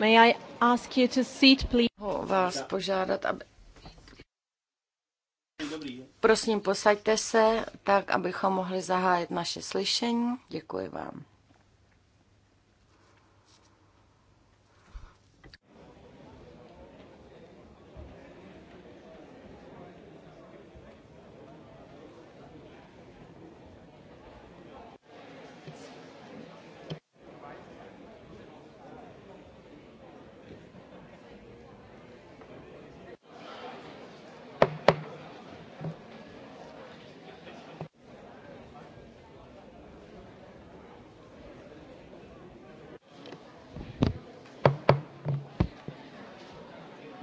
May I ask you to seat, please? Vás požádat, aby... Prosím, posaďte se, tak abychom mohli zahájit naše slyšení. Děkuji vám.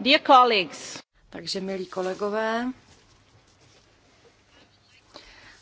Dear colleagues. Takže milí kolegové,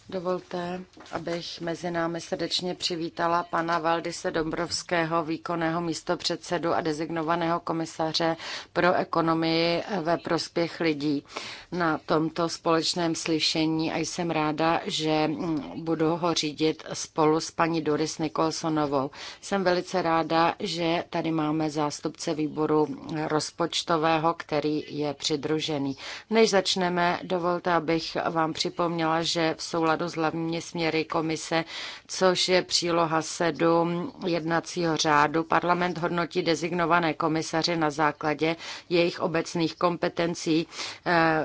Dovolte, abych mezi námi srdečně přivítala pana Valdise Dombrovského, výkonného místopředsedu a dezignovaného komisaře pro ekonomii ve prospěch lidí na tomto společném slyšení a jsem ráda, že budu ho řídit spolu s paní Doris Nikolsonovou. Jsem velice ráda, že tady máme zástupce výboru rozpočtového, který je přidružený. Než začneme, dovolte, abych vám připomněla, že v souladu to s hlavními směry komise, což je příloha 7 jednacího řádu. Parlament hodnotí dezignované komisaře na základě jejich obecných kompetencí, eh,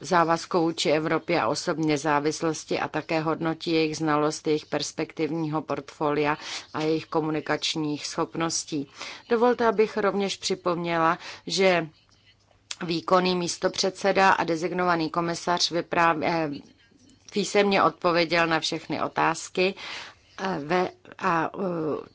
závazků vůči Evropě a osobně závislosti a také hodnotí jejich znalost, jejich perspektivního portfolia a jejich komunikačních schopností. Dovolte, abych rovněž připomněla, že výkonný místopředseda a dezignovaný komisař vyprávě, eh, písemně odpověděl na všechny otázky. Ve, a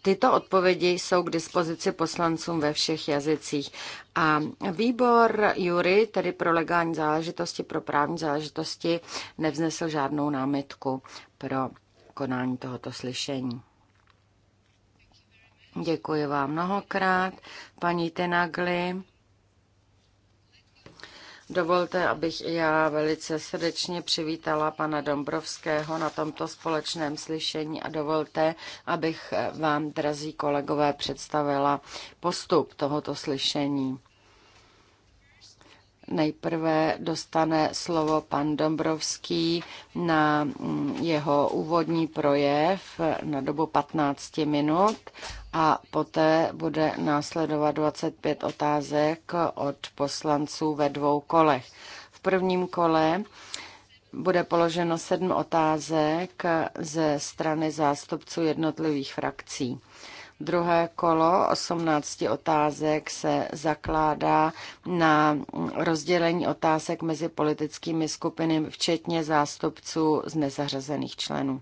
tyto odpovědi jsou k dispozici poslancům ve všech jazycích. A výbor jury, tedy pro legální záležitosti, pro právní záležitosti, nevznesl žádnou námitku pro konání tohoto slyšení. Děkuji vám mnohokrát, paní Tenagli. Dovolte, abych i já velice srdečně přivítala pana Dombrovského na tomto společném slyšení a dovolte, abych vám, drazí kolegové, představila postup tohoto slyšení. Nejprve dostane slovo pan Dombrovský na mm, jeho úvodní projev na dobu 15 minut a poté bude následovat 25 otázek od poslanců ve dvou kolech. V prvním kole bude položeno sedm otázek ze strany zástupců jednotlivých frakcí. Druhé kolo 18 otázek se zakládá na rozdělení otázek mezi politickými skupinami, včetně zástupců z nezařazených členů.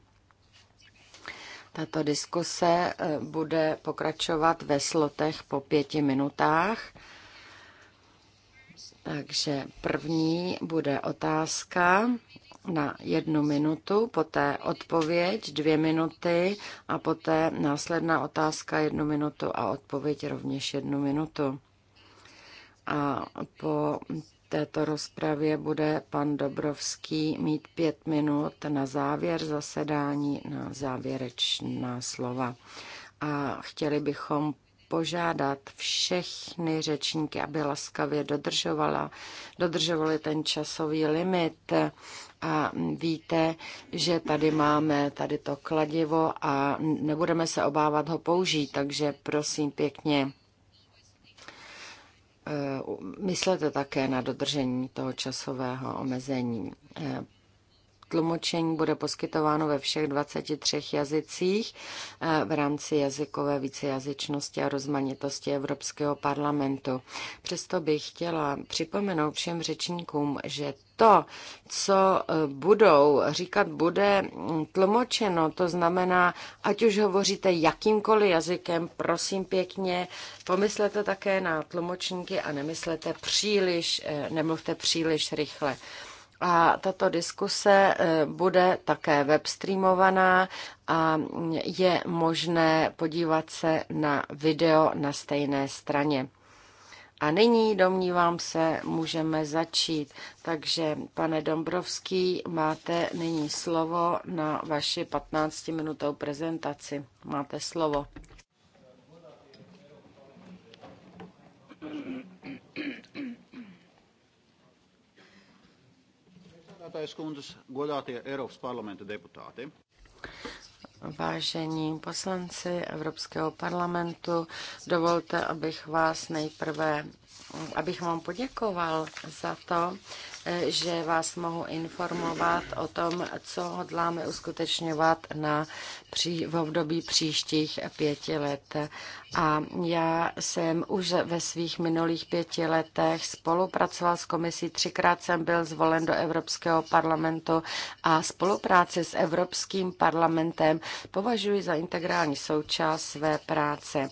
Tato diskuse eh, bude pokračovat ve slotech po pěti minutách. Takže první bude otázka na jednu minutu, poté odpověď dvě minuty a poté následná otázka jednu minutu a odpověď rovněž jednu minutu. A po této rozpravě bude pan Dobrovský mít pět minut na závěr zasedání, na závěrečná slova. A chtěli bychom požádat všechny řečníky, aby laskavě dodržovala, dodržovali ten časový limit. A víte, že tady máme tady to kladivo a nebudeme se obávat ho použít, takže prosím pěkně Eh, myslete také na dodržení toho časového omezení. Eh, Tlumočení bude poskytováno ve všech 23 jazycích eh, v rámci jazykové vícejazyčnosti a rozmanitosti Evropského parlamentu. Přesto bych chtěla připomenout všem řečníkům, že to, co eh, budou říkat, bude mm, tlumočeno. To znamená, ať už hovoříte jakýmkoliv jazykem, prosím pěkně, pomyslete také na tlumočníky a nemyslete příliš, eh, nemluvte příliš rychle. A tato diskuse e, bude také webstreamovaná a je možné podívat se na video na stejné straně. A nyní, domnívám se, můžeme začít. Takže, pane Dombrovský, máte nyní slovo na vaši 15-minutovou prezentaci. Máte slovo. kundzes, godātie Eiropas parlamenta deputāti. Vážení poslanci Evropského parlamentu, dovolte, abych vás nejprve, abych vám poděkoval za to, že vás mohu informovat o tom, co hodláme uskutečňovat na pří, v období příštích pěti let. A já jsem už ve svých minulých pěti letech spolupracoval s komisí, třikrát jsem byl zvolen do Evropského parlamentu a spolupráce s Evropským parlamentem považuji za integrální součást své práce.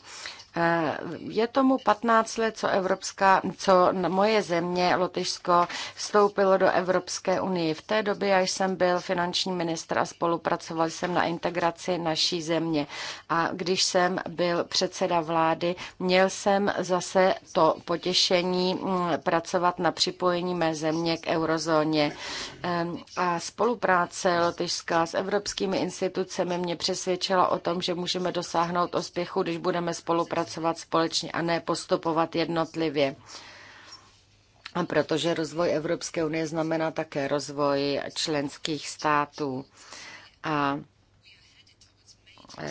Eh, je tomu 15 let, co, Evropská, co moje země, Lotyšsko, vstoupilo do Evropské unie. V té době já jsem byl finanční ministr a spolupracoval jsem na integraci naší země. A když jsem byl předseda vlády, měl jsem zase to potěšení mm, pracovat na připojení mé země k eurozóně. A spolupráce Lotyšska s evropskými institucemi mě přesvědčila o tom, že můžeme dosáhnout úspěchu, když budeme spolupracovat spolupracovat společně a ne postupovat jednotlivě. A protože rozvoj Evropské unie znamená také rozvoj členských států. A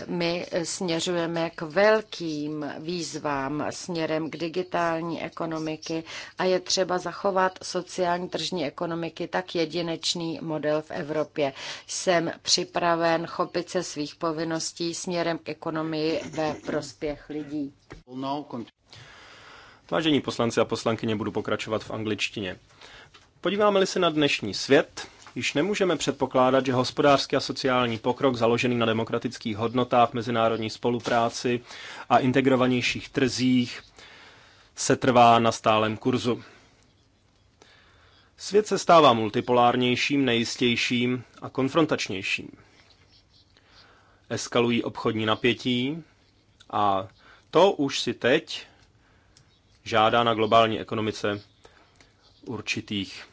my směřujeme k velkým výzvám směrem k digitální ekonomiky a je třeba zachovat sociální tržní ekonomiky tak jedinečný model v Evropě. Jsem připraven chopit se svých povinností směrem k ekonomii ve prospěch lidí. Vážení poslanci a poslankyně, budu pokračovat v angličtině. Podíváme-li se na dnešní svět, Již nemůžeme předpokládat, že hospodářský a sociální pokrok založený na demokratických hodnotách, mezinárodní spolupráci a integrovanějších trzích se trvá na stálem kurzu. Svět se stává multipolárnějším, nejistějším a konfrontačnějším. Eskalují obchodní napětí a to už si teď žádá na globální ekonomice určitých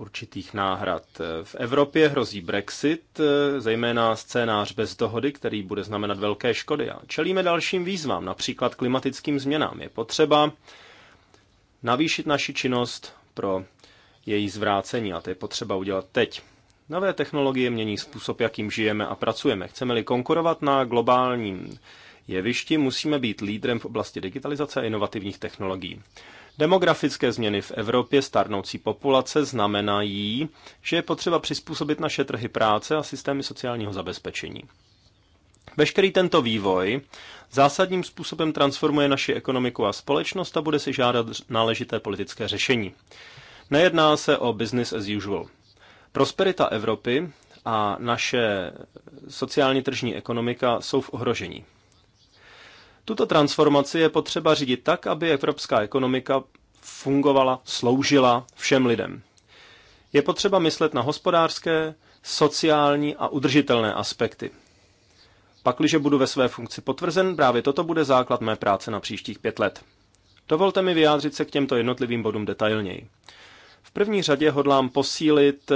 určitých náhrad. V Evropě hrozí Brexit, eh, zejména scénář bez dohody, který bude znamenat velké škody. A čelíme dalším výzvám, například klimatickým změnám. Je potřeba navýšit naši činnost pro její zvrácení a to je potřeba udělat teď. Nové technologie mění způsob, jakým žijeme a pracujeme. Chceme-li konkurovat na globálním jevišti, musíme být lídrem v oblasti digitalizace a inovativních technologií. Demografické změny v Evropě starnoucí populace znamenají, že je potřeba přizpůsobit naše trhy práce a systémy sociálního zabezpečení. Veškerý tento vývoj zásadním způsobem transformuje naši ekonomiku a společnost a bude si žádat náležité politické řešení. Nejedná se o business as usual. Prosperita Evropy a naše sociálně tržní ekonomika jsou v ohrožení. Tuto transformaci je potřeba řídit tak, aby evropská ekonomika fungovala, sloužila všem lidem. Je potřeba myslet na hospodářské, sociální a udržitelné aspekty. Pakliže budu ve své funkci potvrzen, právě toto bude základ mé práce na příštích pět let. Dovolte mi vyjádřit se k těmto jednotlivým bodům detailněji. V první řadě hodlám posílit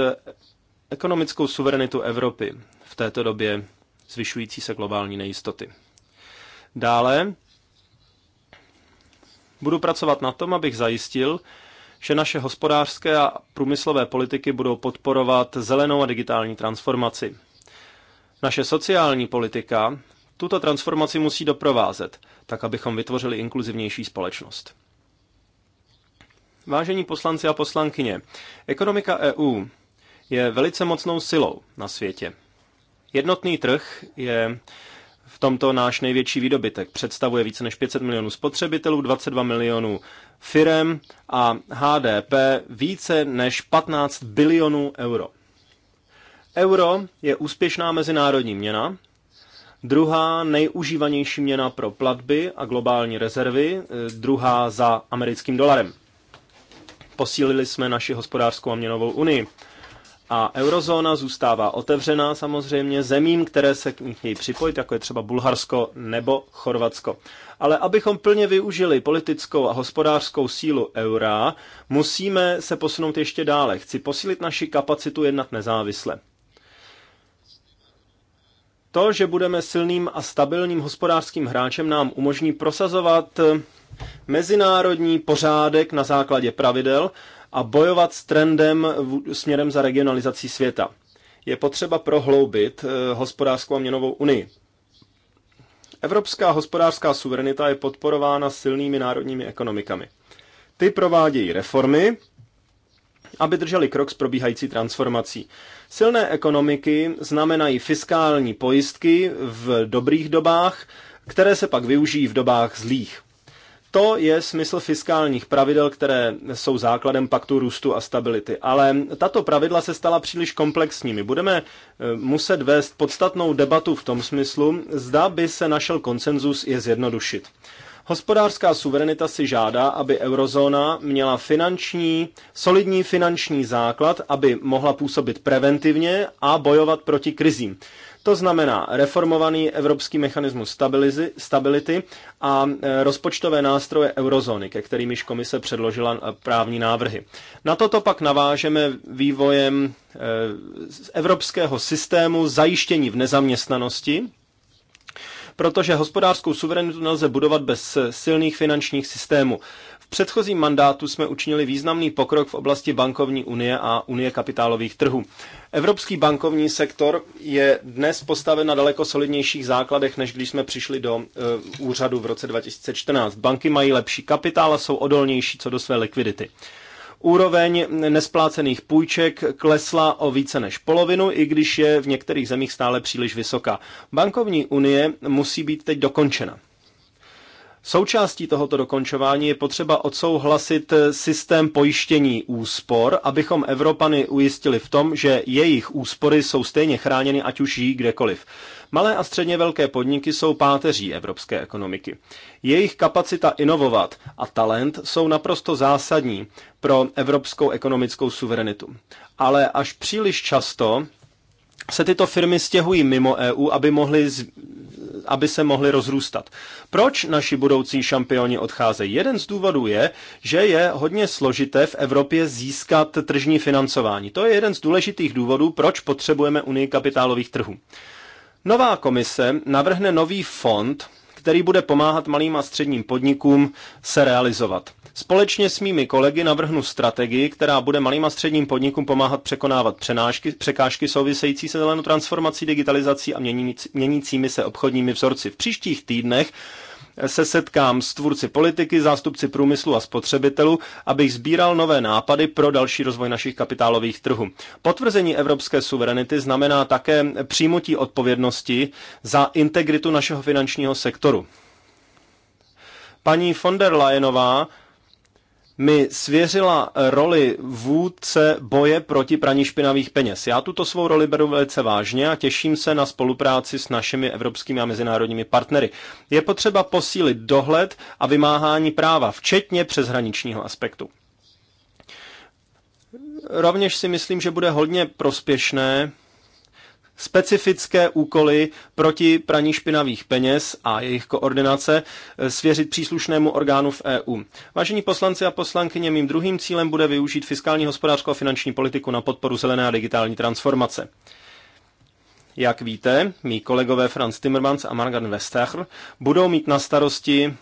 ekonomickou suverenitu Evropy v této době zvyšující se globální nejistoty. Dále budu pracovat na tom, abych zajistil, že naše hospodářské a průmyslové politiky budou podporovat zelenou a digitální transformaci. Naše sociální politika tuto transformaci musí doprovázet, tak abychom vytvořili inkluzivnější společnost. Vážení poslanci a poslankyně, ekonomika EU je velice mocnou silou na světě. Jednotný trh je v tomto náš největší výdobytek. Představuje více než 500 milionů spotřebitelů, 22 milionů firem a HDP více než 15 bilionů euro. Euro je úspěšná mezinárodní měna, druhá nejužívanější měna pro platby a globální rezervy, eh, druhá za americkým dolarem. Posílili jsme naši hospodářskou a měnovou unii. A eurozóna zůstává otevřená samozřejmě zemím, které se k ní připojit, jako je třeba Bulharsko nebo Chorvatsko. Ale abychom plně využili politickou a hospodářskou sílu eura, musíme se posunout ještě dále. Chci posílit naši kapacitu jednat nezávisle. To, že budeme silným a stabilním hospodářským hráčem, nám umožní prosazovat mezinárodní pořádek na základě pravidel a bojovat s trendem směrem za regionalizací světa. Je potřeba prohloubit eh, hospodářskou a měnovou unii. Evropská hospodářská suverenita je podporována silnými národními ekonomikami. Ty provádějí reformy, aby drželi krok s probíhající transformací. Silné ekonomiky znamenají fiskální pojistky v dobrých dobách, které se pak využijí v dobách zlých. To je smysl fiskálních pravidel, které jsou základem paktu růstu a stability. Ale tato pravidla se stala příliš komplexními. Budeme eh, muset vést podstatnou debatu v tom smyslu, zda by se našel konsenzus je zjednodušit. Hospodářská suverenita si žádá, aby eurozóna měla finanční, solidní finanční základ, aby mohla působit preventivně a bojovat proti krizím. To znamená reformovaný evropský mechanismus stability a e, rozpočtové nástroje eurozóny, ke kterým již komise předložila e, právní návrhy. Na toto pak navážeme vývojem e, evropského systému zajištění v nezaměstnanosti, protože hospodářskou suverenitu nelze budovat bez silných finančních systémů. V předchozím mandátu jsme učinili významný pokrok v oblasti bankovní unie a unie kapitálových trhů. Evropský bankovní sektor je dnes postaven na daleko solidnějších základech, než když jsme přišli do e, úřadu v roce 2014. Banky mají lepší kapitál a jsou odolnější co do své likvidity. Úroveň nesplácených půjček klesla o více než polovinu, i když je v některých zemích stále příliš vysoká. Bankovní unie musí být teď dokončena. Součástí tohoto dokončování je potřeba odsouhlasit systém pojištění úspor, abychom Evropany ujistili v tom, že jejich úspory jsou stejně chráněny, ať už žijí kdekoliv. Malé a středně velké podniky jsou páteří evropské ekonomiky. Jejich kapacita inovovat a talent jsou naprosto zásadní pro evropskou ekonomickou suverenitu. Ale až příliš často se tyto firmy stěhují mimo EU, aby mohly aby se mohli rozrůstat. Proč naši budoucí šampioni odcházejí? Jeden z důvodů je, že je hodně složité v Evropě získat tržní financování. To je jeden z důležitých důvodů, proč potřebujeme Unii kapitálových trhů. Nová komise navrhne nový fond, který bude pomáhat malým a středním podnikům se realizovat. Společně s mými kolegy navrhnu strategii, která bude malým a středním podnikům pomáhat překonávat přenášky, překážky související se zelenou transformací, digitalizací a měnícími se obchodními vzorci. V příštích týdnech se setkám s tvůrci politiky, zástupci průmyslu a spotřebitelů, abych sbíral nové nápady pro další rozvoj našich kapitálových trhů. Potvrzení evropské suverenity znamená také přijmutí odpovědnosti za integritu našeho finančního sektoru. Paní von der Leyenová mi svěřila roli vůdce boje proti praní špinavých peněz. Já tuto svou roli beru velice vážně a těším se na spolupráci s našimi evropskými a mezinárodními partnery. Je potřeba posílit dohled a vymáhání práva, včetně přeshraničního aspektu. Rovněž si myslím, že bude hodně prospěšné specifické úkoly proti praní špinavých peněz a jejich koordinace eh, svěřit příslušnému orgánu v EU. Vážení poslanci a poslankyně, mým druhým cílem bude využít fiskální, hospodářskou a finanční politiku na podporu zelené a digitální transformace. Jak víte, mý kolegové Franz Timmermans a Margan Vestager budou mít na starosti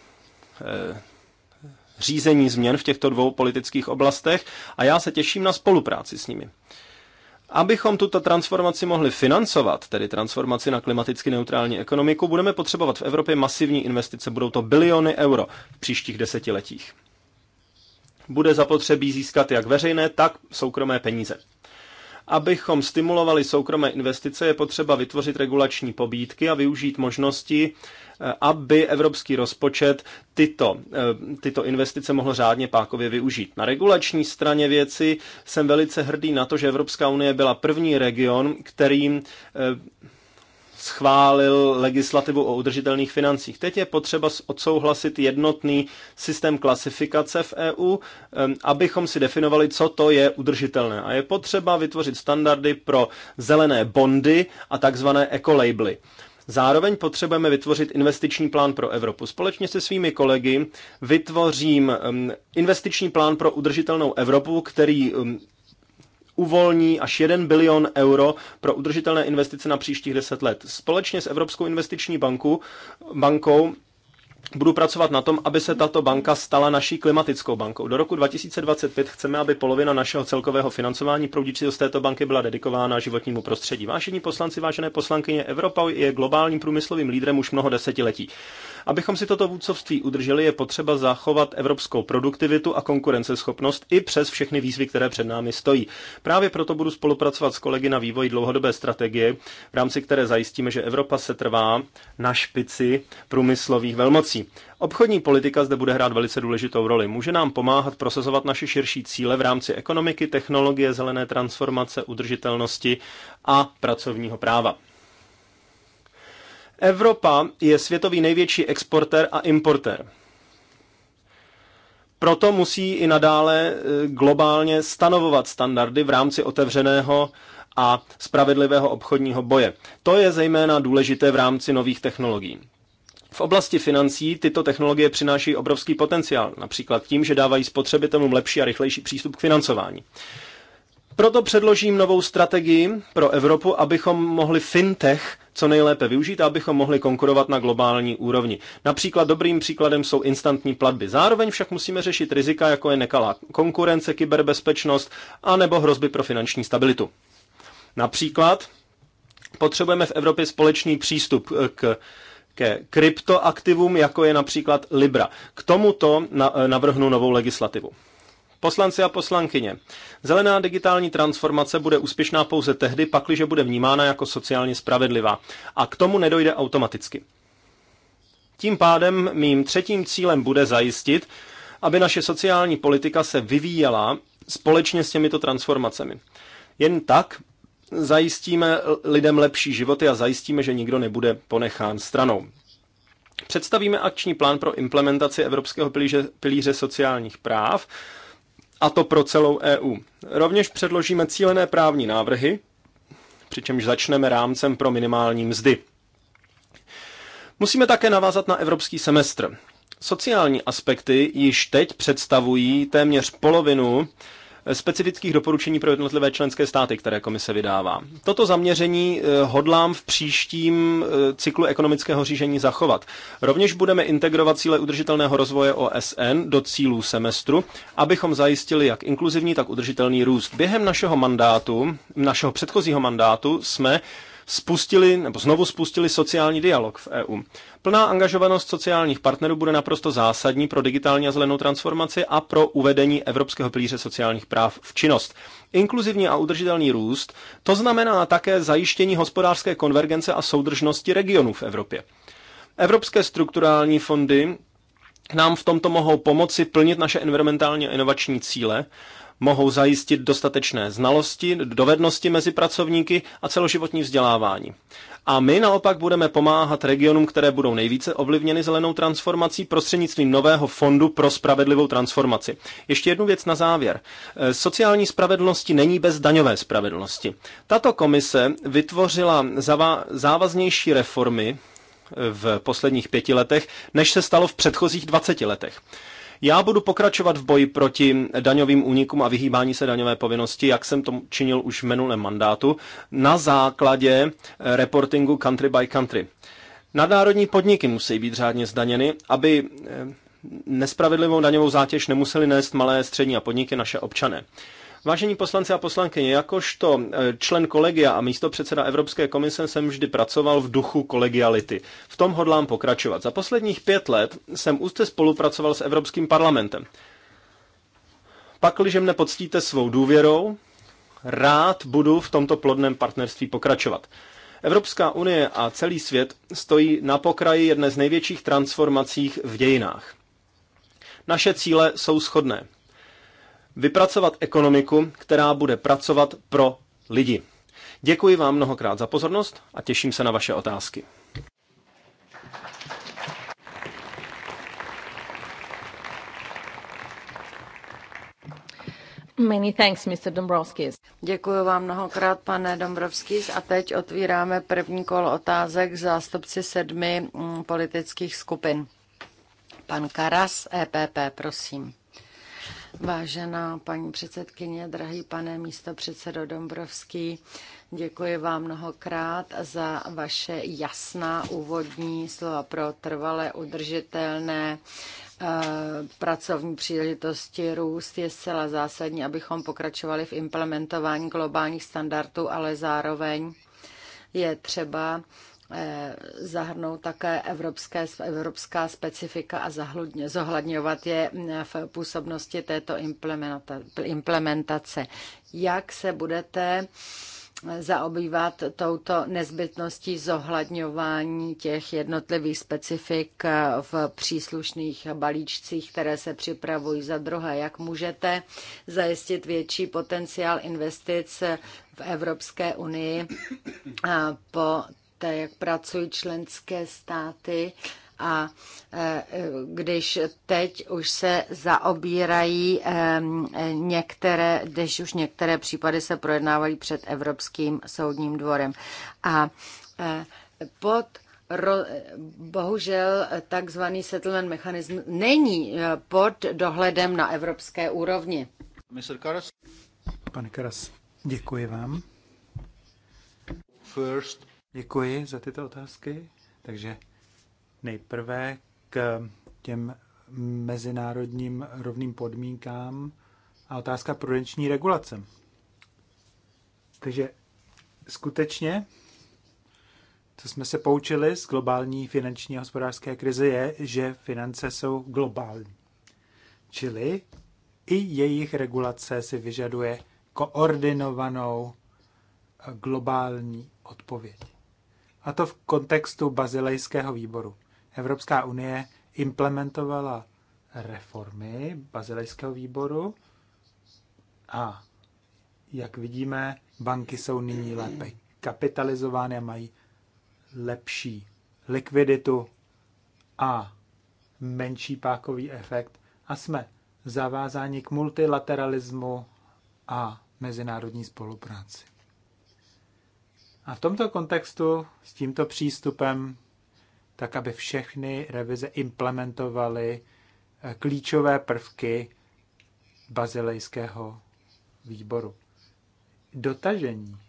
eh, řízení změn v těchto dvou politických oblastech a já se těším na spolupráci s nimi. Abychom tuto transformaci mohli financovat, tedy transformaci na klimaticky neutrální ekonomiku, budeme potřebovat v Evropě masivní investice, budou to biliony euro v příštích desetiletích. Bude zapotřebí získat jak veřejné, tak soukromé peníze. Abychom stimulovali soukromé investice, je potřeba vytvořit regulační pobídky a využít možnosti, eh, aby evropský rozpočet tyto, eh, tyto investice mohl řádně pákově využít. Na regulační straně věci jsem velice hrdý na to, že Evropská unie byla první region, kterým eh, schválil legislativu o udržitelných financích. Teď je potřeba odsouhlasit jednotný systém klasifikace v EU, abychom si definovali, co to je udržitelné. A je potřeba vytvořit standardy pro zelené bondy a takzvané ekolabely. Zároveň potřebujeme vytvořit investiční plán pro Evropu. Společně se svými kolegy vytvořím investiční plán pro udržitelnou Evropu, který uvolní až 1 bilion euro pro udržitelné investice na příštích 10 let. Společně s Evropskou investiční banku, bankou budu pracovat na tom, aby se tato banka stala naší klimatickou bankou. Do roku 2025 chceme, aby polovina našeho celkového financování proudící z této banky byla dedikována životnímu prostředí. Vážení poslanci, vážené poslankyně, Evropa je globálním průmyslovým lídrem už mnoho desetiletí. Abychom si toto vůdcovství udrželi, je potřeba zachovat evropskou produktivitu a konkurenceschopnost i přes všechny výzvy, které před námi stojí. Právě proto budu spolupracovat s kolegy na vývoji dlouhodobé strategie, v rámci které zajistíme, že Evropa se trvá na špici průmyslových velmocí. Obchodní politika zde bude hrát velice důležitou roli. Může nám pomáhat prosazovat naše širší cíle v rámci ekonomiky, technologie, zelené transformace, udržitelnosti a pracovního práva. Evropa je světový největší exporter a importer. Proto musí i nadále e, globálně stanovovat standardy v rámci otevřeného a spravedlivého obchodního boje. To je zejména důležité v rámci nových technologií. V oblasti financí tyto technologie přináší obrovský potenciál, například tím, že dávají spotřebitelům lepší a rychlejší přístup k financování. Proto předložím novou strategii pro Evropu, abychom mohli fintech co nejlépe využít, abychom mohli konkurovat na globální úrovni. Například dobrým příkladem jsou instantní platby. Zároveň však musíme řešit rizika, jako je nekalá konkurence, kyberbezpečnost a nebo hrozby pro finanční stabilitu. Například potřebujeme v Evropě společný přístup eh, k ke kryptoaktivům, jako je například Libra. K tomuto eh, navrhnu novou legislativu. Poslanci a poslankyně, zelená digitální transformace bude úspěšná pouze tehdy, pakliže bude vnímána jako sociálně spravedlivá. A k tomu nedojde automaticky. Tím pádem mým třetím cílem bude zajistit, aby naše sociální politika se vyvíjela společně s těmito transformacemi. Jen tak zajistíme lidem lepší životy a zajistíme, že nikdo nebude ponechán stranou. Představíme akční plán pro implementaci Evropského pilíře, pilíře sociálních práv a to pro celou EU. Rovněž předložíme cílené právní návrhy, přičemž začneme rámcem pro minimální mzdy. Musíme také navázat na evropský semestr. Sociální aspekty již teď představují téměř polovinu specifických doporučení pro jednotlivé členské státy, které komise vydává. Toto zaměření eh, hodlám v příštím eh, cyklu ekonomického řízení zachovat. Rovněž budeme integrovat cíle udržitelného rozvoje OSN do cílů semestru, abychom zajistili jak inkluzivní, tak udržitelný růst. Během našeho mandátu, našeho předchozího mandátu, jsme spustili nebo znovu spustili sociální dialog v EU. Plná angažovanost sociálních partnerů bude naprosto zásadní pro digitální a zelenou transformaci a pro uvedení Evropského plíře sociálních práv v činnost. Inkluzivní a udržitelný růst, to znamená také zajištění hospodářské konvergence a soudržnosti regionů v Evropě. Evropské strukturální fondy nám v tomto mohou pomoci plnit naše environmentálně inovační cíle mohou zajistit dostatečné znalosti, dovednosti mezi pracovníky a celoživotní vzdělávání. A my naopak budeme pomáhat regionům, které budou nejvíce ovlivněny zelenou transformací prostřednictvím nového fondu pro spravedlivou transformaci. Ještě jednu věc na závěr. Eh, sociální spravedlnosti není bez daňové spravedlnosti. Tato komise vytvořila závaznější reformy eh, v posledních pěti letech, než se stalo v předchozích 20 letech. Já budu pokračovat v boji proti daňovým únikům a vyhýbání se daňové povinnosti, jak jsem to činil už v minulém mandátu, na základě eh, reportingu country by country. Nadnárodní podniky musí být řádně zdaněny, aby eh, nespravedlivou daňovou zátěž nemuseli nést malé, střední a podniky naše občané. Vážení poslanci a poslankyně, jakožto e, člen kolegia a místo předseda Evropské komise jsem vždy pracoval v duchu kolegiality. V tom hodlám pokračovat. Za posledních pět let jsem úzce spolupracoval s Evropským parlamentem. Pakliže mne poctíte svou důvěrou, rád budu v tomto plodném partnerství pokračovat. Evropská unie a celý svět stojí na pokraji jedné z největších transformacích v dějinách. Naše cíle jsou shodné vypracovat ekonomiku, která bude pracovat pro lidi. Děkuji vám mnohokrát za pozornost a těším se na vaše otázky. Many thanks, Mr. Dombrovskis. Děkuji vám mnohokrát, pane Dombrovskis. A teď otvíráme první kolo otázek zástupci sedmi mm, politických skupin. Pan Karas, EPP, prosím. Vážená paní předsedkyně, drahý pane místo předsedo Dombrovský, děkuji vám mnohokrát za vaše jasná úvodní slova pro trvalé udržitelné eh, pracovní příležitosti, růst je zcela zásadní, abychom pokračovali v implementování globálních standardů, ale zároveň je třeba Eh, zahrnout také evropské, evropská specifika a zahludně, zohledňovat je eh, v působnosti této implementace. Jak se budete eh, zaobývat touto nezbytností zohledňování těch jednotlivých specifik v příslušných balíčcích, které se připravují za druhé. Jak můžete zajistit větší potenciál investic v Evropské unii po vidíte, jak pracují členské státy a e, když teď už se zaobírají některé, když už některé případy se projednávají před Evropským soudním dvorem. A e, pod ro, bohužel takzvaný settlement mechanism není e, pod dohledem na evropské úrovni. Pane Karas, děkuji vám. First Děkuji za tyto otázky. Takže nejprve k těm mezinárodním rovným podmínkám a otázka prudenční regulace. Takže skutečně, co jsme se poučili z globální finanční a hospodářské krize, je, že finance jsou globální. Čili i jejich regulace si vyžaduje koordinovanou globální odpověď a to v kontextu bazilejského výboru. Evropská unie implementovala reformy bazilejského výboru a jak vidíme, banky jsou nyní lépe kapitalizovány a mají lepší likviditu a menší pákový efekt a jsme zavázáni k multilateralismu a mezinárodní spolupráci. A v tomto kontextu s tímto přístupem, tak aby všechny revize implementovaly eh, klíčové prvky bazilejského výboru. Dotažení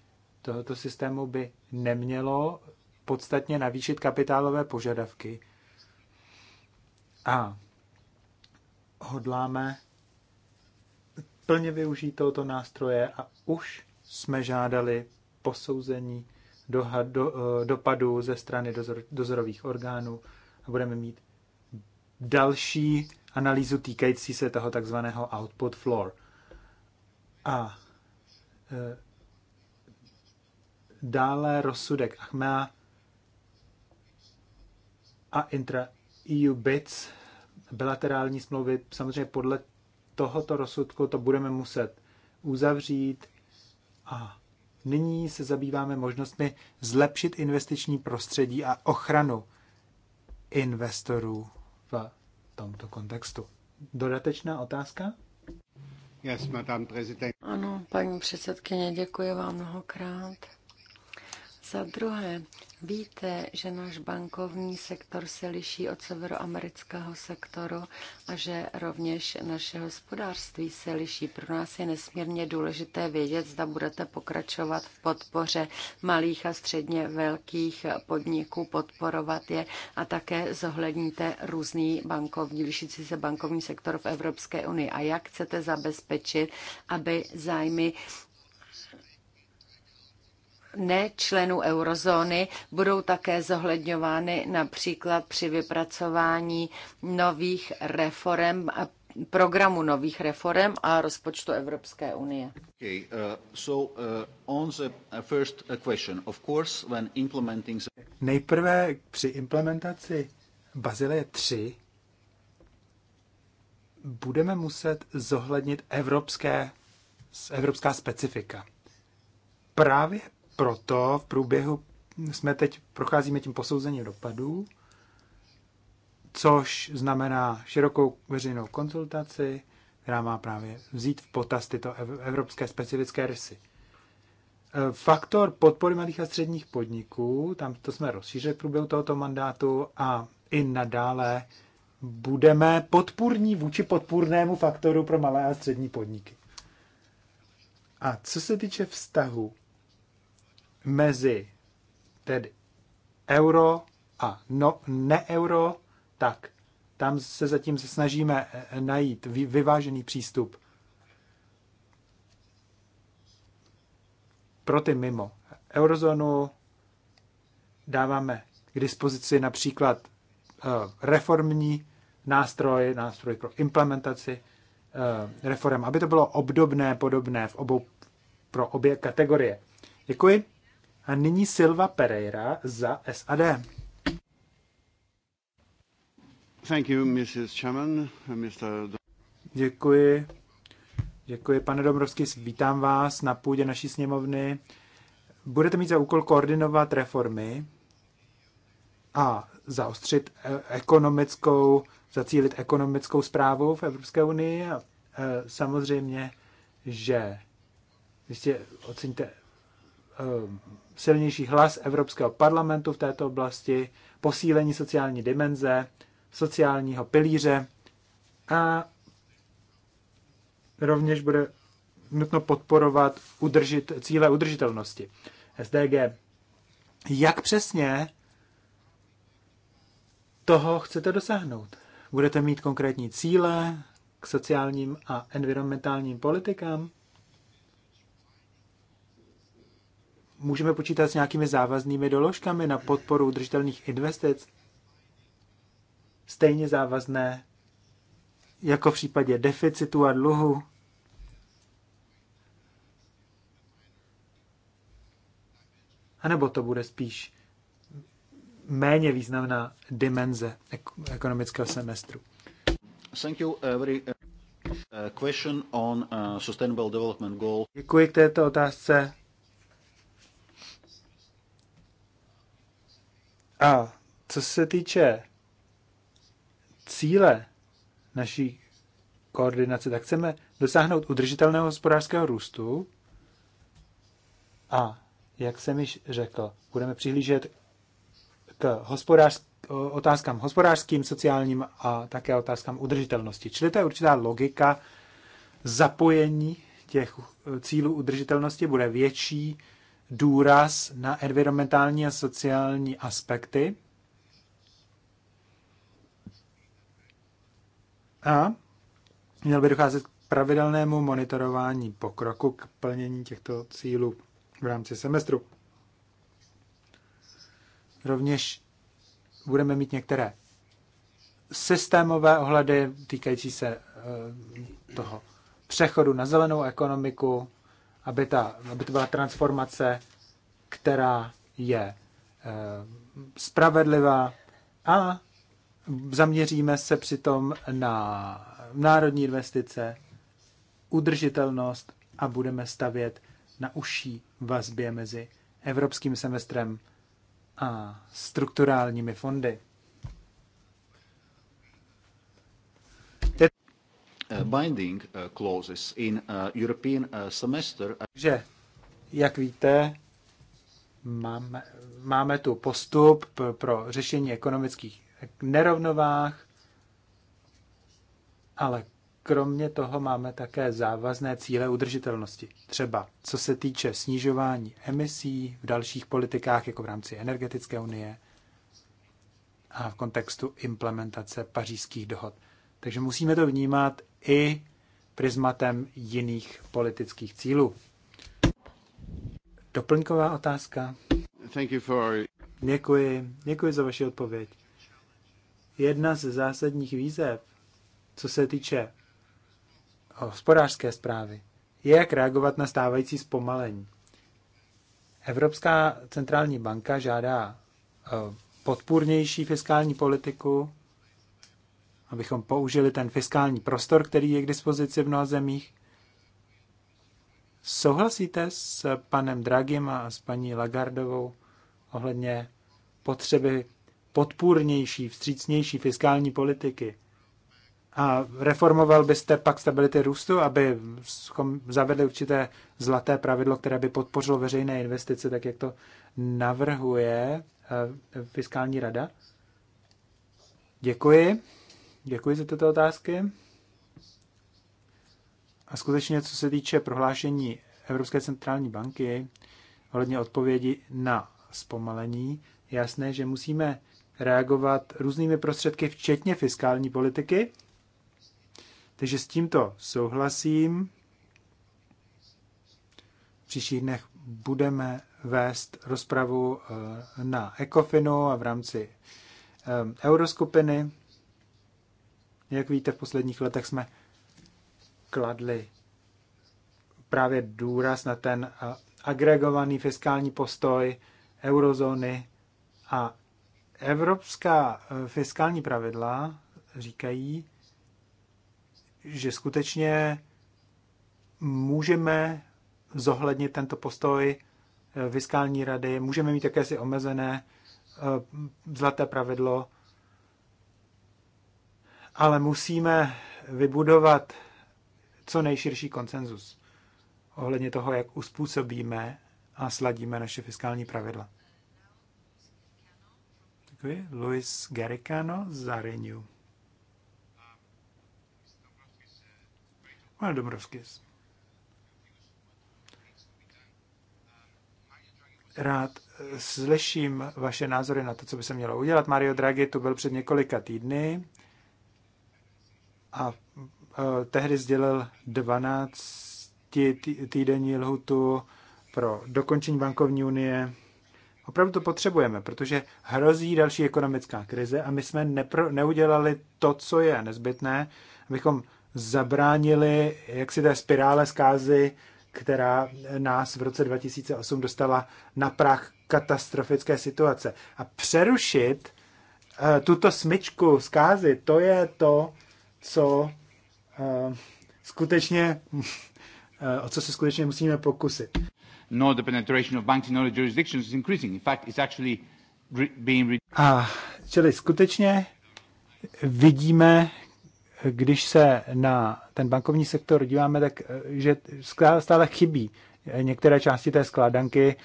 tohoto systému by nemělo podstatně navýšit kapitálové požadavky. A hodláme plně využít tohoto nástroje a už jsme žádali posouzení do, do, eh, dopadů ze strany dozor, dozorových orgánů a budeme mít další analýzu týkající se toho takzvaného output floor. A e, dále rozsudek Achmea a intra EU BITS, bilaterální smlouvy, samozřejmě podle tohoto rozsudku to budeme muset uzavřít a Nyní se zabýváme možnostmi zlepšit investiční prostředí a ochranu investorů v tomto kontextu. Dodatečná otázka? Yes, madame prezident. Ano, paní předsedkyně, děkuji vám mnohokrát. Za druhé, víte, že náš bankovní sektor se liší od severoamerického sektoru a že rovněž naše hospodářství se liší. Pro nás je nesmírně důležité vědět, zda budete pokračovat v podpoře malých a středně velkých podniků, podporovat je a také zohledníte různý bankovní, lišící se bankovní sektor v Evropské unii. A jak chcete zabezpečit, aby zájmy nečlenů eurozóny budou také zohledňovány například při vypracování nových reform programu nových reform a rozpočtu Evropské unie. Okay, uh, so, uh, on the first question, of course, when implementing the... Nejprve při implementaci Bazilie 3 budeme muset zohlednit evropské, evropská specifika. Právě proto v průběhu jsme teď procházíme tím posouzením dopadů, což znamená širokou veřejnou konzultaci, která má právě vzít v potaz tyto evropské specifické rysy. E, faktor podpory malých a středních podniků, tam to jsme rozšířili v průběhu tohoto mandátu a i nadále budeme podpůrní vůči podpůrnému faktoru pro malé a střední podniky. A co se týče vztahu mezi tedy euro a no, neeuro, tak tam se zatím se snažíme eh, najít vyvážený přístup pro ty mimo eurozónu. Dáváme k dispozici například eh, reformní nástroj, nástroj pro implementaci eh, reform, aby to bylo obdobné, podobné v obou, pro obě kategorie. Děkuji. A nyní Silva Pereira za SAD. Thank you, Mrs. Chairman, Mr. Děkuji. Děkuji, pane Dobrovský. Vítám vás na půdě naší sněmovny. Budete mít za úkol koordinovat reformy a zaostřit e- ekonomickou, zacílit ekonomickou zprávu v Evropské unii. E, samozřejmě, že jistě oceníte Eh, silnější hlas Evropského parlamentu v této oblasti, posílení sociální dimenze, sociálního pilíře a rovněž bude nutno podporovat udržit, cíle udržitelnosti SDG. Jak přesně toho chcete dosáhnout? Budete mít konkrétní cíle k sociálním a environmentálním politikám? můžeme počítat s nějakými závaznými doložkami na podporu udržitelných investic, stejně závazné jako v případě deficitu a dluhu. A nebo to bude spíš méně významná dimenze ekonomického semestru. Thank you, every... Question on uh, sustainable development goal. Děkuji k této otázce A co se týče cíle naší koordinace, tak chceme dosáhnout udržitelného hospodářského růstu a, jak jsem již řekl, budeme přihlížet k hospodářským otázkám hospodářským, sociálním a také otázkám udržitelnosti. Čili to je určitá logika zapojení těch cílů udržitelnosti, bude větší důraz na environmentální a sociální aspekty. A měl by docházet k pravidelnému monitorování pokroku k plnění těchto cílů v rámci semestru. Rovněž budeme mít některé systémové ohledy týkající se eh, toho přechodu na zelenou ekonomiku, aby, ta, aby to byla transformace, která je e, spravedlivá a zaměříme se přitom na národní investice, udržitelnost a budeme stavět na užší vazbě mezi evropským semestrem a strukturálními fondy. Eh, binding eh, clauses in eh, European semester. Že, jak víte, máme, máme tu postup pro řešení ekonomických nerovnovách, ale kromě toho máme také závazné cíle udržitelnosti. Třeba co se týče snižování emisí v dalších politikách, jako v rámci energetické unie a v kontextu implementace pařížských dohod. Takže musíme to vnímat i prismatem jiných politických cílů. Doplňková otázka. Thank you for... Děkuji, děkuji za vaši odpověď. Jedna z zásadních výzev, co se týče hospodářské zprávy, je, jak reagovat na stávající zpomalení. Evropská centrální banka žádá eh, podpůrnější fiskální politiku abychom použili ten fiskální prostor, který je k dispozici v mnoha zemích. Souhlasíte s panem Dragim a s paní Lagardovou ohledně potřeby podpůrnější, vstřícnější fiskální politiky? A reformoval byste pak stability růstu, aby zavedli určité zlaté pravidlo, které by podpořilo veřejné investice, tak jak to navrhuje eh, fiskální rada? Děkuji. Děkuji za tyto otázky. A skutečně, co se týče prohlášení Evropské centrální banky ohledně odpovědi na zpomalení, jasné, že musíme reagovat různými prostředky, včetně fiskální politiky. Takže s tímto souhlasím. V příštích dnech budeme vést rozpravu eh, na ECOFINu a v rámci eh, euroskupiny jak víte, v posledních letech jsme kladli právě důraz na ten eh, agregovaný fiskální postoj eurozóny a evropská eh, fiskální pravidla říkají, že skutečně můžeme zohlednit tento postoj eh, fiskální rady, můžeme mít jakési omezené zlaté pravidlo, ale musíme vybudovat co nejširší konsenzus ohledně toho, jak uspůsobíme a sladíme naše fiskální pravidla. Děkuji. Luis Garicano za Renew. Pane Dobrovskis. Rád slyším vaše názory na to, co by se mělo udělat. Mario Draghi tu byl před několika týdny a e, tehdy sdělil 12 týdenní lhutu pro dokončení bankovní unie. Opravdu to potřebujeme, protože hrozí další ekonomická krize a my jsme nepro, neudělali to, co je nezbytné, abychom zabránili jaksi té spirále zkázy, která nás v roce 2008 dostala na prach katastrofické situace. A přerušit e, tuto smyčku zkázy, to je to, co uh, skutečně, uh, o co se skutečně musíme pokusit. No, the penetration of banks in other jurisdictions is increasing. In fact, it's actually being... A čili skutečně vidíme, když se na ten bankovní sektor díváme, tak eh, že stále chybí některé části té skládanky,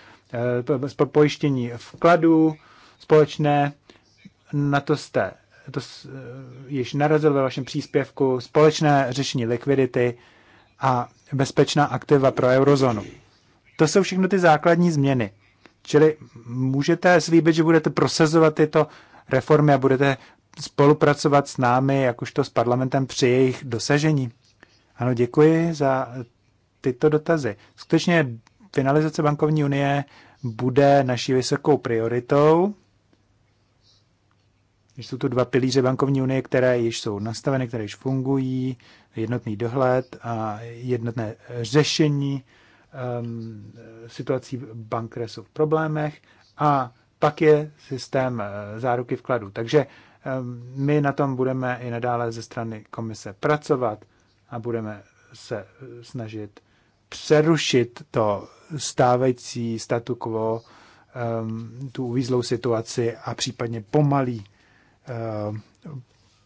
pojištění vkladů společné, na to jste to eh, již narazil ve vašem příspěvku, společné řešení likvidity a bezpečná aktiva pro eurozónu. To jsou všechno ty základní změny. Čili můžete slíbit, že budete prosazovat tyto reformy a budete spolupracovat s námi, jakožto s parlamentem, při jejich dosažení? Ano, děkuji za tyto dotazy. Skutečně finalizace bankovní unie bude naší vysokou prioritou. Jsou to dva pilíře bankovní unie, které již jsou nastaveny, které již fungují, jednotný dohled a jednotné řešení um, situací bank, které jsou v problémech a pak je systém eh, záruky vkladů. Takže um, my na tom budeme i nadále ze strany komise pracovat a budeme se snažit přerušit to stávající statu quo, um, tu uvízlou situaci a případně pomalý Eh,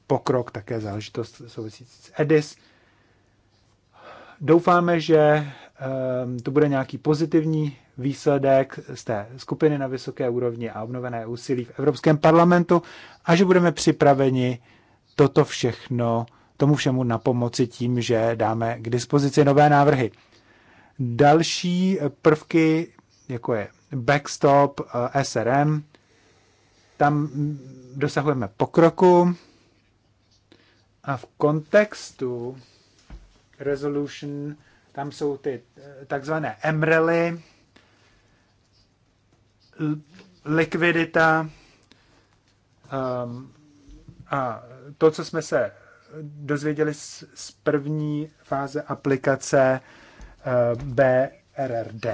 pokrok, také záležitost souvisící s EDIS. Doufáme, že eh, to bude nějaký pozitivní výsledek z té skupiny na vysoké úrovni a obnovené úsilí v Evropském parlamentu a že budeme připraveni toto všechno, tomu všemu na pomoci tím, že dáme k dispozici nové návrhy. Další prvky, jako je backstop, eh, SRM, tam dosahujeme pokroku a v kontextu resolution tam jsou ty eh, takzvané emrely, likvidita um, a to, co jsme se dozvěděli z, z první fáze aplikace uh, B RRD,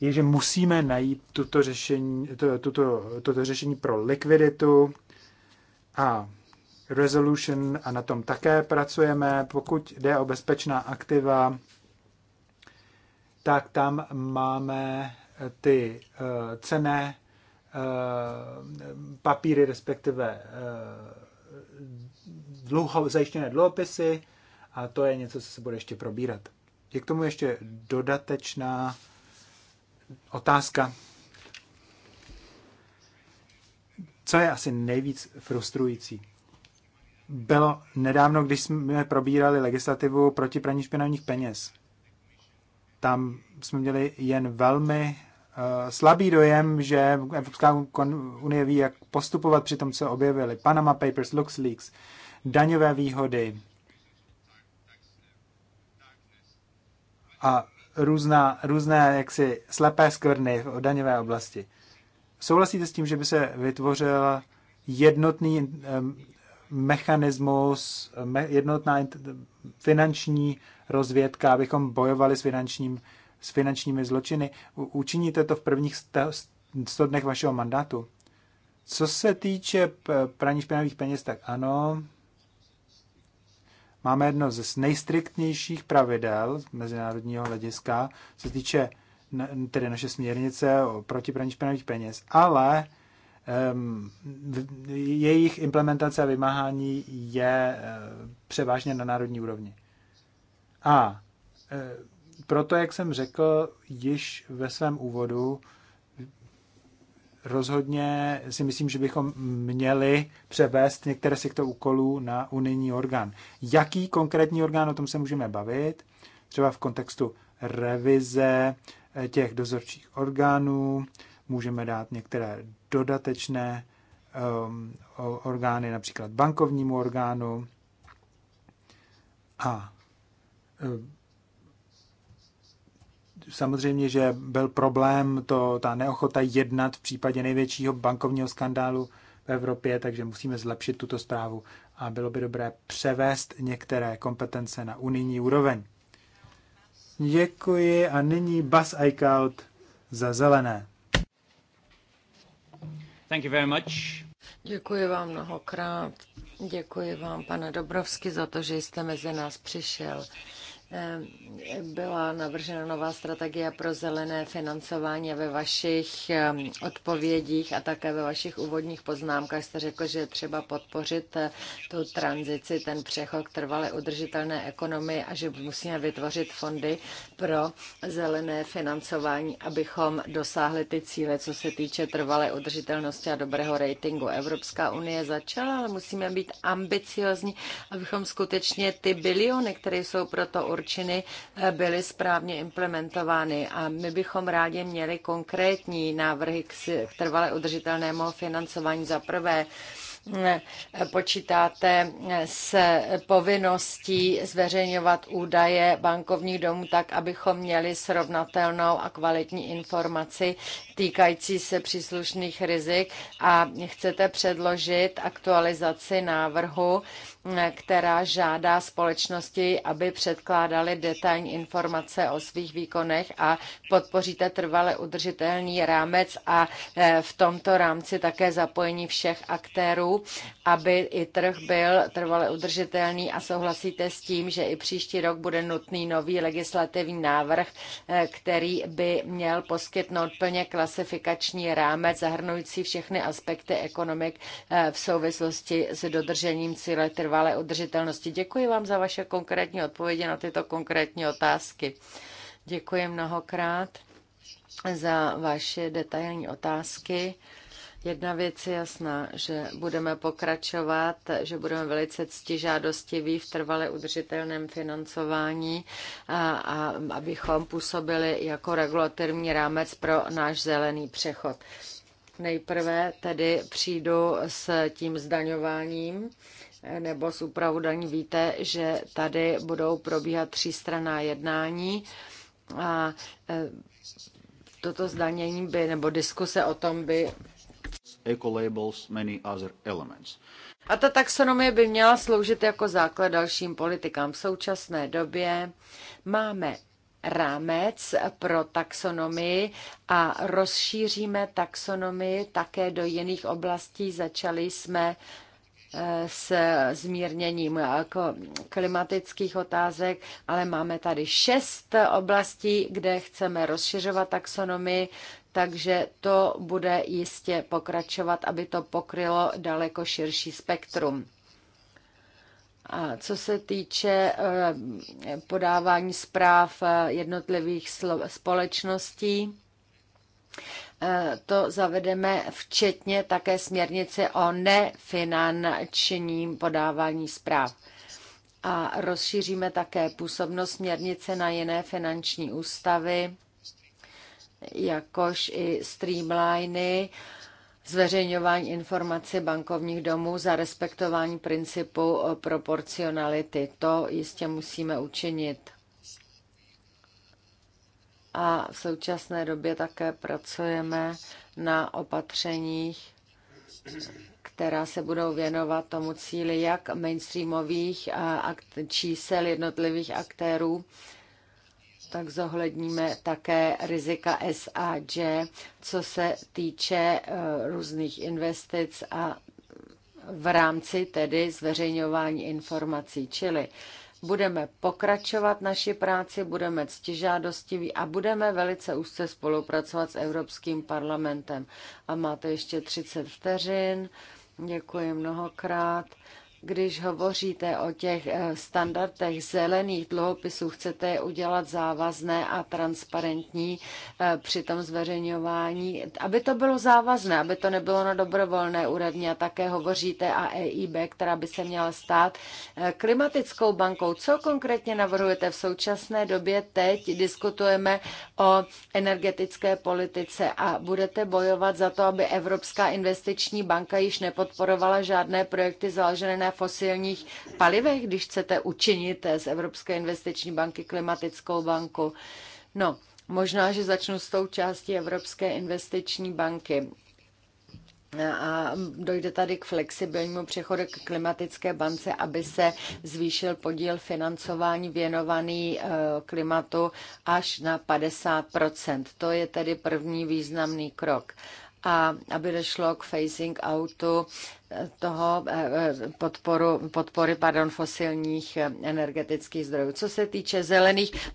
je, že musíme najít tuto řešení, to, tuto, toto řešení pro likviditu a resolution a na tom také pracujeme. Pokud jde o bezpečná aktiva, tak tam máme ty uh, cené uh, papíry, respektive uh, dluho, zajištěné dluhopisy a to je něco, co se bude ještě probírat. Je k tomu ještě dodatečná otázka. Co je asi nejvíc frustrující? Bylo nedávno, když jsme probírali legislativu proti praní špinavých peněz. Tam jsme měli jen velmi eh, slabý dojem, že Evropská unie ví, jak postupovat při tom, co objevili. Panama Papers, LuxLeaks, daňové výhody, a různá, různé jaksi slepé skvrny v daňové oblasti. Souhlasíte s tím, že by se vytvořil jednotný mechanismus, jednotná finanční rozvědka, abychom bojovali s, finančním, s finančními zločiny. Učiníte to v prvních 100 dnech vašeho mandátu? Co se týče praní špinavých peněz, tak ano, Máme jedno z nejstriktnějších pravidel z mezinárodního hlediska, co se týče tedy naše směrnice o protipraní špinavých peněz, ale um, jejich implementace a vymáhání je uh, převážně na národní úrovni. A uh, proto, jak jsem řekl již ve svém úvodu, rozhodně si myslím, že bychom měli převést některé z těchto úkolů na unijní orgán. Jaký konkrétní orgán, o tom se můžeme bavit, třeba v kontextu revize eh, těch dozorčích orgánů, můžeme dát některé dodatečné um, orgány, například bankovnímu orgánu a um, samozřejmě, že byl problém to, ta neochota jednat v případě největšího bankovního skandálu v Evropě, takže musíme zlepšit tuto zprávu a bylo by dobré převést některé kompetence na unijní úroveň. Děkuji a nyní Bas Eichelt za zelené. Thank you very much. Děkuji vám mnohokrát. Děkuji vám, pane Dobrovsky, za to, že jste mezi nás přišel. Eh, byla navržena nová strategie pro zelené financování ve vašich eh, odpovědích a také ve vašich úvodních poznámkách jste řekl, že je třeba podpořit eh, tu tranzici, ten přechod k trvale udržitelné ekonomii a že musíme vytvořit fondy pro zelené financování, abychom dosáhli ty cíle, co se týče trvalé udržitelnosti a dobrého ratingu. Evropská unie začala, ale musíme být ambiciozní, abychom skutečně ty biliony, které jsou proto určené, určeny, eh, byly správně implementovány. A my bychom rádi měli konkrétní návrhy k trvale udržitelnému financování. Za prvé, eh, počítáte eh, s povinností zveřejňovat údaje bankovních domů tak, abychom měli srovnatelnou a kvalitní informaci, týkající se příslušných rizik a chcete předložit aktualizaci návrhu, která žádá společnosti, aby předkládali detailní informace o svých výkonech a podpoříte trvale udržitelný rámec a eh, v tomto rámci také zapojení všech aktérů, aby i trh byl trvale udržitelný a souhlasíte s tím, že i příští rok bude nutný nový legislativní návrh, eh, který by měl poskytnout plně klasické klasifikační rámec zahrnující všechny aspekty ekonomik eh, v souvislosti s dodržením cíle trvalé udržitelnosti. Děkuji vám za vaše konkrétní odpovědi na tyto konkrétní otázky. Děkuji mnohokrát za vaše detailní otázky. Jedna věc je jasná, že budeme pokračovat, že budeme velice ctižádostiví v trvale udržitelném financování, a, a, abychom působili jako regulatorní rámec pro náš zelený přechod. Nejprve tedy přijdu s tím zdaňováním nebo s úpravou daní. Víte, že tady budou probíhat třístraná jednání a e, toto zdanění by, nebo diskuse o tom by ecolabels, many other elements. A ta taxonomie by měla sloužit jako základ dalším politikám. V současné době máme rámec pro taxonomii a rozšíříme taxonomii také do jiných oblastí. Začali jsme eh, s zmírněním eh, klimatických otázek, ale máme tady šest oblastí, kde chceme rozšiřovat taxonomii takže to bude jistě pokračovat, aby to pokrylo daleko širší spektrum. A co se týče eh, podávání zpráv eh, jednotlivých společností, eh, to zavedeme včetně také směrnice o nefinančním podávání zpráv. A rozšíříme také působnost směrnice na jiné finanční ústavy jakož i streamliny, zveřejňování informací bankovních domů za respektování principu proporcionality. To jistě musíme učinit. A v současné době také pracujeme na opatřeních, která se budou věnovat tomu cíli jak mainstreamových čísel jednotlivých aktérů, tak zohledníme také rizika SAG, co se týče eh, různých investic a v rámci tedy zveřejňování informací. Čili budeme pokračovat naši práci, budeme ctižádostiví a budeme velice úzce spolupracovat s Evropským parlamentem. A máte ještě 30 vteřin. Děkuji mnohokrát. Když hovoříte o těch eh, standardech zelených dluhopisů, chcete je udělat závazné a transparentní eh, při tom zveřejňování, aby to bylo závazné, aby to nebylo na dobrovolné úrovni. A také hovoříte a EIB, která by se měla stát eh, klimatickou bankou. Co konkrétně navrhujete v současné době? Teď diskutujeme o energetické politice a budete bojovat za to, aby Evropská investiční banka již nepodporovala žádné projekty založené na fosilních palivech, když chcete učinit z Evropské investiční banky klimatickou banku? No, možná, že začnu s tou částí Evropské investiční banky a dojde tady k flexibilnímu přechodu k klimatické bance, aby se zvýšil podíl financování věnovaný e, klimatu až na 50 To je tedy první významný krok a aby došlo k phasing outu eh, toho eh, eh, podporu, podpory pardon, fosilních energetických zdrojů. Co se týče zelených,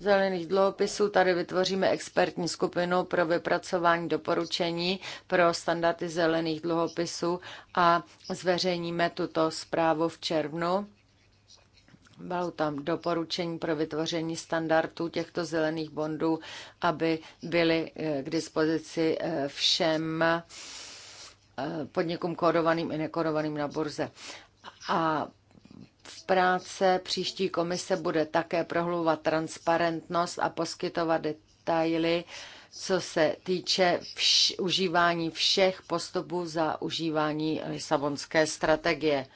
zelených dluhopisů, tady vytvoříme expertní skupinu pro vypracování doporučení pro standardy zelených dluhopisů a zveřejníme tuto zprávu v červnu bylo tam doporučení pro vytvoření standardů těchto zelených bondů, aby byly eh, k dispozici eh, všem eh, podnikům kódovaným i nekodovaným na burze. A v práce příští komise bude také prohlouvat transparentnost a poskytovat detaily, co se týče vš- užívání všech postupů za užívání Lisabonské strategie.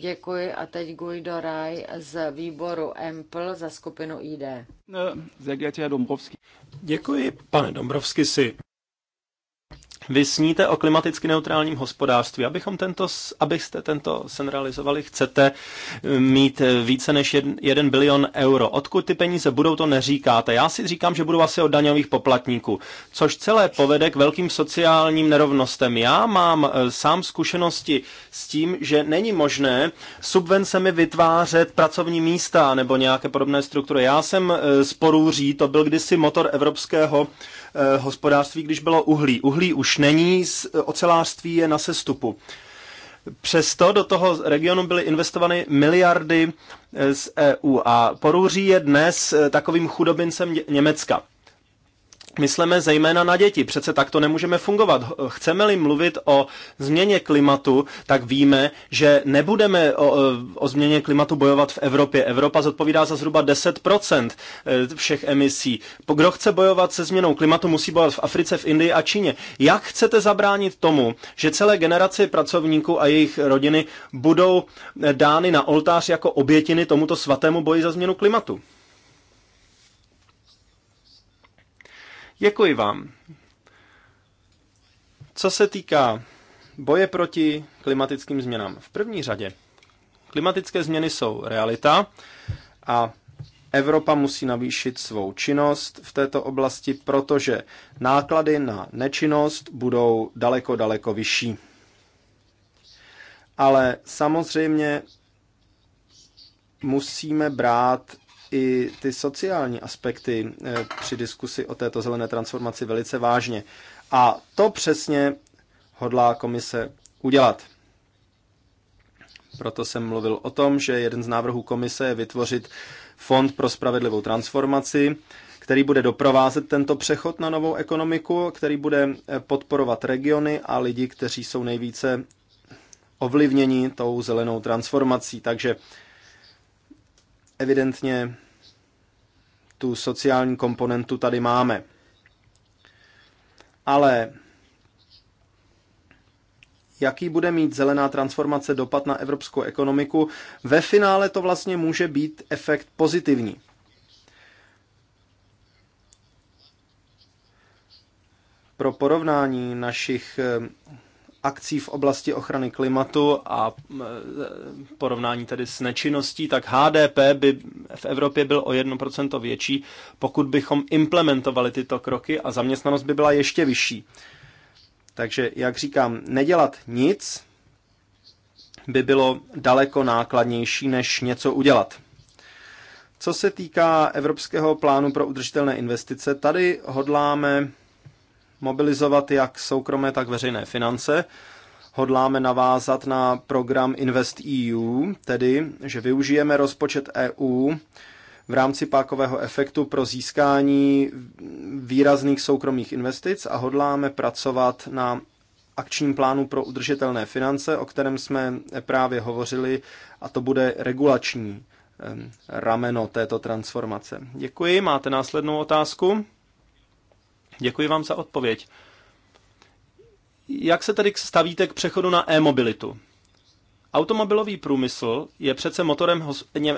Děkuji a teď Guido Raj z výboru EMPL za skupinu ID. No, Děkuji, pane Dombrovsky si. Vy sníte o klimaticky neutrálním hospodářství. Abychom tento, abyste tento sen realizovali, chcete eh, mít eh, více než 1 bilion euro. Odkud ty peníze budou, to neříkáte. Já si říkám, že budou asi od daňových poplatníků, což celé povede k velkým sociálním nerovnostem. Já mám eh, sám zkušenosti s tím, že není možné subvencemi vytvářet pracovní místa nebo nějaké podobné struktury. Já jsem z Porůří, to byl kdysi motor evropského Eh, hospodářství, když bylo uhlí. Uhlí už není, ocelářství je na sestupu. Přesto do toho regionu byly investovány miliardy eh, z EU a porůří je dnes eh, takovým chudobincem Německa mysleme zejména na děti. Přece tak to nemůžeme fungovat. Chceme-li mluvit o změně klimatu, tak víme, že nebudeme o, e, o změně klimatu bojovat v Evropě. Evropa zodpovídá za zhruba 10% e, všech emisí. Kdo chce bojovat se změnou klimatu, musí bojovat v Africe, v Indii a Číně. Jak chcete zabránit tomu, že celé generace pracovníků a jejich rodiny budou e, dány na oltář jako obětiny tomuto svatému boji za změnu klimatu? Děkuji vám. Co se týká boje proti klimatickým změnám, v první řadě klimatické změny jsou realita a Evropa musí navýšit svou činnost v této oblasti, protože náklady na nečinnost budou daleko, daleko vyšší. Ale samozřejmě musíme brát i ty sociální aspekty eh, při diskusi o této zelené transformaci velice vážně. A to přesně hodlá komise udělat. Proto jsem mluvil o tom, že jeden z návrhů komise je vytvořit Fond pro spravedlivou transformaci, který bude doprovázet tento přechod na novou ekonomiku, který bude eh, podporovat regiony a lidi, kteří jsou nejvíce ovlivněni tou zelenou transformací. Takže Evidentně tu sociální komponentu tady máme. Ale jaký bude mít zelená transformace dopad na evropskou ekonomiku, ve finále to vlastně může být efekt pozitivní. Pro porovnání našich eh, akcí v oblasti ochrany klimatu a e, porovnání tedy s nečinností, tak HDP by v Evropě byl o 1% větší, pokud bychom implementovali tyto kroky a zaměstnanost by byla ještě vyšší. Takže, jak říkám, nedělat nic by bylo daleko nákladnější, než něco udělat. Co se týká Evropského plánu pro udržitelné investice, tady hodláme mobilizovat jak soukromé, tak veřejné finance. Hodláme navázat na program Invest EU, tedy že využijeme rozpočet EU v rámci pákového efektu pro získání výrazných soukromých investic a hodláme pracovat na akčním plánu pro udržitelné finance, o kterém jsme právě hovořili, a to bude regulační rameno této transformace. Děkuji, máte následnou otázku? Děkuji vám za odpověď. Jak se tedy stavíte k přechodu na e-mobilitu? Automobilový průmysl je přece motorem e,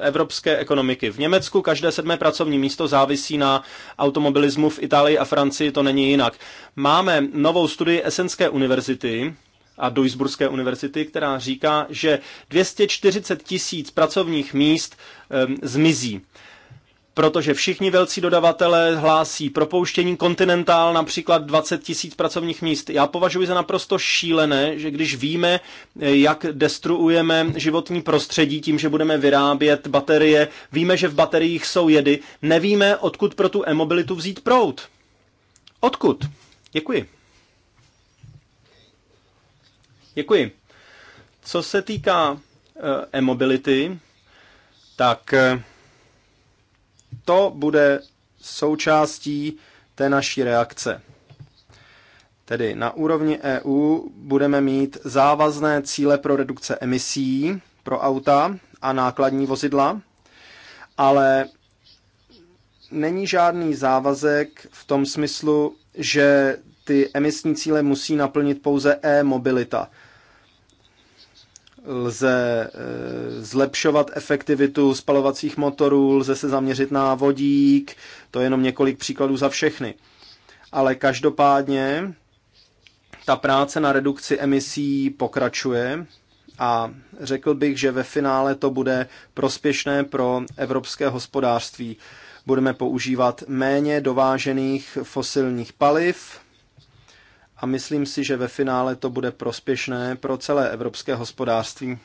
evropské ekonomiky. V Německu každé sedmé pracovní místo závisí na automobilismu, v Itálii a Francii to není jinak. Máme novou studii Esenské univerzity a Duisburské univerzity, která říká, že 240 tisíc pracovních míst um, zmizí protože všichni velcí dodavatelé hlásí propouštění kontinentál například 20 tisíc pracovních míst. Já považuji za naprosto šílené, že když víme, eh, jak destruujeme životní prostředí tím, že budeme vyrábět baterie, víme, že v bateriích jsou jedy, nevíme, odkud pro tu e-mobilitu vzít prout. Odkud? Děkuji. Děkuji. Co se týká eh, e-mobility, tak eh, to bude součástí té naší reakce. Tedy na úrovni EU budeme mít závazné cíle pro redukce emisí pro auta a nákladní vozidla, ale není žádný závazek v tom smyslu, že ty emisní cíle musí naplnit pouze e-mobilita lze eh, zlepšovat efektivitu spalovacích motorů, lze se zaměřit na vodík, to je jenom několik příkladů za všechny. Ale každopádně ta práce na redukci emisí pokračuje a řekl bych, že ve finále to bude prospěšné pro evropské hospodářství. Budeme používat méně dovážených fosilních paliv, a myslím si, že ve finále to bude prospěšné pro celé evropské hospodářství.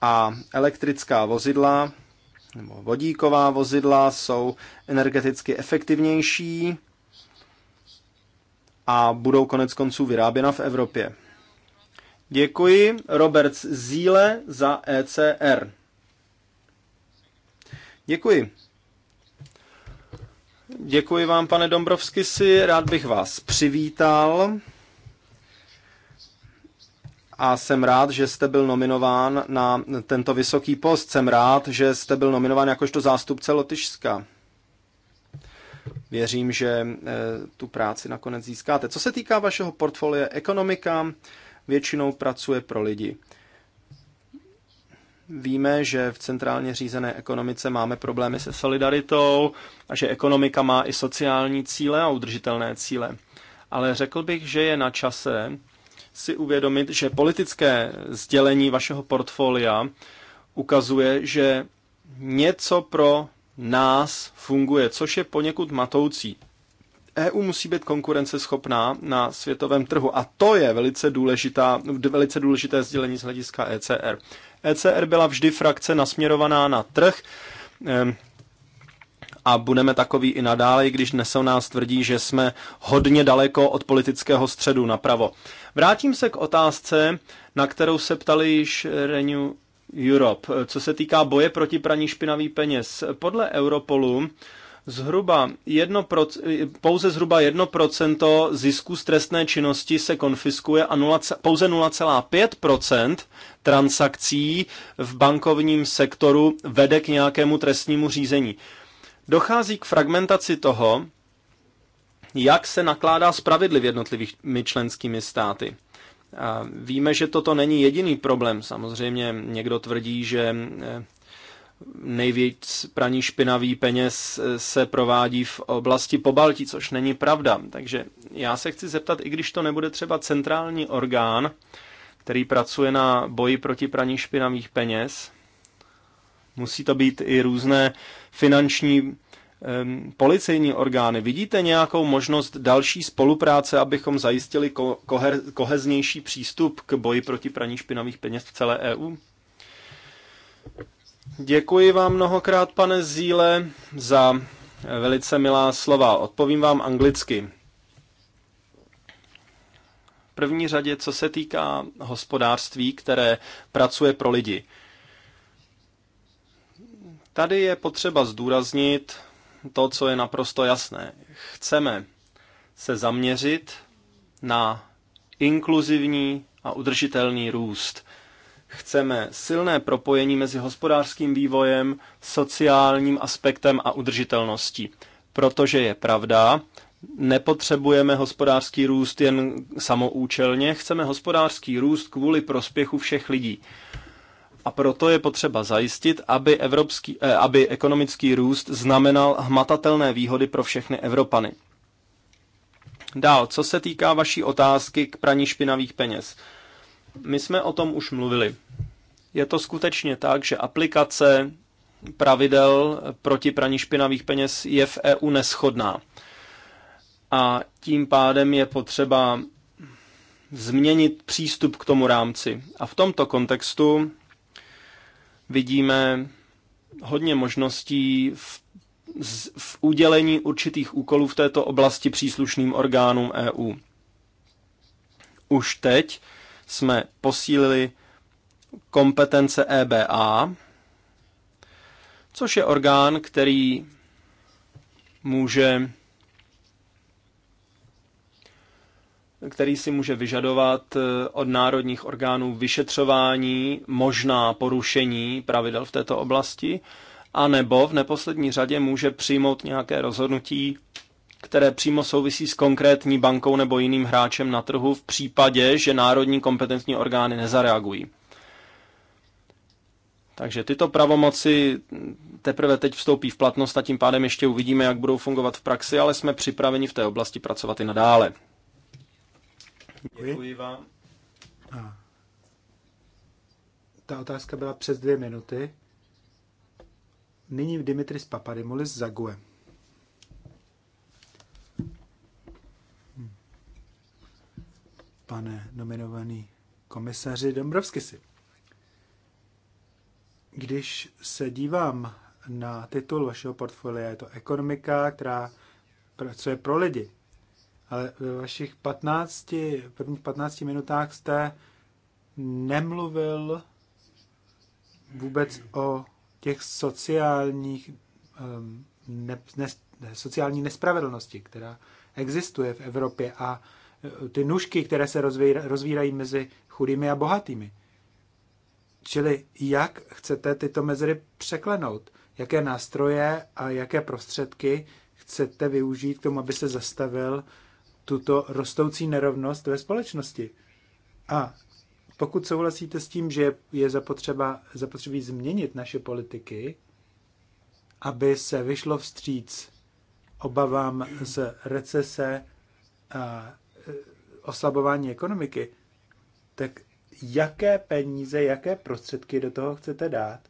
A elektrická vozidla nebo vodíková vozidla jsou energeticky efektivnější a budou konec konců vyráběna v Evropě. Děkuji Robert Zíle za ECR. Děkuji. Děkuji vám, pane Dombrovskisi, rád bych vás přivítal a jsem rád, že jste byl nominován na tento vysoký post. Jsem rád, že jste byl nominován jakožto zástupce Lotyšska. Věřím, že eh, tu práci nakonec získáte. Co se týká vašeho portfolia ekonomika, většinou pracuje pro lidi. Víme, že v centrálně řízené ekonomice máme problémy se solidaritou a že ekonomika má i sociální cíle a udržitelné cíle. Ale řekl bych, že je na čase si uvědomit, že politické sdělení vašeho portfolia ukazuje, že něco pro nás funguje, což je poněkud matoucí. EU musí být konkurenceschopná na světovém trhu a to je velice, důležitá, velice důležité sdělení z hlediska ECR. ECR byla vždy frakce nasměrovaná na trh ehm, a budeme takový i nadále, i když dnes o nás tvrdí, že jsme hodně daleko od politického středu napravo. Vrátím se k otázce, na kterou se ptali již Renew Europe, co se týká boje proti praní špinavých peněz. Podle Europolu Zhruba jedno pouze zhruba 1% zisku z trestné činnosti se konfiskuje a 0, pouze 0,5% transakcí v bankovním sektoru vede k nějakému trestnímu řízení. Dochází k fragmentaci toho, jak se nakládá s pravidly v jednotlivými členskými státy. A víme, že toto není jediný problém. Samozřejmě někdo tvrdí, že eh, nejvíc praní špinavý peněz eh, se provádí v oblasti Pobaltí, což není pravda. Takže já se chci zeptat, i když to nebude třeba centrální orgán, který pracuje na boji proti praní špinavých peněz, musí to být i různé finanční policejní orgány. Vidíte nějakou možnost další spolupráce, abychom zajistili ko- koher- koheznější přístup k boji proti praní špinavých peněz v celé EU? Děkuji vám mnohokrát, pane Zíle, za eh, velice milá slova. Odpovím vám anglicky. V první řadě, co se týká hospodářství, které pracuje pro lidi. Tady je potřeba zdůraznit to, co je naprosto jasné. Chceme se zaměřit na inkluzivní a udržitelný růst. Chceme silné propojení mezi hospodářským vývojem, sociálním aspektem a udržitelností. Protože je pravda, nepotřebujeme hospodářský růst jen samoučelně, chceme hospodářský růst kvůli prospěchu všech lidí. A proto je potřeba zajistit, aby, evropský, eh, aby ekonomický růst znamenal hmatatelné výhody pro všechny Evropany. Dál, co se týká vaší otázky k praní špinavých peněz. My jsme o tom už mluvili. Je to skutečně tak, že aplikace pravidel proti praní špinavých peněz je v EU neschodná. A tím pádem je potřeba změnit přístup k tomu rámci. A v tomto kontextu vidíme hodně možností v, v udělení určitých úkolů v této oblasti příslušným orgánům EU. Už teď jsme posílili kompetence EBA, což je orgán, který může který si může vyžadovat eh, od národních orgánů vyšetřování možná porušení pravidel v této oblasti, anebo v neposlední řadě může přijmout nějaké rozhodnutí které přímo souvisí s konkrétní bankou nebo jiným hráčem na trhu v případě, že národní kompetentní orgány nezareagují. Takže tyto pravomoci teprve teď vstoupí v platnost a tím pádem ještě uvidíme, jak budou fungovat v praxi, ale jsme připraveni v té oblasti pracovat i nadále. Děkuji, Děkuji vám. A. Ta otázka byla přes dvě minuty. Nyní Dimitris Papadimulis gue. pane nominovaný komisaři si, Když se dívám na titul vašeho portfolia, je to ekonomika, která pracuje pro lidi. Ale ve vašich 15, prvních 15 minutách jste nemluvil vůbec o těch sociálních ehm, ne, ne, sociální nespravedlnosti, která existuje v Evropě a ty nůžky, které se rozvírají mezi chudými a bohatými. Čili jak chcete tyto mezery překlenout? Jaké nástroje a jaké prostředky chcete využít k tomu, aby se zastavil tuto rostoucí nerovnost ve společnosti? A pokud souhlasíte s tím, že je zapotřeba, zapotřebí změnit naše politiky, aby se vyšlo vstříc obavám z recese a oslabování ekonomiky, tak jaké peníze, jaké prostředky do toho chcete dát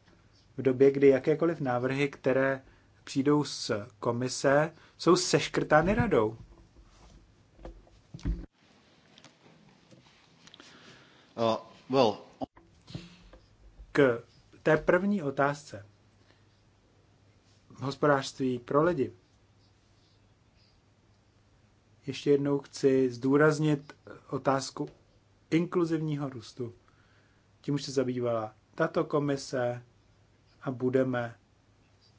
v době, kdy jakékoliv návrhy, které přijdou z komise, jsou seškrtány radou. Uh, well. K té první otázce. Hospodářství pro lidi ještě jednou chci zdůraznit otázku inkluzivního růstu. Tím už se zabývala tato komise a budeme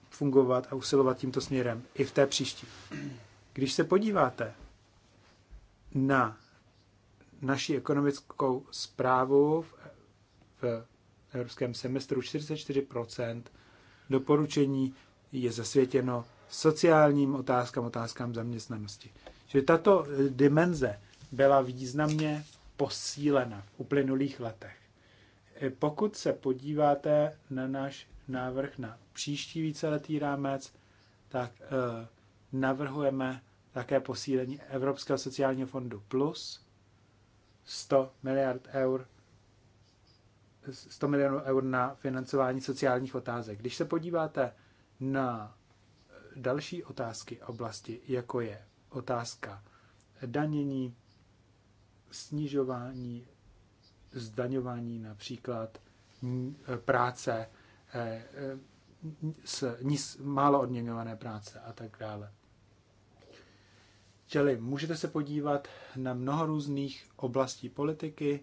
fungovat a usilovat tímto směrem i v té příští. Když se podíváte na naši ekonomickou zprávu v, v evropském semestru 44% doporučení je zasvětěno sociálním otázkám, otázkám zaměstnanosti že tato eh, dimenze byla významně posílena v uplynulých letech. Eh, pokud se podíváte na náš návrh na příští víceletý rámec, tak eh, navrhujeme také posílení Evropského sociálního fondu plus 100 miliard eur 100 milionů eur na financování sociálních otázek. Když se podíváte na další otázky oblasti, jako je otázka danění, snižování, zdaňování například e, práce, e, e, s níz, málo odměňované práce a tak dále. Čili můžete se podívat na mnoho různých oblastí politiky.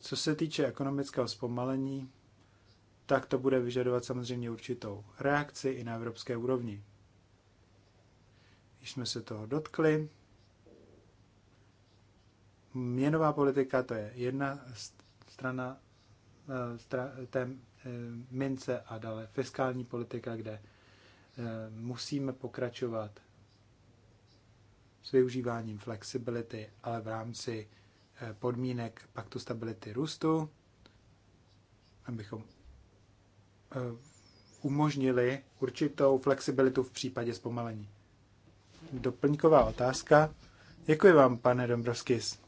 Co se týče ekonomického zpomalení, tak to bude vyžadovat samozřejmě určitou reakci i na evropské úrovni. Když jsme se toho dotkli, měnová politika, to je jedna strana eh, stra, té eh, mince a dále fiskální politika, kde eh, musíme pokračovat s využíváním flexibility, ale v rámci podmínek paktu stability růstu, abychom umožnili určitou flexibilitu v případě zpomalení doplňková otázka. Děkuji vám, pane Dombrovskis.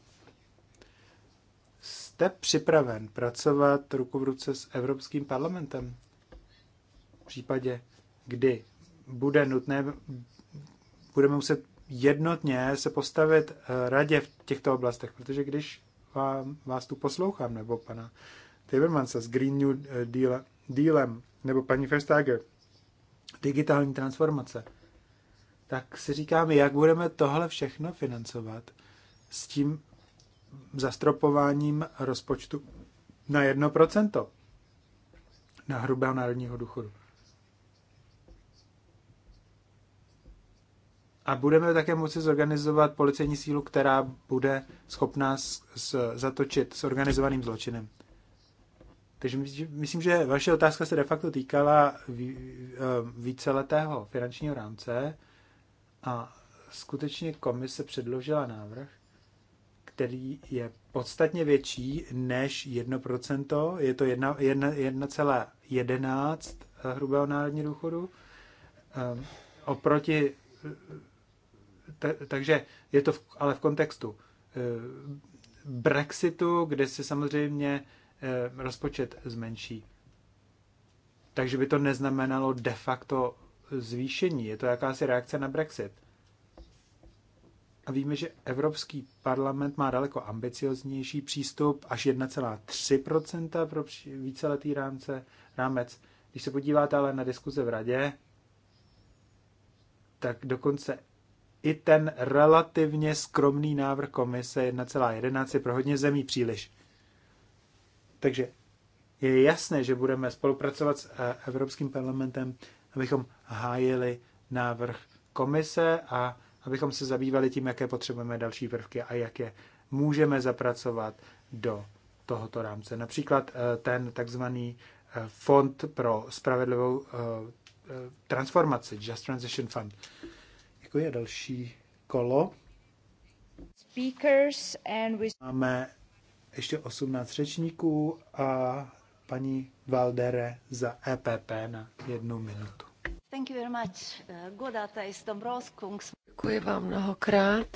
Jste připraven pracovat ruku v ruce s Evropským parlamentem? V případě, kdy bude nutné, budeme muset jednotně se postavit eh, radě v těchto oblastech, protože když vám, vás tu poslouchám, nebo pana Tibermansa s Green New eh, Dealem, nebo paní Verstager, digitální transformace, tak si říkáme, jak budeme tohle všechno financovat s tím zastropováním rozpočtu na 1% na hrubého národního důchodu. A budeme také moci zorganizovat policejní sílu, která bude schopná s, s, zatočit s organizovaným zločinem. Takže myslím, že vaše otázka se de facto týkala eh, víceletého finančního rámce a skutečně komise předložila návrh, který je podstatně větší než 1%, je to 1,11 eh, hrubého národní důchodu, ehm, oproti, t- takže je to v, ale v kontextu eh, Brexitu, kde se samozřejmě eh, rozpočet zmenší. Takže by to neznamenalo de facto zvýšení, je to jakási reakce na Brexit. A víme, že Evropský parlament má daleko ambicioznější přístup, až 1,3 pro víceletý rámce, rámec. Když se podíváte ale na diskuze v radě, tak dokonce i ten relativně skromný návrh komise 1,11 je pro hodně zemí příliš. Takže je jasné, že budeme spolupracovat s eh, Evropským parlamentem abychom hájili návrh komise a abychom se zabývali tím, jaké potřebujeme další prvky a jak je můžeme zapracovat do tohoto rámce. Například eh, ten takzvaný eh, fond pro spravedlivou eh, transformaci, Just Transition Fund. Děkuji jako a další kolo. Speakers and we... Máme ještě 18 řečníků a paní Valdere za EPP na jednu minutu. Thank you very much. Godātais Dombrovskungs. Děkuji vám mnohokrát.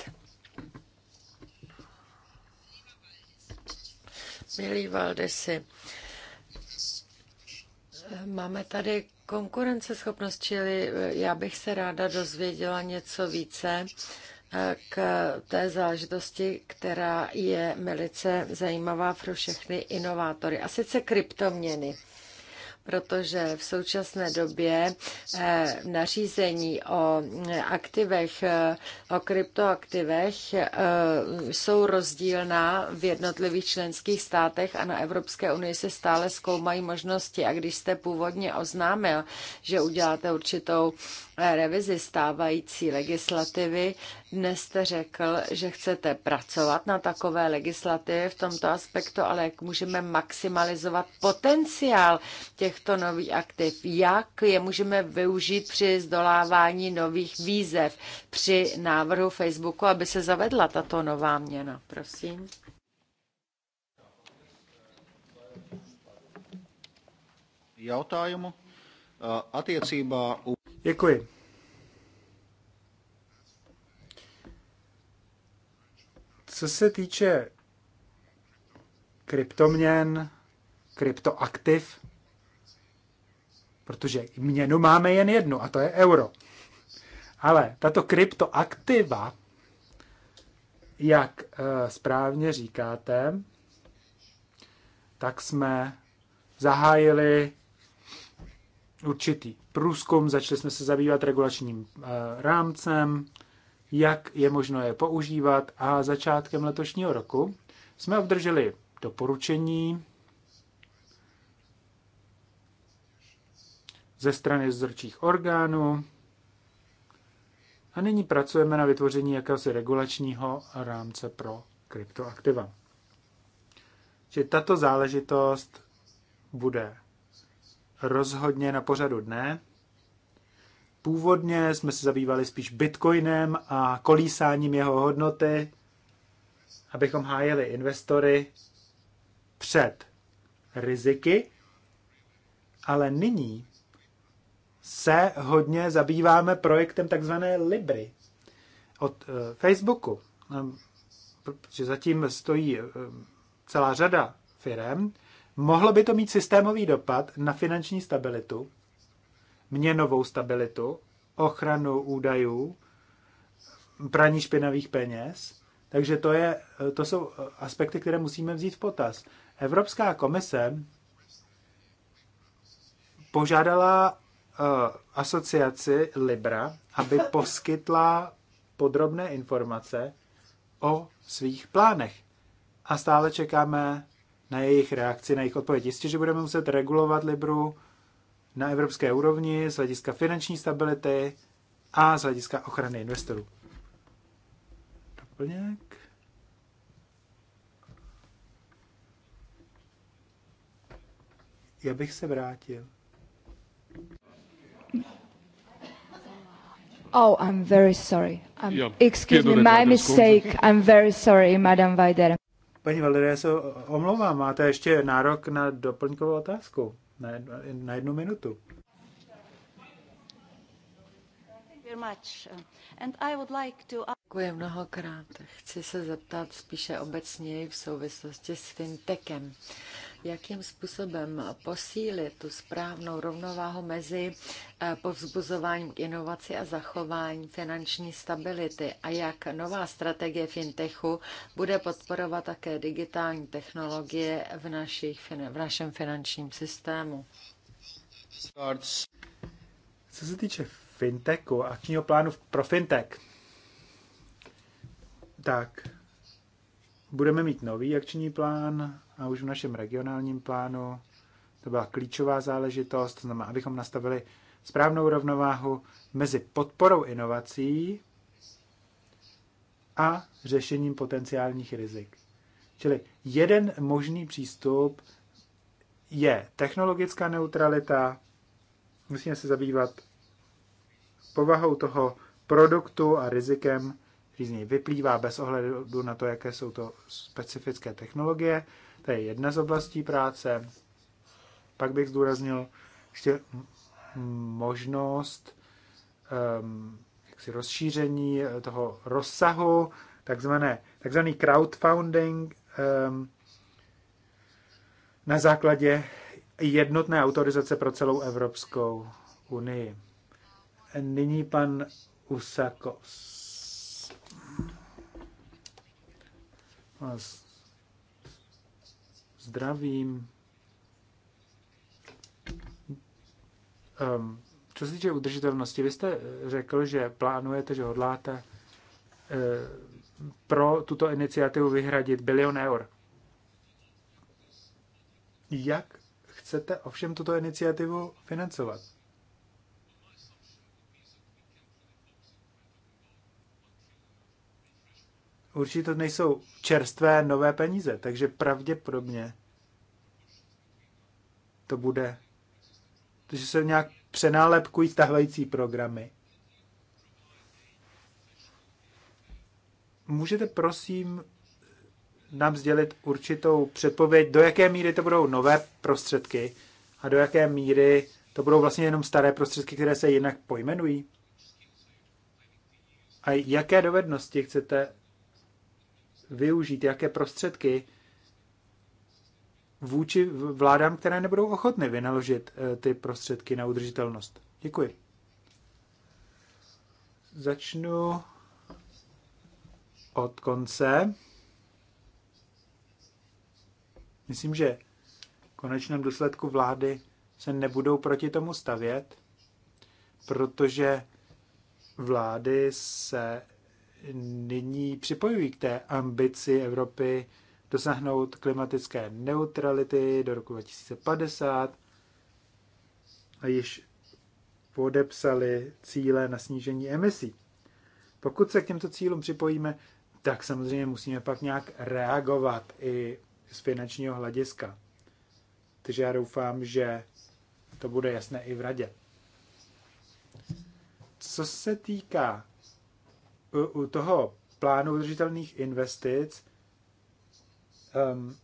Milý Valdesi, máme tady konkurenceschopnost, čili já bych se ráda dozvěděla něco více k té záležitosti, která je velice zajímavá pro všechny inovátory, a sice kryptoměny protože v současné době eh, nařízení o aktivech, eh, o kryptoaktivech eh, jsou rozdílná v jednotlivých členských státech a na Evropské unii se stále zkoumají možnosti. A když jste původně oznámil, že uděláte určitou revizi stávající legislativy. Dnes jste řekl, že chcete pracovat na takové legislativě v tomto aspektu, ale jak můžeme maximalizovat potenciál těchto nových aktiv, jak je můžeme využít při zdolávání nových výzev při návrhu Facebooku, aby se zavedla tato nová měna. Prosím. Já Jautājumu attiecībā Děkuji. Co se týče kryptoměn, kryptoaktiv, protože měnu máme jen jednu a to je euro. Ale tato kryptoaktiva, jak eh, správně říkáte, tak jsme zahájili určitý průzkum, začali jsme se zabývat regulačním eh, rámcem, jak je možno je používat a začátkem letošního roku jsme obdrželi doporučení ze strany zrčích orgánů a nyní pracujeme na vytvoření jakéhosi regulačního rámce pro kryptoaktiva. Čili tato záležitost bude rozhodně na pořadu dne. Původně jsme se zabývali spíš bitcoinem a kolísáním jeho hodnoty, abychom hájili investory před riziky, ale nyní se hodně zabýváme projektem takzvané Libry od eh, Facebooku, eh, protože zatím stojí eh, celá řada firem, Mohlo by to mít systémový dopad na finanční stabilitu, měnovou stabilitu, ochranu údajů, praní špinavých peněz. Takže to, je, to jsou aspekty, které musíme vzít v potaz. Evropská komise požádala eh, asociaci Libra, aby poskytla podrobné informace o svých plánech. A stále čekáme na jejich reakci, na jejich odpověď. Jistě, že budeme muset regulovat Libru na evropské úrovni z hlediska finanční stability a z hlediska ochrany investorů. Doplněk. Já bych se vrátil. Oh, I'm very sorry. I'm, excuse me, my mistake. I'm very sorry, Madame Weider. Paní Valerie, se omlouvám, máte ještě nárok na doplňkovou otázku na jednu, na jednu minutu. Děkuji mnohokrát. Chci se zeptat spíše obecněji v souvislosti s fintechem jakým způsobem posílit tu správnou rovnováhu mezi eh, povzbuzováním k inovaci a zachování finanční stability a jak nová strategie fintechu bude podporovat také digitální technologie v, našich, v našem finančním systému. Co se týče fintechu, a akčního plánu pro fintech, tak budeme mít nový akční plán a už v našem regionálním plánu to byla klíčová záležitost, znamená, abychom nastavili správnou rovnováhu mezi podporou inovací a řešením potenciálních rizik. Čili jeden možný přístup je technologická neutralita, musíme se zabývat povahou toho produktu a rizikem, který z něj vyplývá bez ohledu na to, jaké jsou to specifické technologie. To je jedna z oblastí práce. Pak bych zdůraznil ještě možnost um, jaksi rozšíření toho rozsahu, takzvané, takzvaný crowdfunding um, na základě jednotné autorizace pro celou Evropskou unii. Nyní pan Usakos. vás zdravím. Um, co se týče udržitelnosti, vy jste řekl, že plánujete, že hodláte eh, pro tuto iniciativu vyhradit bilion eur. Jak chcete ovšem tuto iniciativu financovat? určitě to nejsou čerstvé nové peníze, takže pravděpodobně to bude, že se nějak přenálepkují stahlející programy. Můžete prosím nám sdělit určitou předpověď, do jaké míry to budou nové prostředky a do jaké míry to budou vlastně jenom staré prostředky, které se jinak pojmenují? A jaké dovednosti chcete využít, jaké prostředky vůči vládám, které nebudou ochotny vynaložit eh, ty prostředky na udržitelnost. Děkuji. Začnu od konce. Myslím, že v konečném důsledku vlády se nebudou proti tomu stavět, protože vlády se nyní připojují k té ambici Evropy dosáhnout klimatické neutrality do roku 2050 a již podepsali cíle na snížení emisí. Pokud se k těmto cílům připojíme, tak samozřejmě musíme pak nějak reagovat i z finančního hlediska. Takže já doufám, že to bude jasné i v radě. Co se týká u toho plánu udržitelných investic, um,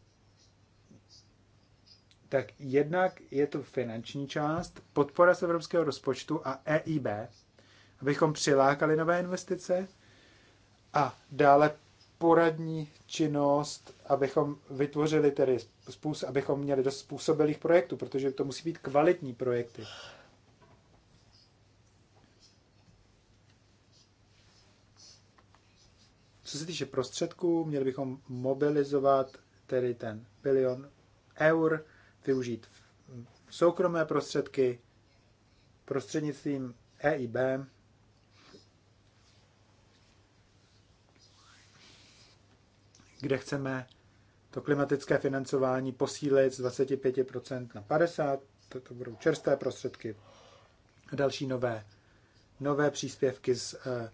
tak jednak je to finanční část, podpora z evropského rozpočtu a EIB, abychom přilákali nové investice a dále poradní činnost, abychom vytvořili tedy způsob, abychom měli dost způsobilých projektů, protože to musí být kvalitní projekty. Co se týče prostředků, měli bychom mobilizovat tedy ten bilion eur, využít soukromé prostředky prostřednictvím EIB. kde chceme to klimatické financování posílit z 25% na 50%, to, to budou čerstvé prostředky, další nové, nové příspěvky z eh,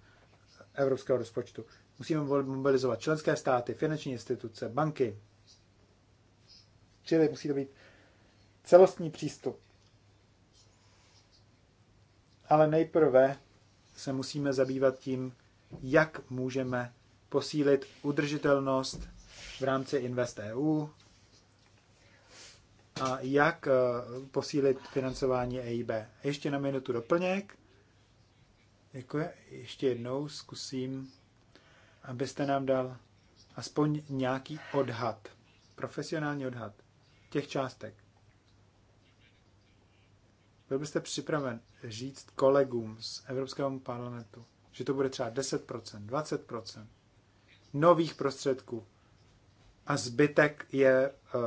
evropského rozpočtu. Musíme mobilizovat členské státy, finanční instituce, banky. Čili musí to být celostní přístup. Ale nejprve se musíme zabývat tím, jak můžeme posílit udržitelnost v rámci InvestEU a jak eh, posílit financování EIB. Ještě na minutu doplněk. Děkuji. Ještě jednou zkusím abyste nám dal aspoň nějaký odhad, profesionální odhad těch částek. Byl byste připraven říct kolegům z Evropského parlamentu, že to bude třeba 10%, 20% nových prostředků a zbytek je uh,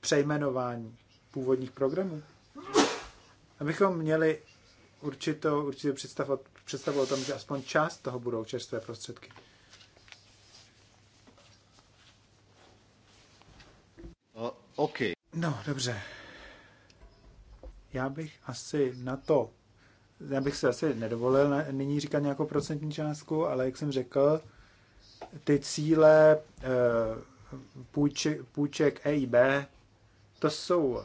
přejmenování původních programů? Abychom měli určitou, určitou představu, představu o tom, že aspoň část toho budou čerstvé prostředky. No, dobře. Já bych asi na to, já bych se asi nedovolil nyní říkat nějakou procentní částku, ale jak jsem řekl, ty cíle eh, půjček, půjček EIB, to jsou,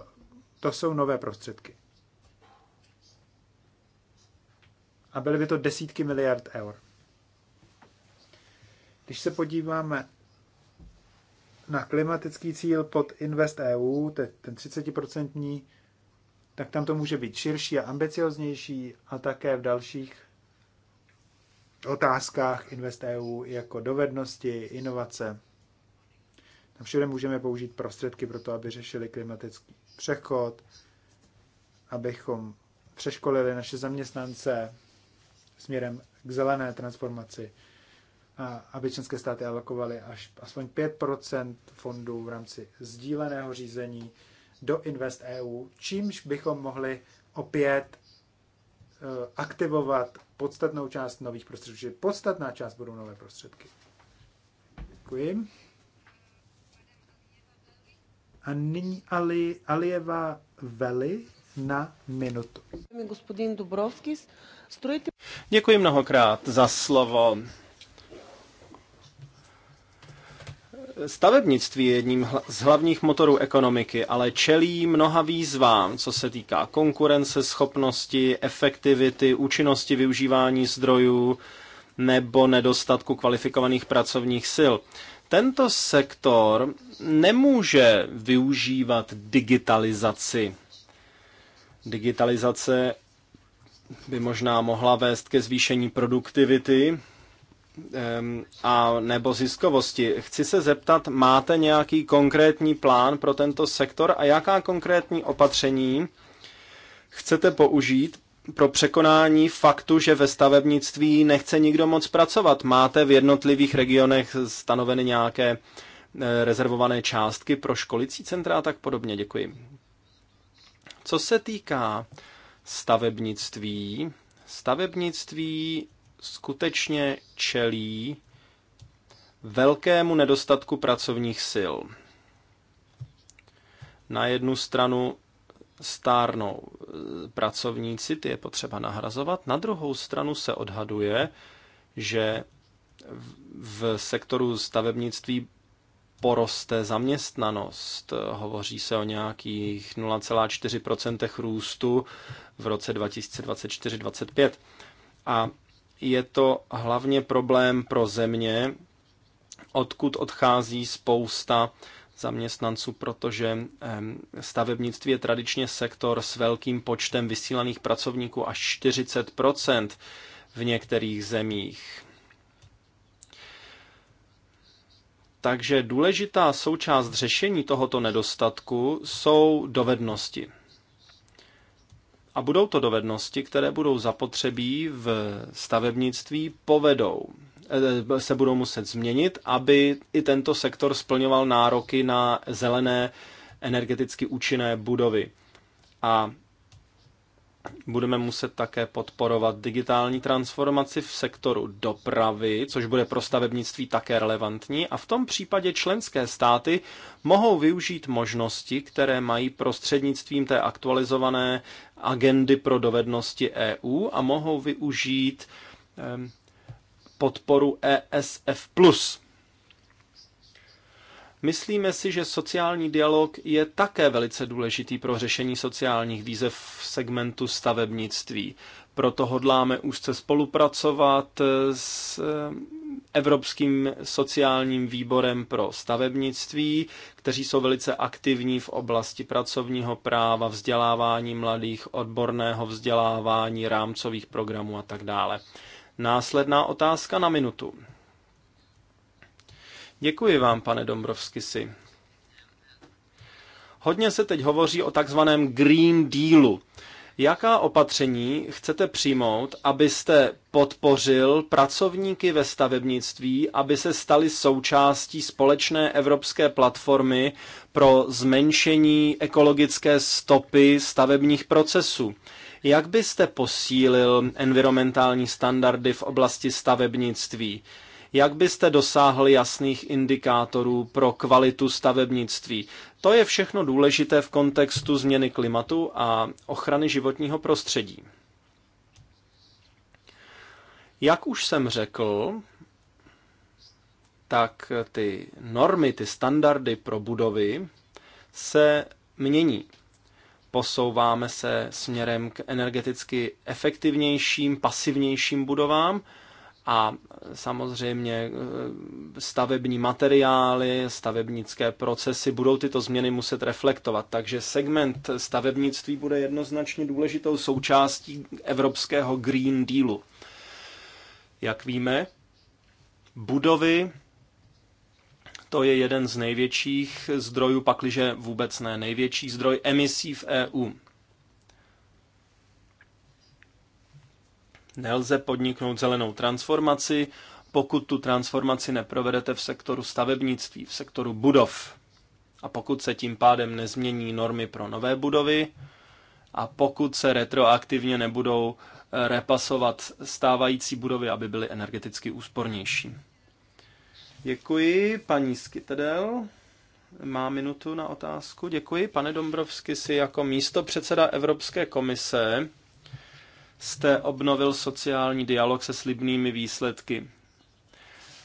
to jsou nové prostředky. A byly by to desítky miliard eur. Když se podíváme na klimatický cíl pod Invest EU, ten 30%, tak tam to může být širší a ambicioznější a také v dalších otázkách Invest EU jako dovednosti, inovace. Tam všude můžeme použít prostředky pro to, aby řešili klimatický přechod, abychom přeškolili naše zaměstnance směrem k zelené transformaci aby členské státy alokovaly až aspoň 5 fondů v rámci sdíleného řízení do Invest EU, čímž bychom mohli opět e, aktivovat podstatnou část nových prostředků, že podstatná část budou nové prostředky. Děkuji. A nyní Ali, Alieva Veli na minutu. Děkuji mnohokrát za slovo. Stavebnictví je jedním z hlavních motorů ekonomiky, ale čelí mnoha výzvám, co se týká konkurence, schopnosti, efektivity, účinnosti využívání zdrojů nebo nedostatku kvalifikovaných pracovních sil. Tento sektor nemůže využívat digitalizaci. Digitalizace by možná mohla vést ke zvýšení produktivity, a nebo ziskovosti. Chci se zeptat, máte nějaký konkrétní plán pro tento sektor a jaká konkrétní opatření chcete použít pro překonání faktu, že ve stavebnictví nechce nikdo moc pracovat? Máte v jednotlivých regionech stanoveny nějaké eh, rezervované částky pro školicí centra a tak podobně? Děkuji. Co se týká stavebnictví, stavebnictví skutečně čelí velkému nedostatku pracovních sil. Na jednu stranu stárnou e, pracovníci, ty je potřeba nahrazovat, na druhou stranu se odhaduje, že v sektoru stavebnictví poroste zaměstnanost. Hovoří se o nějakých 0,4% růstu v roce 2024-2025. A je to hlavně problém pro země, odkud odchází spousta zaměstnanců, protože stavebnictví je tradičně sektor s velkým počtem vysílaných pracovníků až 40 v některých zemích. Takže důležitá součást řešení tohoto nedostatku jsou dovednosti. A budou to dovednosti, které budou zapotřebí v stavebnictví, povedou, eh, se budou muset změnit, aby i tento sektor splňoval nároky na zelené energeticky účinné budovy. A Budeme muset také podporovat digitální transformaci v sektoru dopravy, což bude pro stavebnictví také relevantní. A v tom případě členské státy mohou využít možnosti, které mají prostřednictvím té aktualizované agendy pro dovednosti EU a mohou využít ehm, podporu ESF Myslíme si, že sociální dialog je také velice důležitý pro řešení sociálních výzev v segmentu stavebnictví. Proto hodláme úzce spolupracovat s eh, Evropským sociálním výborem pro stavebnictví, kteří jsou velice aktivní v oblasti pracovního práva, vzdělávání mladých, odborného vzdělávání, rámcových programů a tak dále. Následná otázka na minutu. Děkuji vám, pane Dombrovskisi. Hodně se teď hovoří o takzvaném Green Dealu. Jaká opatření chcete přijmout, abyste podpořil pracovníky ve stavebnictví, aby se stali součástí společné evropské platformy pro zmenšení ekologické stopy stavebních procesů? Jak byste posílil environmentální standardy v oblasti stavebnictví? Jak byste dosáhl jasných indikátorů pro kvalitu stavebnictví? To je všechno důležité v kontextu změny klimatu a ochrany životního prostředí. Jak už jsem řekl, tak ty normy, ty standardy pro budovy se mění. Posouváme se směrem k energeticky efektivnějším, pasivnějším budovám a samozřejmě eh, stavební materiály, stavebnické procesy budou tyto změny muset reflektovat. Takže segment stavebnictví bude jednoznačně důležitou součástí evropského Green Dealu. Jak víme, budovy to je jeden z největších zdrojů, pakliže vůbec ne největší zdroj emisí v EU. Nelze podniknout zelenou transformaci, pokud tu transformaci neprovedete v sektoru stavebnictví, v sektoru budov. A pokud se tím pádem nezmění normy pro nové budovy a pokud se retroaktivně nebudou eh, repasovat stávající budovy, aby byly energeticky úspornější. Děkuji, paní Skytedel. Má minutu na otázku. Děkuji, pane Dombrovsky, si jako místo předseda Evropské komise jste obnovil sociální dialog se slibnými výsledky.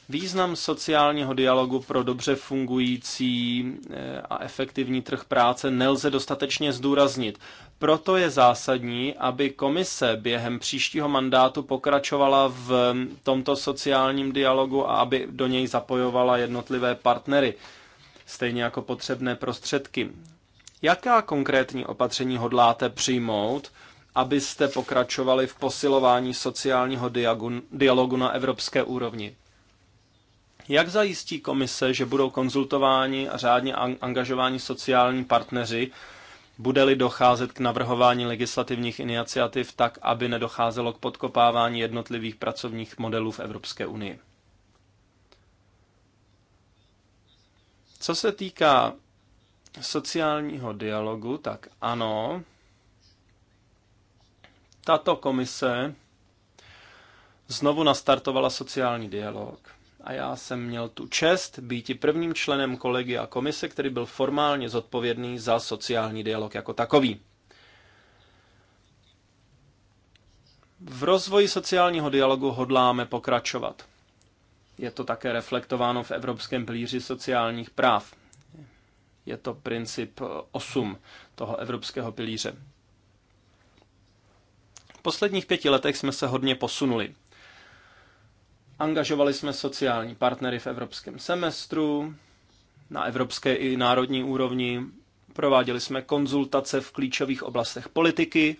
Význam sociálního dialogu pro dobře fungující eh, a efektivní trh práce nelze dostatečně zdůraznit. Proto je zásadní, aby komise během příštího mandátu pokračovala v tomto sociálním dialogu a aby do něj zapojovala jednotlivé partnery, stejně jako potřebné prostředky. Jaká konkrétní opatření hodláte přijmout, abyste pokračovali v posilování sociálního dialogu na evropské úrovni. Jak zajistí komise, že budou konzultováni a řádně angažováni sociální partneři, bude-li docházet k navrhování legislativních iniciativ tak, aby nedocházelo k podkopávání jednotlivých pracovních modelů v Evropské unii? Co se týká sociálního dialogu, tak ano, tato komise znovu nastartovala sociální dialog. A já jsem měl tu čest být i prvním členem kolegy a komise, který byl formálně zodpovědný za sociální dialog jako takový. V rozvoji sociálního dialogu hodláme pokračovat. Je to také reflektováno v Evropském pilíři sociálních práv. Je to princip 8 toho Evropského pilíře posledních pěti letech jsme se hodně posunuli. Angažovali jsme sociální partnery v evropském semestru, na evropské i národní úrovni, prováděli jsme konzultace v klíčových oblastech politiky,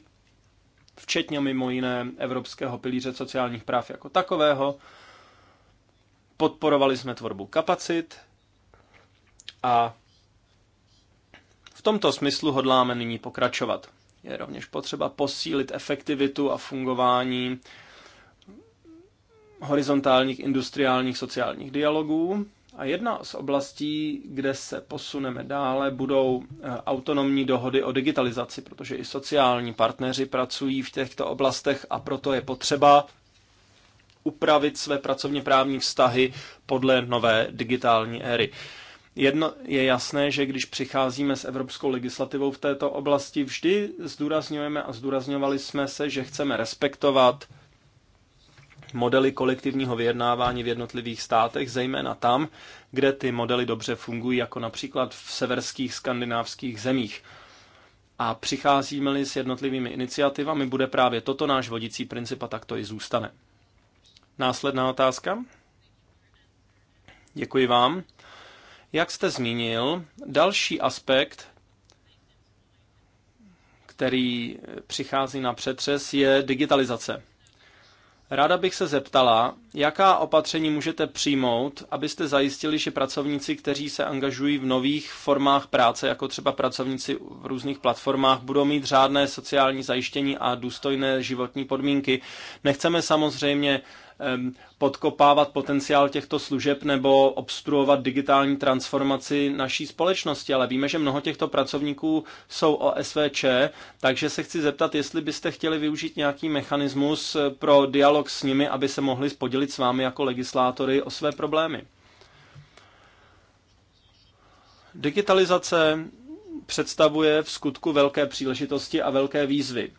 včetně mimo jiné Evropského pilíře sociálních práv jako takového, podporovali jsme tvorbu kapacit a v tomto smyslu hodláme nyní pokračovat. Je rovněž potřeba posílit efektivitu a fungování horizontálních industriálních sociálních dialogů. A jedna z oblastí, kde se posuneme dále, budou eh, autonomní dohody o digitalizaci, protože i sociální partneři pracují v těchto oblastech a proto je potřeba upravit své pracovně právní vztahy podle nové digitální éry. Jedno je jasné, že když přicházíme s evropskou legislativou v této oblasti, vždy zdůrazňujeme a zdůrazňovali jsme se, že chceme respektovat modely kolektivního vyjednávání v jednotlivých státech, zejména tam, kde ty modely dobře fungují, jako například v severských skandinávských zemích. A přicházíme-li s jednotlivými iniciativami, bude právě toto náš vodící princip a tak to i zůstane. Následná otázka. Děkuji vám. Jak jste zmínil, další aspekt, který přichází na přetřes, je digitalizace. Ráda bych se zeptala, jaká opatření můžete přijmout, abyste zajistili, že pracovníci, kteří se angažují v nových formách práce, jako třeba pracovníci v různých platformách, budou mít řádné sociální zajištění a důstojné životní podmínky. Nechceme samozřejmě podkopávat potenciál těchto služeb nebo obstruovat digitální transformaci naší společnosti, ale víme, že mnoho těchto pracovníků jsou OSVČ, takže se chci zeptat, jestli byste chtěli využít nějaký mechanismus pro dialog s nimi, aby se mohli podělit s vámi jako legislátory o své problémy. Digitalizace představuje v skutku velké příležitosti a velké výzvy.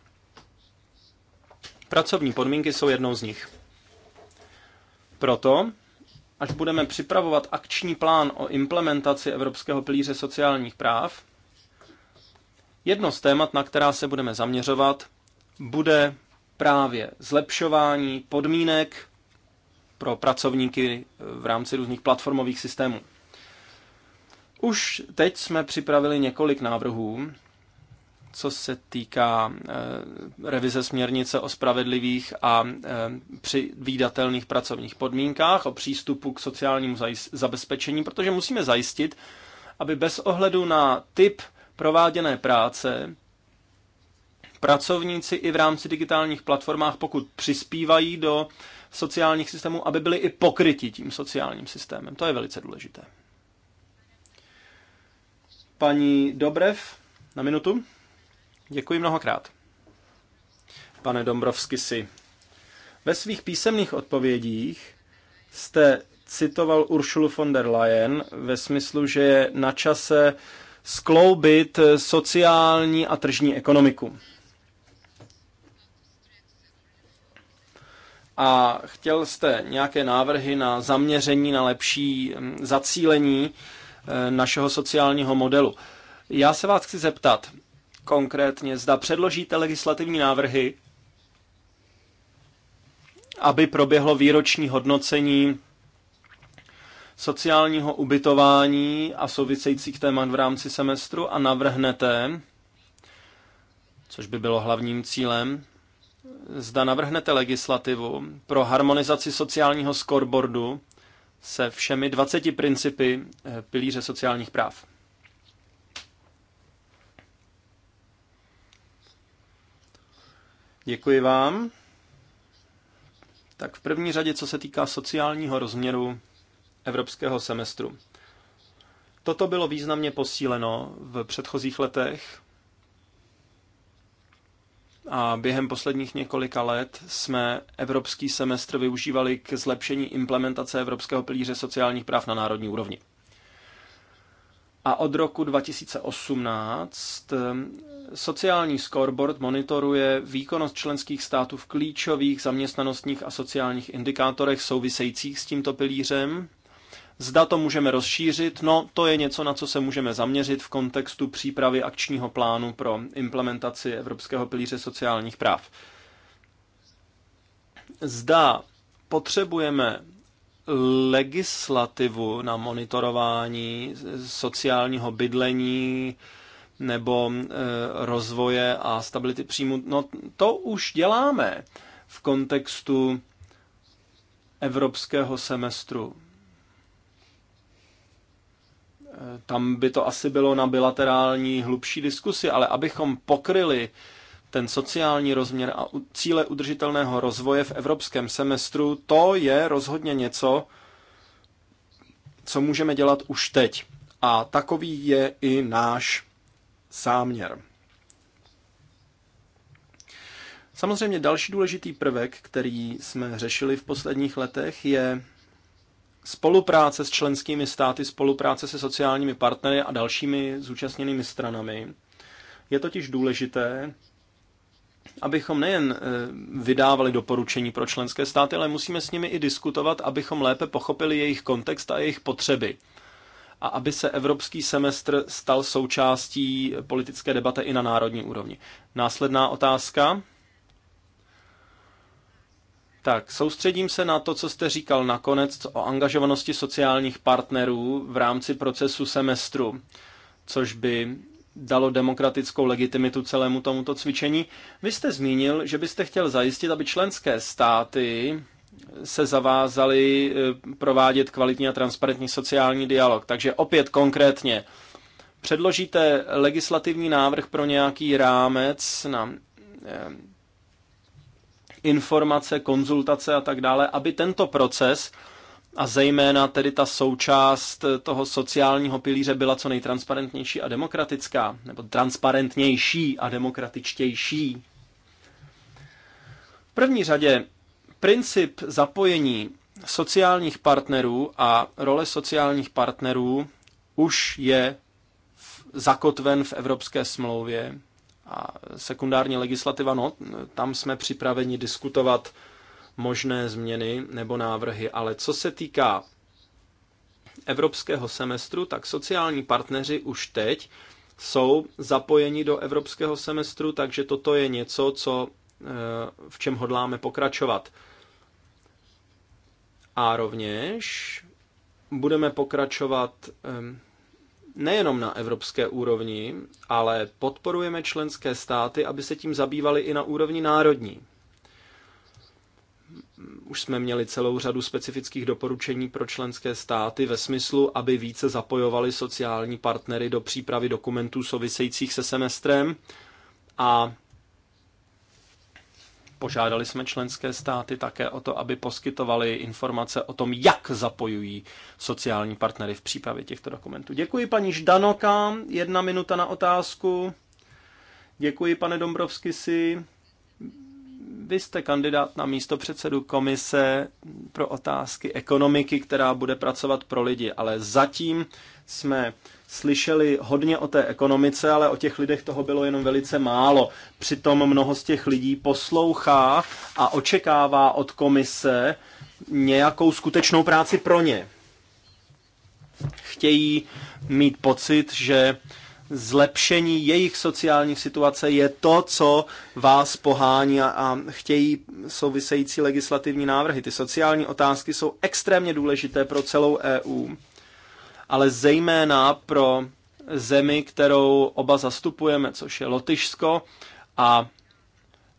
Pracovní podmínky jsou jednou z nich. Proto, až budeme připravovat akční plán o implementaci Evropského pilíře sociálních práv, jedno z témat, na která se budeme zaměřovat, bude právě zlepšování podmínek pro pracovníky v rámci různých platformových systémů. Už teď jsme připravili několik návrhů, co se týká eh, revize směrnice o spravedlivých a eh, předvídatelných pracovních podmínkách, o přístupu k sociálnímu zabezpečení, protože musíme zajistit, aby bez ohledu na typ prováděné práce pracovníci i v rámci digitálních platformách, pokud přispívají do sociálních systémů, aby byli i pokryti tím sociálním systémem. To je velice důležité. Paní Dobrev, na minutu. Děkuji mnohokrát. Pane Dombrovsky si. Ve svých písemných odpovědích jste citoval Uršulu von der Leyen ve smyslu, že je na čase skloubit sociální a tržní ekonomiku. A chtěl jste nějaké návrhy na zaměření, na lepší hm, zacílení eh, našeho sociálního modelu. Já se vás chci zeptat, konkrétně, zda předložíte legislativní návrhy, aby proběhlo výroční hodnocení sociálního ubytování a souvisejících témat v rámci semestru a navrhnete, což by bylo hlavním cílem, zda navrhnete legislativu pro harmonizaci sociálního scoreboardu se všemi 20 principy eh, pilíře sociálních práv. Děkuji vám. Tak v první řadě, co se týká sociálního rozměru evropského semestru. Toto bylo významně posíleno v předchozích letech a během posledních několika let jsme evropský semestr využívali k zlepšení implementace Evropského pilíře sociálních práv na národní úrovni. A od roku 2018 ehm, sociální scoreboard monitoruje výkonnost členských států v klíčových zaměstnanostních a sociálních indikátorech souvisejících s tímto pilířem. Zda to můžeme rozšířit, no to je něco, na co se můžeme zaměřit v kontextu přípravy akčního plánu pro implementaci Evropského pilíře sociálních práv. Zda potřebujeme legislativu na monitorování sociálního bydlení nebo e, rozvoje a stability příjmu. No to už děláme v kontextu evropského semestru. E, tam by to asi bylo na bilaterální hlubší diskusi, ale abychom pokryli ten sociální rozměr a cíle udržitelného rozvoje v evropském semestru, to je rozhodně něco, co můžeme dělat už teď. A takový je i náš záměr. Samozřejmě další důležitý prvek, který jsme řešili v posledních letech, je spolupráce s členskými státy, spolupráce se sociálními partnery a dalšími zúčastněnými stranami. Je totiž důležité, abychom nejen eh, vydávali doporučení pro členské státy, ale musíme s nimi i diskutovat, abychom lépe pochopili jejich kontext a jejich potřeby. A aby se evropský semestr stal součástí politické debaty i na národní úrovni. Následná otázka. Tak, soustředím se na to, co jste říkal nakonec o angažovanosti sociálních partnerů v rámci procesu semestru, což by dalo demokratickou legitimitu celému tomuto cvičení. Vy jste zmínil, že byste chtěl zajistit, aby členské státy se zavázaly e, provádět kvalitní a transparentní sociální dialog. Takže opět konkrétně, předložíte legislativní návrh pro nějaký rámec na e, informace, konzultace a tak dále, aby tento proces a zejména tedy ta součást toho sociálního pilíře byla co nejtransparentnější a demokratická, nebo transparentnější a demokratičtější. V první řadě princip zapojení sociálních partnerů a role sociálních partnerů už je zakotven v Evropské smlouvě a sekundární legislativa, no, tam jsme připraveni diskutovat možné změny nebo návrhy. Ale co se týká evropského semestru, tak sociální partneři už teď jsou zapojeni do evropského semestru, takže toto je něco, co, eh, v čem hodláme pokračovat. A rovněž budeme pokračovat ehm, nejenom na evropské úrovni, ale podporujeme členské státy, aby se tím zabývali i na úrovni národní už jsme měli celou řadu specifických doporučení pro členské státy ve smyslu, aby více zapojovali sociální partnery do přípravy dokumentů souvisejících se semestrem a Požádali jsme členské státy také o to, aby poskytovali informace o tom, jak zapojují sociální partnery v přípravě těchto dokumentů. Děkuji paní Ždanoka, jedna minuta na otázku. Děkuji pane Dombrovsky si. Vy jste kandidát na místo předsedu komise pro otázky ekonomiky, která bude pracovat pro lidi, ale zatím jsme slyšeli hodně o té ekonomice, ale o těch lidech toho bylo jenom velice málo. Přitom mnoho z těch lidí poslouchá a očekává od komise nějakou skutečnou práci pro ně. Chtějí mít pocit, že zlepšení jejich sociální situace je to, co vás pohání a, a chtějí související legislativní návrhy. Ty sociální otázky jsou extrémně důležité pro celou EU, ale zejména pro zemi, kterou oba zastupujeme, což je Lotyšsko a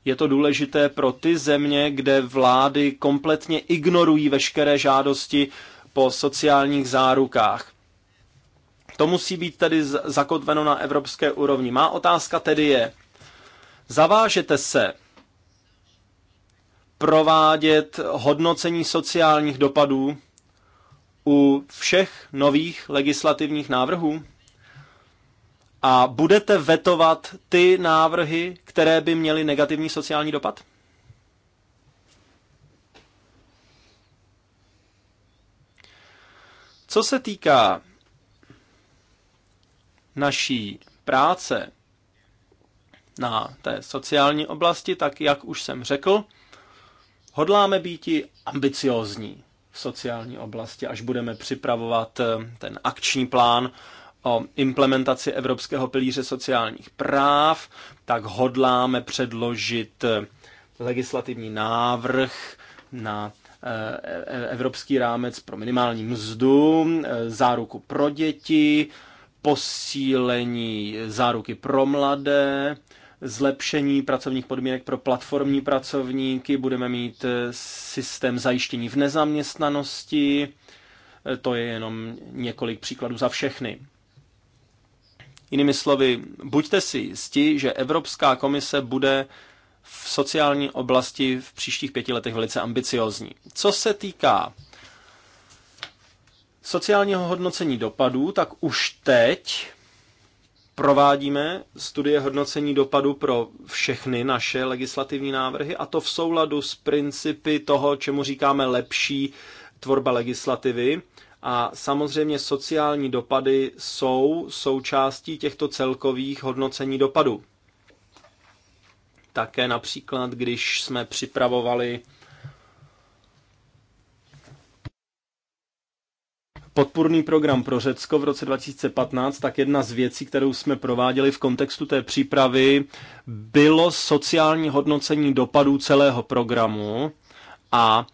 je to důležité pro ty země, kde vlády kompletně ignorují veškeré žádosti po sociálních zárukách. To musí být tedy zakotveno na evropské úrovni. Má otázka tedy je, zavážete se provádět hodnocení sociálních dopadů u všech nových legislativních návrhů? A budete vetovat ty návrhy, které by měly negativní sociální dopad? Co se týká naší práce na té sociální oblasti, tak jak už jsem řekl, hodláme být i ambiciozní v sociální oblasti, až budeme připravovat eh, ten akční plán o implementaci Evropského pilíře sociálních práv, tak hodláme předložit eh, legislativní návrh na eh, e, e, Evropský rámec pro minimální mzdu, záruku pro děti, posílení záruky pro mladé, zlepšení pracovních podmínek pro platformní pracovníky, budeme mít eh, systém zajištění v nezaměstnanosti, eh, to je jenom několik příkladů za všechny. Jinými slovy, buďte si jisti, že Evropská komise bude v sociální oblasti v příštích pěti letech velice ambiciozní. Co se týká sociálního hodnocení dopadů, tak už teď provádíme studie hodnocení dopadu pro všechny naše legislativní návrhy a to v souladu s principy toho, čemu říkáme lepší tvorba legislativy. A samozřejmě sociální dopady jsou součástí těchto celkových hodnocení dopadu. Také například, když jsme připravovali podpůrný program pro Řecko v roce 2015, tak jedna z věcí, kterou jsme prováděli v kontextu té přípravy, bylo sociální hodnocení dopadů celého programu. A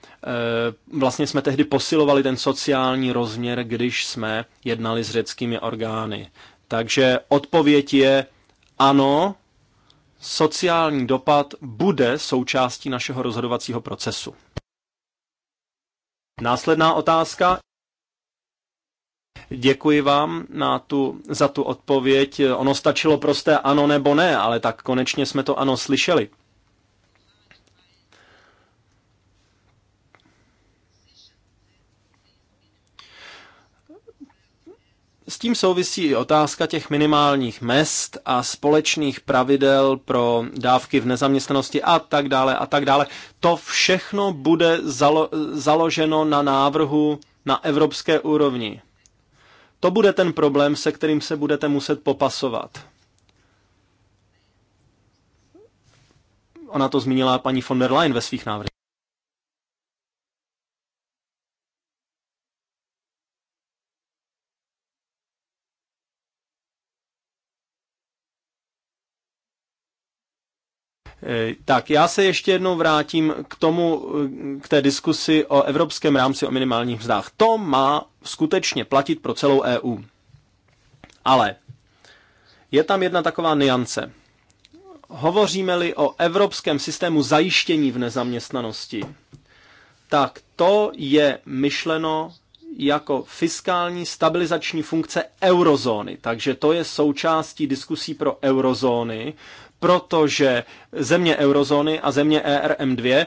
e, vlastně jsme tehdy posilovali ten sociální rozměr, když jsme jednali s řeckými orgány. Takže odpověď je ano, sociální dopad bude součástí našeho rozhodovacího procesu. Následná otázka. Děkuji vám na tu, za tu odpověď. Ono stačilo prosté ano nebo ne, ale tak konečně jsme to ano slyšeli. S tím souvisí i otázka těch minimálních mest a společných pravidel pro dávky v nezaměstnanosti a tak dále a tak dále. To všechno bude zalo- založeno na návrhu na evropské úrovni. To bude ten problém, se kterým se budete muset popasovat. Ona to zmínila paní von der Leyen ve svých návrhech. Eh, tak já se ještě jednou vrátím k tomu, eh, k té diskusi o evropském rámci o minimálních mzdách. To má skutečně platit pro celou EU. Ale je tam jedna taková niance. Hovoříme-li o evropském systému zajištění v nezaměstnanosti, tak to je myšleno jako fiskální stabilizační funkce eurozóny. Takže to je součástí diskusí pro eurozóny, protože země eurozóny a země ERM2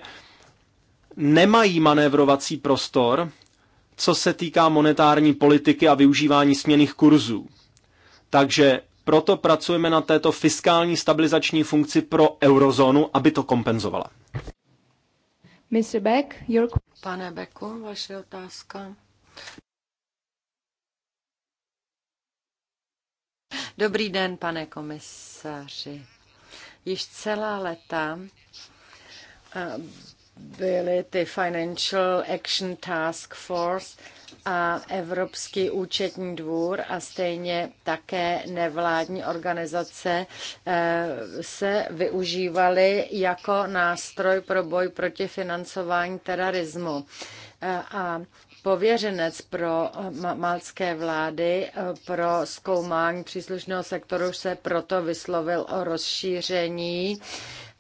nemají manévrovací prostor, co se týká monetární politiky a využívání směných kurzů. Takže proto pracujeme na této fiskální stabilizační funkci pro eurozónu, aby to kompenzovala. Mr. Beck, your... Pane Beku, vaše otázka. Dobrý den, pane komisaři. Již celá leta eh, byly ty Financial Action Task Force a Evropský účetní dvůr a stejně také nevládní organizace eh, se využívaly jako nástroj pro boj proti financování terorismu. Eh, a pověřenec pro eh, malcké vlády eh, pro zkoumání příslušného sektoru se proto vyslovil o rozšíření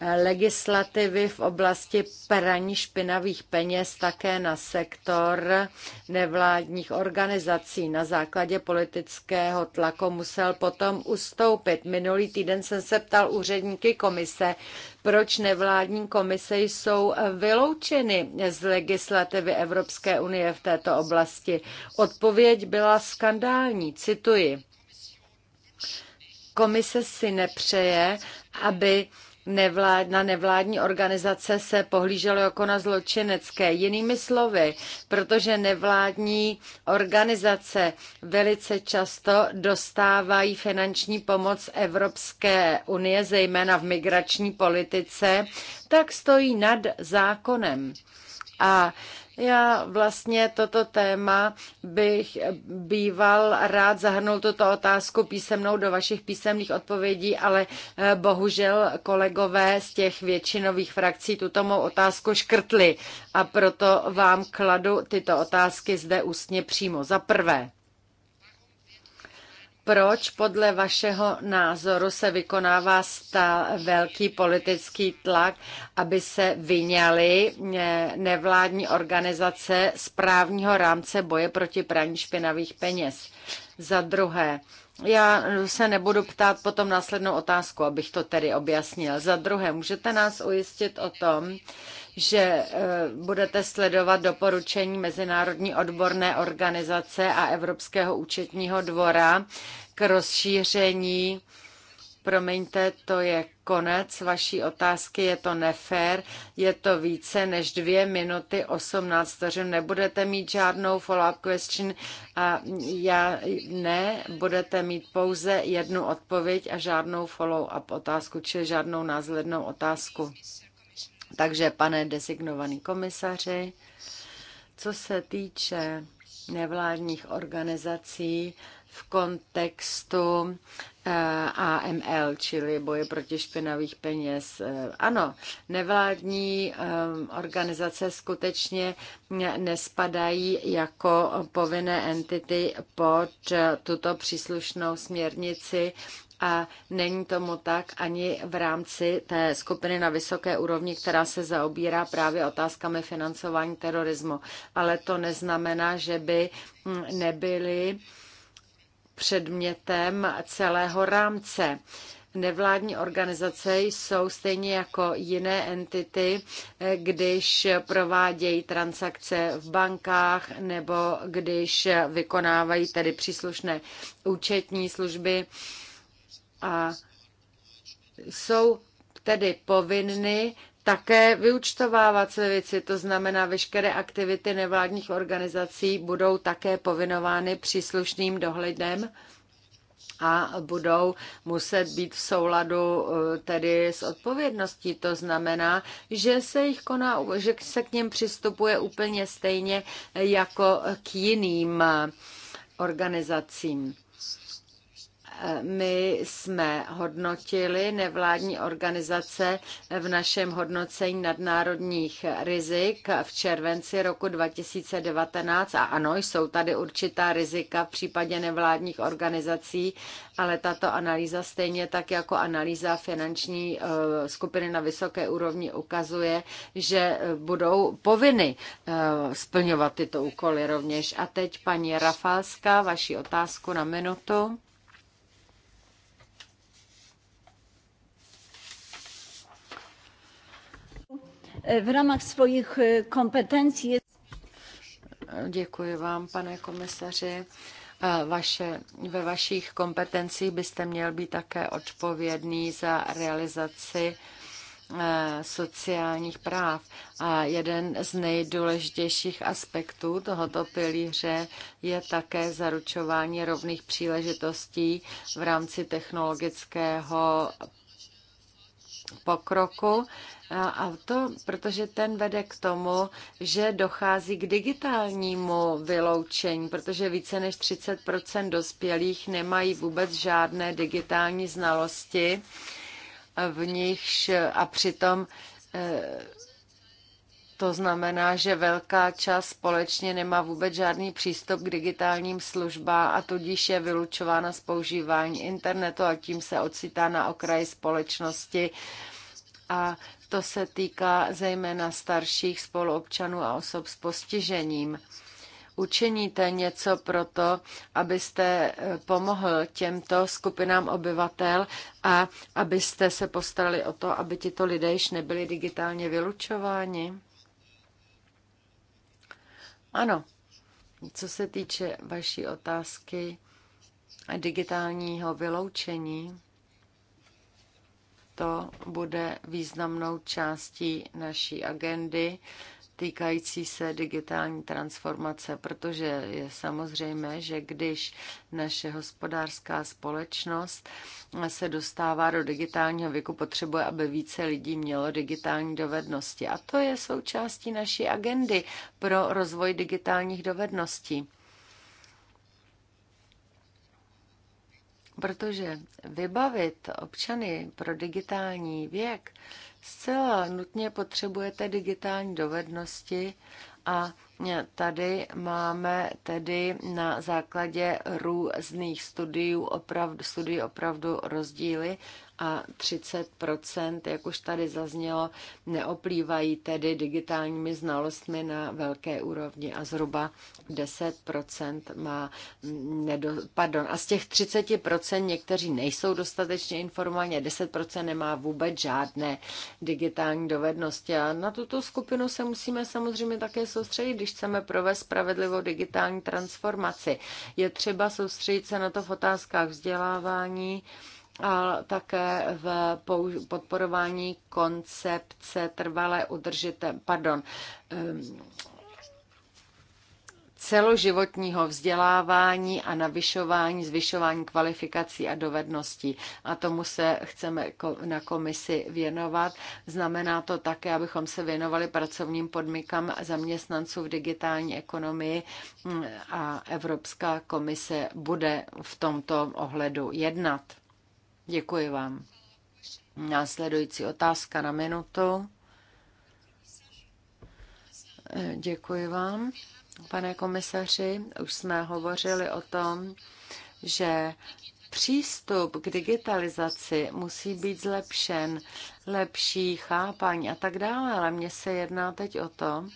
legislativy v oblasti praní špinavých peněz také na sektor nevládních organizací. Na základě politického tlaku musel potom ustoupit. Minulý týden jsem se ptal úředníky komise, proč nevládní komise jsou vyloučeny z legislativy Evropské unie v této oblasti. Odpověď byla skandální, cituji. Komise si nepřeje, aby nevlád, na nevládní organizace se pohlíželo jako na zločinecké. Jinými slovy, protože nevládní organizace velice často dostávají finanční pomoc Evropské unie, zejména v migrační politice, tak stojí nad zákonem. A já vlastně toto téma bych býval rád zahrnul tuto otázku písemnou do vašich písemných odpovědí, ale eh, bohužel kolegové z těch většinových frakcí tuto mou otázku škrtli a proto vám kladu tyto otázky zde ústně přímo. Za prvé, proč podle vašeho názoru se vykonává stá velký politický tlak, aby se vyňaly eh, nevládní organizace z právního rámce boje proti praní špinavých peněz? Za druhé, já se nebudu ptát potom následnou otázku, abych to tedy objasnil. Za druhé, můžete nás ujistit o tom, že e, budete sledovat doporučení Mezinárodní odborné organizace a Evropského účetního dvora k rozšíření Promiňte, to je konec vaší otázky, je to nefér, je to více než dvě minuty 18 vteřin. Nebudete mít žádnou follow-up question a já ne, budete mít pouze jednu odpověď a žádnou follow-up otázku, čili žádnou následnou otázku. Takže, pane designovaný komisaři, co se týče nevládních organizací v kontextu Eh, AML, čili boje proti špinavých peněz. Eh, ano, nevládní eh, organizace skutečně nespadají jako povinné entity pod tuto příslušnou směrnici a není tomu tak ani v rámci té skupiny na vysoké úrovni, která se zaobírá právě otázkami financování terorismu. Ale to neznamená, že by hm, nebyly předmětem celého rámce. Nevládní organizace jsou stejně jako jiné entity, když provádějí transakce v bankách nebo když vykonávají tedy příslušné účetní služby a jsou tedy povinny také vyučtovávat své věci, to znamená, veškeré aktivity nevládních organizací budou také povinovány příslušným dohledem a budou muset být v souladu eh, tedy s odpovědností. To znamená, že se, jich koná, že se k něm přistupuje úplně stejně jako k jiným eh, organizacím. My jsme hodnotili nevládní organizace v našem hodnocení nadnárodních rizik v červenci roku 2019 a ano, jsou tady určitá rizika v případě nevládních organizací, ale tato analýza stejně tak jako analýza finanční eh, skupiny na vysoké úrovni ukazuje, že budou povinny eh, splňovat tyto úkoly rovněž. A teď paní Rafalská, vaši otázku na minutu. v rámci svých eh, kompetencí. Děkuji vám, pane komisaři eh, vaše, ve vašich kompetencích byste měl být také odpovědný za realizaci eh, sociálních práv. A jeden z nejdůležitějších aspektů tohoto pilíře je také zaručování rovných příležitostí v rámci technologického pokroku a to, protože ten vede k tomu, že dochází k digitálnímu vyloučení, protože více než 30 dospělých nemají vůbec žádné digitální znalosti v nichž a přitom eh, to znamená, že velká část společně nemá vůbec žádný přístup k digitálním službám a tudíž je vylučována z používání internetu a tím se ocitá na okraji společnosti. A to se týká zejména starších spoluobčanů a osob s postižením. Učiníte něco pro to, abyste eh, pomohl těmto skupinám obyvatel a abyste se postarali o to, aby tito lidé již nebyli digitálně vylučováni? Ano, co se týče vaší otázky a digitálního vyloučení, to bude významnou částí naší agendy týkající se digitální transformace, protože je samozřejmé, že když naše hospodářská společnost se dostává do digitálního věku, potřebuje, aby více lidí mělo digitální dovednosti. A to je součástí naší agendy pro rozvoj digitálních dovedností. Protože vybavit občany pro digitální věk, Zcela nutně potřebujete digitální dovednosti a tady máme tedy na základě různých studií opravdu, studií opravdu rozdíly a 30 jak už tady zaznělo, neoplývají tedy digitálními znalostmi na velké úrovni a zhruba 10 má nedo, pardon, a z těch 30 někteří nejsou dostatečně informovaní, 10 nemá vůbec žádné digitální dovednosti a na tuto skupinu se musíme samozřejmě také soustředit, když chceme provést spravedlivou digitální transformaci. Je třeba soustředit se na to v otázkách vzdělávání, a také v podporování koncepce trvalé udržité, pardon, ehm, celoživotního vzdělávání a navyšování, zvyšování kvalifikací a dovedností. A tomu se chceme na komisi věnovat. Znamená to také, abychom se věnovali pracovním podmínkám zaměstnanců v digitální ekonomii hm, a Evropská komise bude v tomto ohledu jednat. Děkuji vám. Následující otázka na minutu. Děkuji vám, pane komisaři. Už jsme hovořili o tom, že přístup k digitalizaci musí být zlepšen, lepší chápání a tak dále, ale mně se jedná teď o to,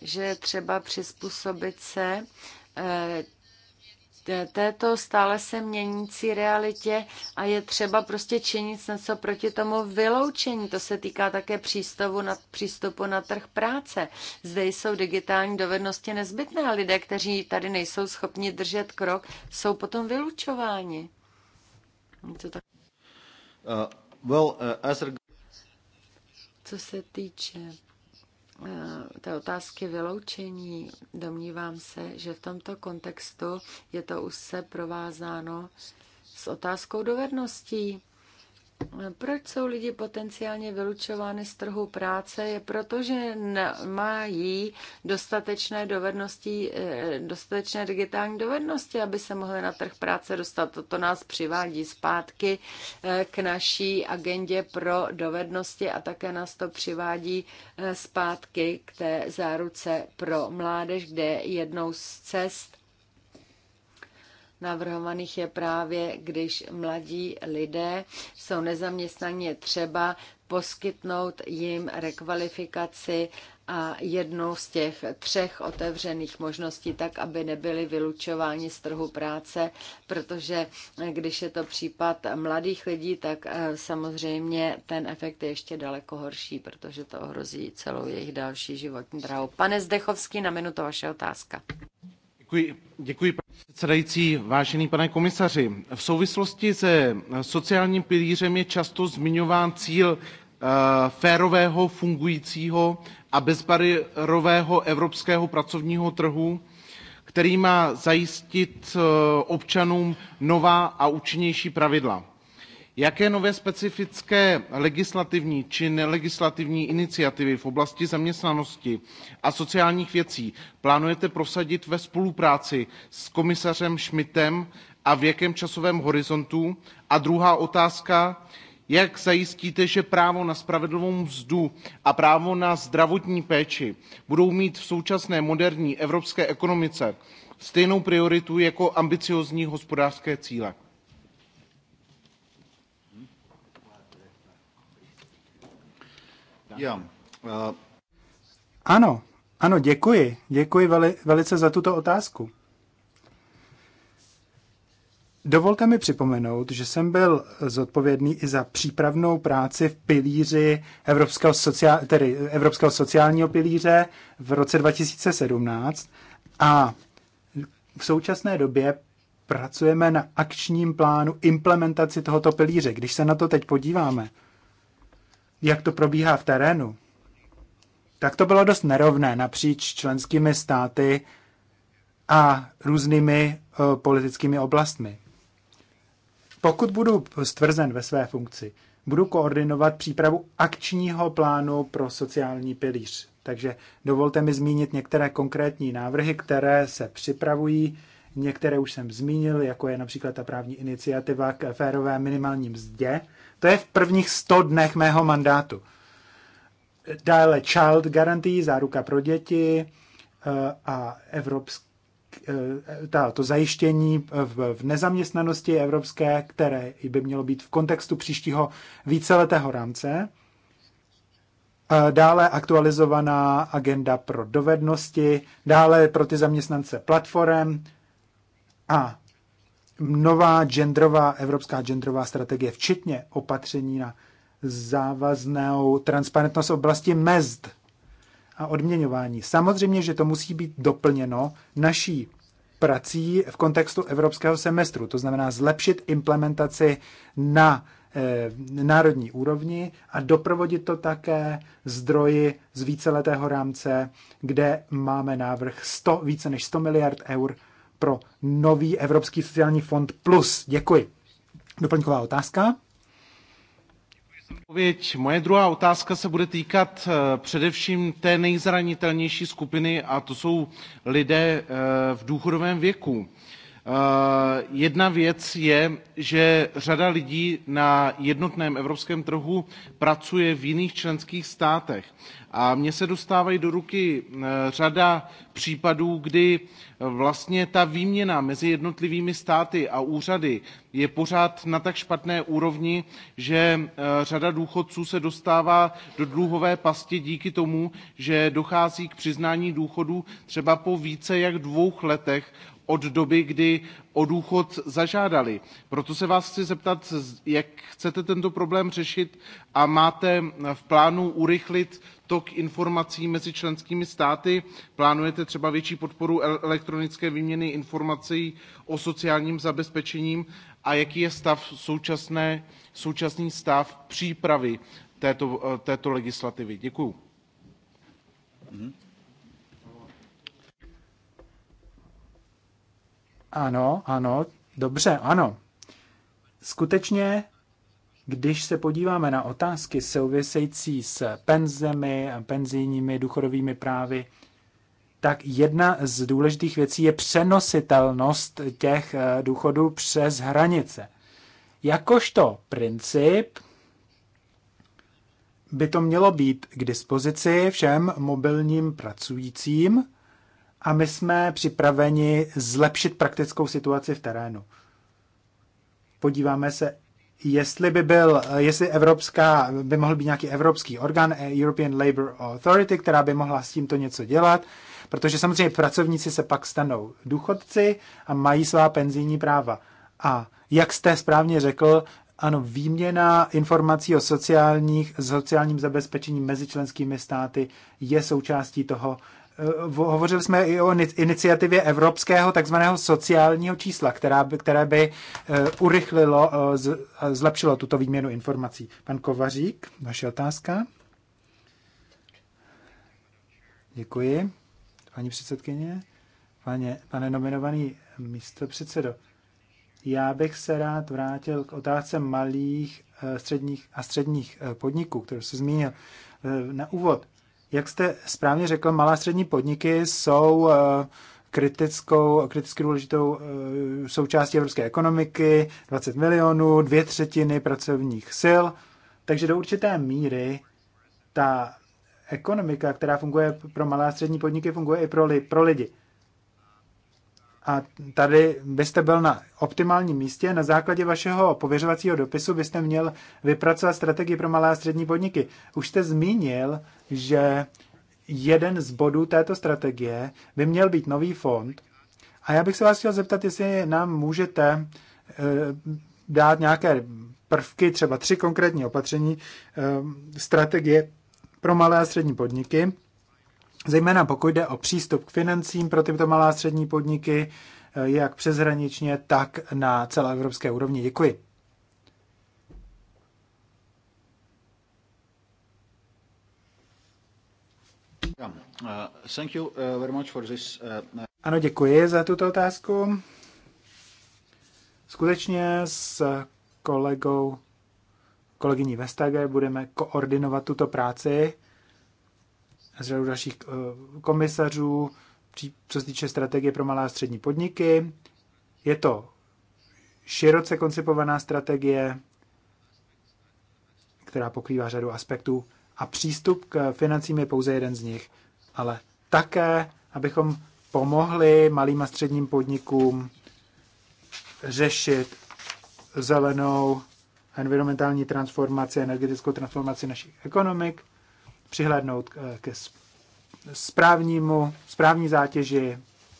že třeba přizpůsobit se eh, této stále se měnící realitě a je třeba prostě činit něco proti tomu vyloučení. To se týká také přístupu na, přístupu na trh práce. Zde jsou digitální dovednosti nezbytné a lidé, kteří tady nejsou schopni držet krok, jsou potom vylučováni. Co, tak... uh, well, uh, as... Co se týče Eh, té otázky vyloučení, domnívám se, že v tomto kontextu je to už se provázáno s otázkou dovedností. Proč jsou lidi potenciálně vylučovány z trhu práce? Je proto, že mají dostatečné dovednosti, eh, dostatečné digitální dovednosti, aby se mohli na trh práce dostat. Toto nás přivádí zpátky eh, k naší agendě pro dovednosti a také nás to přivádí eh, zpátky k té záruce pro mládež, kde jednou z cest navrhovaných je právě, když mladí lidé jsou nezaměstnaní, je třeba poskytnout jim rekvalifikaci a jednou z těch třech otevřených možností, tak aby nebyli vylučováni z trhu práce, protože když je to případ mladých lidí, tak eh, samozřejmě ten efekt je ještě daleko horší, protože to ohrozí celou jejich další životní drahu. Pane Zdechovský, na minutu vaše otázka. Děkuji, děkuji. Předsedající, vážený pane komisaři, v souvislosti se sociálním pilířem je často zmiňován cíl eh, férového, fungujícího a bezbariérového evropského pracovního trhu, který má zajistit eh, občanům nová a účinnější pravidla. Jaké nové specifické legislativní či nelegislativní iniciativy v oblasti zaměstnanosti a sociálních věcí plánujete prosadit ve spolupráci s komisařem Schmidtem a v jakém časovém horizontu? A druhá otázka, jak zajistíte, že právo na spravedlivou mzdu a právo na zdravotní péči budou mít v současné moderní evropské ekonomice stejnou prioritu jako ambiciózní hospodářské cíle? Yeah. Uh... Ano, ano, děkuji. Děkuji veli, velice za tuto otázku. Dovolte mi připomenout, že jsem byl zodpovědný i za přípravnou práci v pilíři Evropského, sociál, tedy Evropského sociálního pilíře v roce 2017 a v současné době pracujeme na akčním plánu implementaci tohoto pilíře. Když se na to teď podíváme, jak to probíhá v terénu, tak to bylo dost nerovné napříč členskými státy a různými uh, politickými oblastmi. Pokud budu stvrzen ve své funkci, budu koordinovat přípravu akčního plánu pro sociální pilíř. Takže dovolte mi zmínit některé konkrétní návrhy, které se připravují. Některé už jsem zmínil, jako je například ta právní iniciativa k férové minimální mzdě, to je v prvních 100 dnech mého mandátu. Dále Child Guarantee, záruka pro děti eh, a evropské eh, to zajištění v nezaměstnanosti evropské, které by mělo být v kontextu příštího víceletého rámce. Eh, dále aktualizovaná agenda pro dovednosti, dále pro ty zaměstnance platform a nová genderová, evropská genderová strategie, včetně opatření na závaznou transparentnost v oblasti mezd a odměňování. Samozřejmě, že to musí být doplněno naší prací v kontextu evropského semestru, to znamená zlepšit implementaci na eh, národní úrovni a doprovodit to také zdroji z víceletého rámce, kde máme návrh 100, více než 100 miliard eur pro nový Evropský sociální fond plus. Děkuji. Doplňková otázka. Pověď. Moje druhá otázka se bude týkat eh, především té nejzranitelnější skupiny a to jsou lidé eh, v důchodovém věku. Eh, jedna věc je, že řada lidí na jednotném evropském trhu pracuje v jiných členských státech a mně se dostávají do ruky e, řada případů, kdy vlastně ta výměna mezi jednotlivými státy a úřady je pořád na tak špatné úrovni, že e, řada důchodců se dostává do dluhové pasti díky tomu, že dochází k přiznání důchodu třeba po více jak dvou letech od doby, kdy o důchod zažádali. Proto se vás chci zeptat, jak chcete tento problém řešit a máte v plánu urychlit tok informací mezi členskými státy? Plánujete třeba větší podporu elektronické výměny informací o sociálním zabezpečením a jaký je stav současné, současný stav přípravy této, této legislativy? Děkuju. Ano, ano, dobře, ano. Skutečně když se podíváme na otázky související s penzemi, penzijními, důchodovými právy, tak jedna z důležitých věcí je přenositelnost těch eh, důchodů přes hranice. Jakožto princip by to mělo být k dispozici všem mobilním pracujícím a my jsme připraveni zlepšit praktickou situaci v terénu. Podíváme se jestli by byl, jestli evropská, by mohl být nějaký evropský orgán, eh, European Labour Authority, která by mohla s tímto něco dělat, protože samozřejmě pracovníci se pak stanou důchodci a mají svá penzijní práva. A jak jste správně řekl, ano, výměna informací o sociálních, sociálním zabezpečení mezi členskými státy je součástí toho, Eh, hovořili jsme i o iniciativě evropského takzvaného sociálního čísla, která by, které by eh, urychlilo, eh, zlepšilo tuto výměnu informací. Pan Kovařík, vaše otázka. Děkuji. Paní předsedkyně, pane, pane nominovaný předsedo, já bych se rád vrátil k otázce malých středních a středních podniků, kterou se zmínil na úvod. Jak jste správně řekl, malá a střední podniky jsou eh, kritickou, kriticky důležitou eh, součástí evropské ekonomiky, 20 milionů, dvě třetiny pracovních sil, takže do určité míry ta ekonomika, která funguje pro malé a střední podniky, funguje i pro, li, pro lidi. A tady byste byl na optimálním místě. Na základě vašeho pověřovacího dopisu byste měl vypracovat strategii pro malé a střední podniky. Už jste zmínil, že jeden z bodů této strategie by měl být nový fond. A já bych se vás chtěl zeptat, jestli nám můžete eh, dát nějaké prvky, třeba tři konkrétní opatření eh, strategie pro malé a střední podniky, zejména pokud jde o přístup k financím pro tyto malá a střední podniky, eh, jak přeshraničně, tak na celoevropské úrovni. Děkuji. Ano, děkuji za tuto otázku. Skutečně s kolegou, kolegyní Vestager budeme koordinovat tuto práci z řadu dalších eh, komisařů, co se týče strategie pro malé a střední podniky. Je to široce koncipovaná strategie, která pokrývá řadu aspektů a přístup k financím je pouze jeden z nich, ale také, abychom pomohli malým a středním podnikům řešit zelenou environmentální transformaci, energetickou transformaci našich ekonomik přihlédnout ke správnímu, správní zátěži,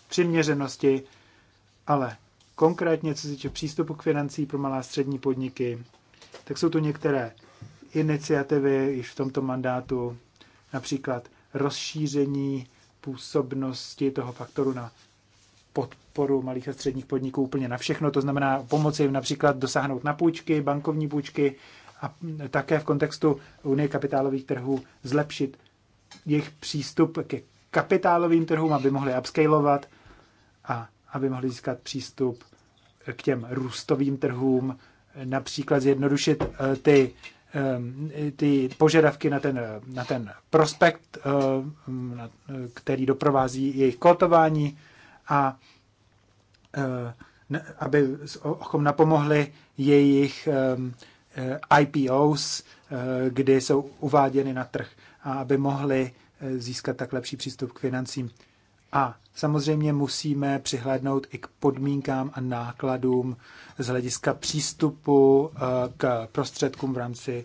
přiměřenosti, ale konkrétně co se týče přístupu k financí pro malá a střední podniky, tak jsou tu některé iniciativy již v tomto mandátu, například rozšíření působnosti toho faktoru na podporu malých a středních podniků úplně na všechno, to znamená pomoci jim například dosáhnout na půjčky, bankovní půjčky a také v kontextu Unie kapitálových trhů zlepšit jejich přístup ke kapitálovým trhům, aby mohli upscalovat a aby mohli získat přístup k těm růstovým trhům, například zjednodušit eh, ty, eh, ty požadavky na ten, na ten prospekt, eh, který doprovází jejich kotování a aby abychom napomohli jejich Eh, IPOs, eh, kdy jsou uváděny na trh a aby mohli eh, získat tak lepší přístup k financím. A samozřejmě musíme přihlédnout i k podmínkám a nákladům z hlediska přístupu k prostředkům v rámci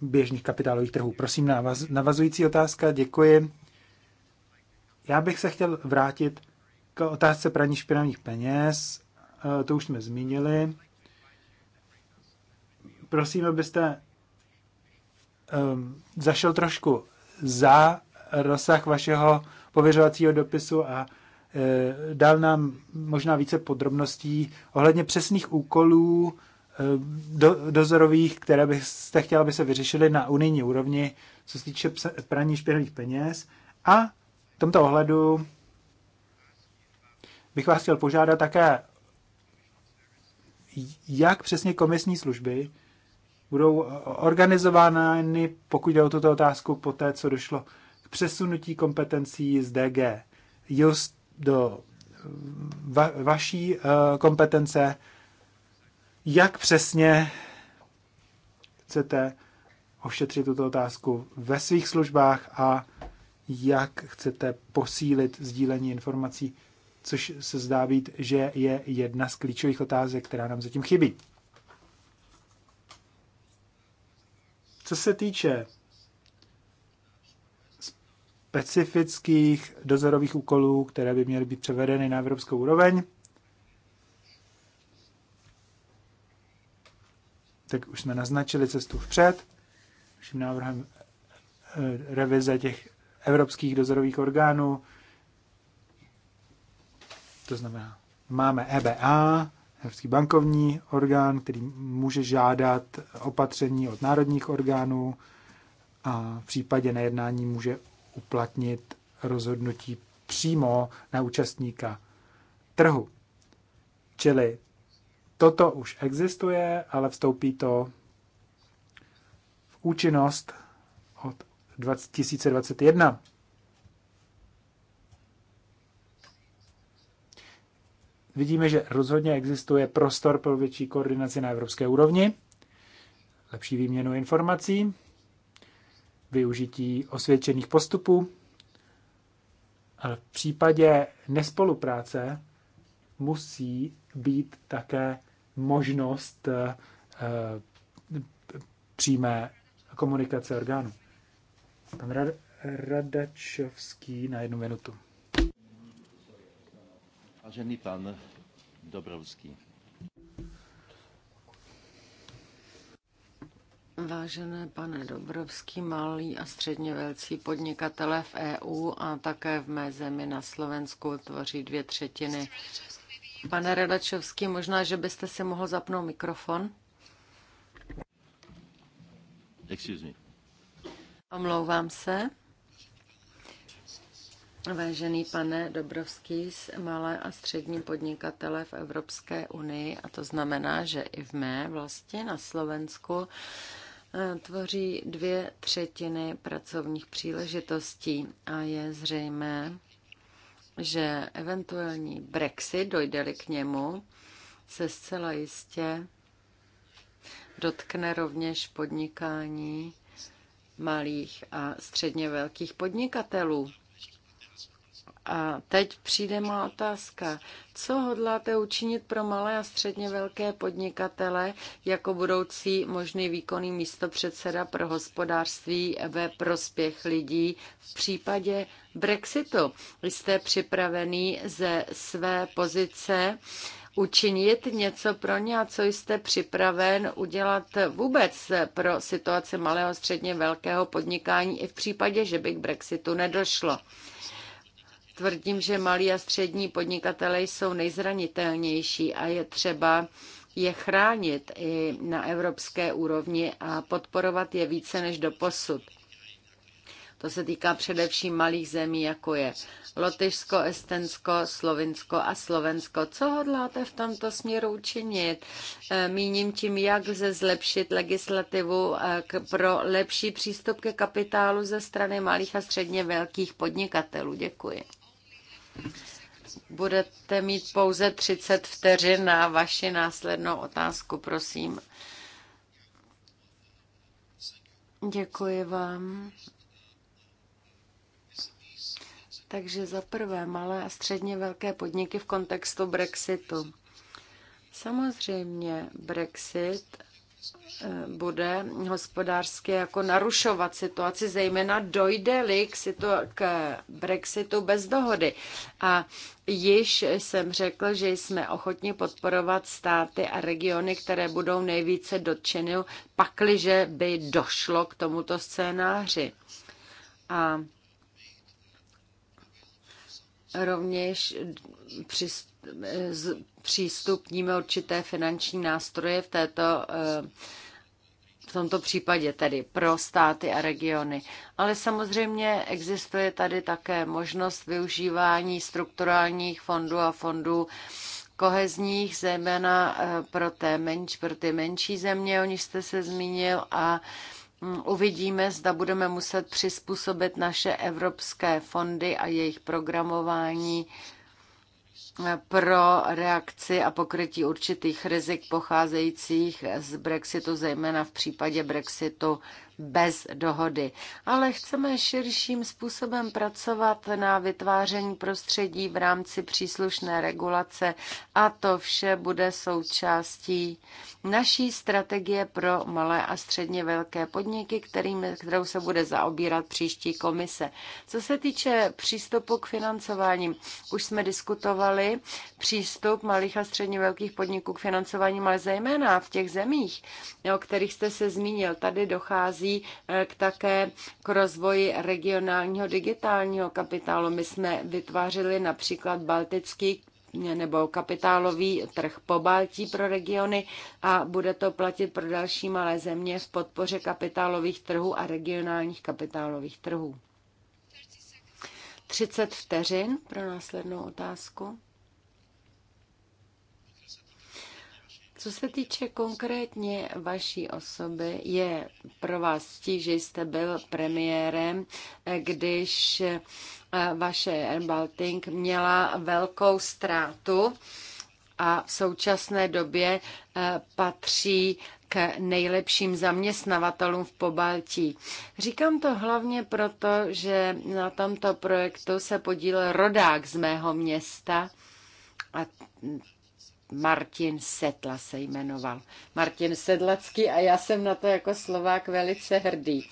běžných kapitálových trhů. Prosím, navaz, navazující otázka, děkuji. Já bych se chtěl vrátit k otázce praní špinavých peněz. To už jsme zmínili prosím, abyste um, zašel trošku za rozsah vašeho pověřovacího dopisu a e, dal nám možná více podrobností ohledně přesných úkolů e, do, dozorových, které byste chtěla, aby se vyřešily na unijní úrovni, co se týče praní špinavých peněz. A v tomto ohledu bych vás chtěl požádat také, jak přesně komisní služby budou organizovány, pokud jde o tuto otázku, po té, co došlo k přesunutí kompetencí z DG just do eh, va- vaší eh, kompetence, jak přesně chcete ošetřit tuto otázku ve svých službách a jak chcete posílit sdílení informací, což se zdá být, že je jedna z klíčových otázek, která nám zatím chybí. Co se týče specifických dozorových úkolů, které by měly být převedeny na evropskou úroveň, tak už jsme naznačili cestu vpřed. Naším návrhem eh, revize těch evropských dozorových orgánů, to znamená, máme EBA, Evropský bankovní orgán, který může žádat opatření od národních orgánů a v případě nejednání může uplatnit rozhodnutí přímo na účastníka trhu. Čili toto už existuje, ale vstoupí to v účinnost od 2021. vidíme, že rozhodně existuje prostor pro větší koordinaci na evropské úrovni, lepší výměnu informací, využití osvědčených postupů, ale v případě nespolupráce musí být také možnost eh, eh, přímé komunikace orgánů. Pan Radačovský na jednu minutu. Vážený pan Dobrovský. Vážené pane Dobrovský, malí a středně velcí podnikatele v EU a také v mé zemi na Slovensku tvoří dvě třetiny. Pane Radačovský, možná, že byste si mohl zapnout mikrofon? Excuse me. Omlouvám se. Vážený pane Dobrovský, malé a střední podnikatele v Evropské unii, a to znamená, že i v mé vlasti na Slovensku, eh, tvoří dvě třetiny pracovních příležitostí a je zřejmé, že eventuální Brexit, dojde k němu, se zcela jistě dotkne rovněž podnikání malých a středně velkých podnikatelů a teď přijde má otázka. Co hodláte učinit pro malé a středně velké podnikatele jako budoucí možný výkonný místopředseda pro hospodářství ve prospěch lidí v případě Brexitu? Jste připravený ze své pozice učinit něco pro ně a co jste připraven udělat vůbec pro situaci malého, středně velkého podnikání i v případě, že by k Brexitu nedošlo? tvrdím, že malí a střední podnikatelé jsou nejzranitelnější a je třeba je chránit i na evropské úrovni a podporovat je více než do posud. To se týká především malých zemí, jako je Lotyšsko, Estensko, Slovinsko a Slovensko. Co hodláte v tomto směru učinit? Eh, míním tím, jak lze zlepšit legislativu eh, pro lepší přístup ke kapitálu ze strany malých a středně velkých podnikatelů. Děkuji. Budete mít pouze 30 vteřin na vaši následnou otázku, prosím. Děkuji vám. Takže za prvé malé a středně velké podniky v kontextu Brexitu. Samozřejmě Brexit bude hospodářské jako narušovat situaci, zejména dojde-li k, situ- k Brexitu bez dohody. A již jsem řekl, že jsme ochotni podporovat státy a regiony, které budou nejvíce dotčeny, pakliže by došlo k tomuto scénáři. A rovněž při zpřístupníme určité finanční nástroje v této eh, v tomto případě tedy pro státy a regiony. Ale samozřejmě existuje tady také možnost využívání strukturálních fondů a fondů kohezních, zejména eh, pro, té menč, pro ty menší země, o nich jste se zmínil, a hm, uvidíme, zda budeme muset přizpůsobit naše evropské fondy a jejich programování pro reakci a pokrytí určitých rizik pocházejících z Brexitu, zejména v případě Brexitu bez dohody. Ale chceme širším způsobem pracovat na vytváření prostředí v rámci příslušné regulace a to vše bude součástí naší strategie pro malé a středně velké podniky, kterými, kterou se bude zaobírat příští komise. Co se týče přístupu k financování, už jsme diskutovali přístup malých a středně velkých podniků k financování, ale zejména v těch zemích, o kterých jste se zmínil, tady dochází dochází eh, k také k rozvoji regionálního digitálního kapitálu. My jsme vytvářeli například baltický eh, nebo kapitálový trh po Baltí pro regiony a bude to platit pro další malé země v podpoře kapitálových trhů a regionálních kapitálových trhů. 30 vteřin pro následnou otázku. Co se týče konkrétně vaší osoby, je pro vás tí, že jste byl premiérem, když eh, vaše Air měla velkou ztrátu a v současné době eh, patří k nejlepším zaměstnavatelům v Pobaltí. Říkám to hlavně proto, že na tomto projektu se podílel rodák z mého města a Martin Setla se jmenoval. Martin Sedlacký a já jsem na to jako Slovák velice hrdý.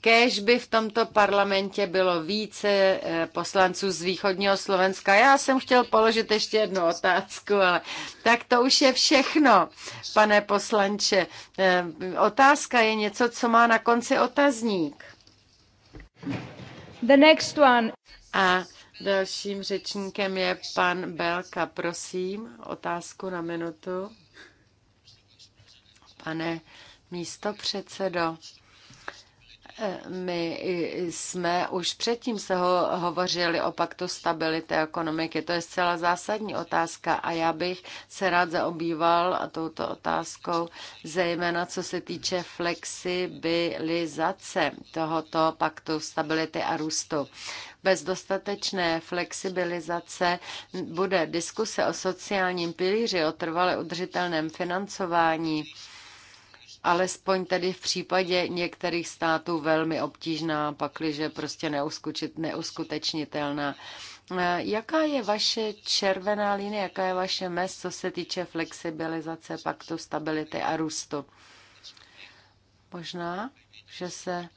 Kéž by v tomto parlamentě bylo více eh, poslanců z východního Slovenska. Já jsem chtěl položit ještě jednu otázku, ale tak to už je všechno, pane poslanče. Eh, otázka je něco, co má na konci otazník. The next one. A Dalším řečníkem je pan Belka. Prosím, otázku na minutu. Pane místo předsedo, my jsme už předtím se ho hovořili o paktu stability ekonomiky. To je zcela zásadní otázka a já bych se rád zaobýval touto otázkou, zejména co se týče flexibilizace tohoto paktu stability a růstu. Bez dostatečné flexibilizace bude diskuse o sociálním pilíři, o trvale udržitelném financování alespoň tedy v případě některých států velmi obtížná, pakliže prostě neuskutečnitelná. Eh, jaká je vaše červená linie, jaká je vaše mes, co se týče flexibilizace paktu stability a růstu? Možná, že se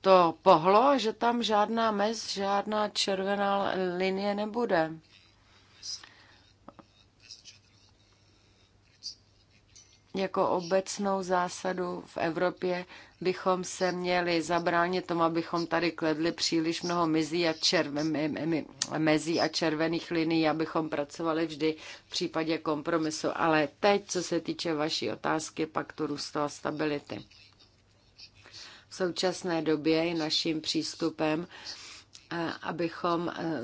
to pohlo, že tam žádná mez, žádná červená linie nebude. jako obecnou zásadu v Evropě bychom se měli zabránit tomu, abychom tady kledli příliš mnoho mezí a, červen, a červených linií, abychom pracovali vždy v případě kompromisu. Ale teď, co se týče vaší otázky, pak růstu a stability. V současné době je naším přístupem abychom e,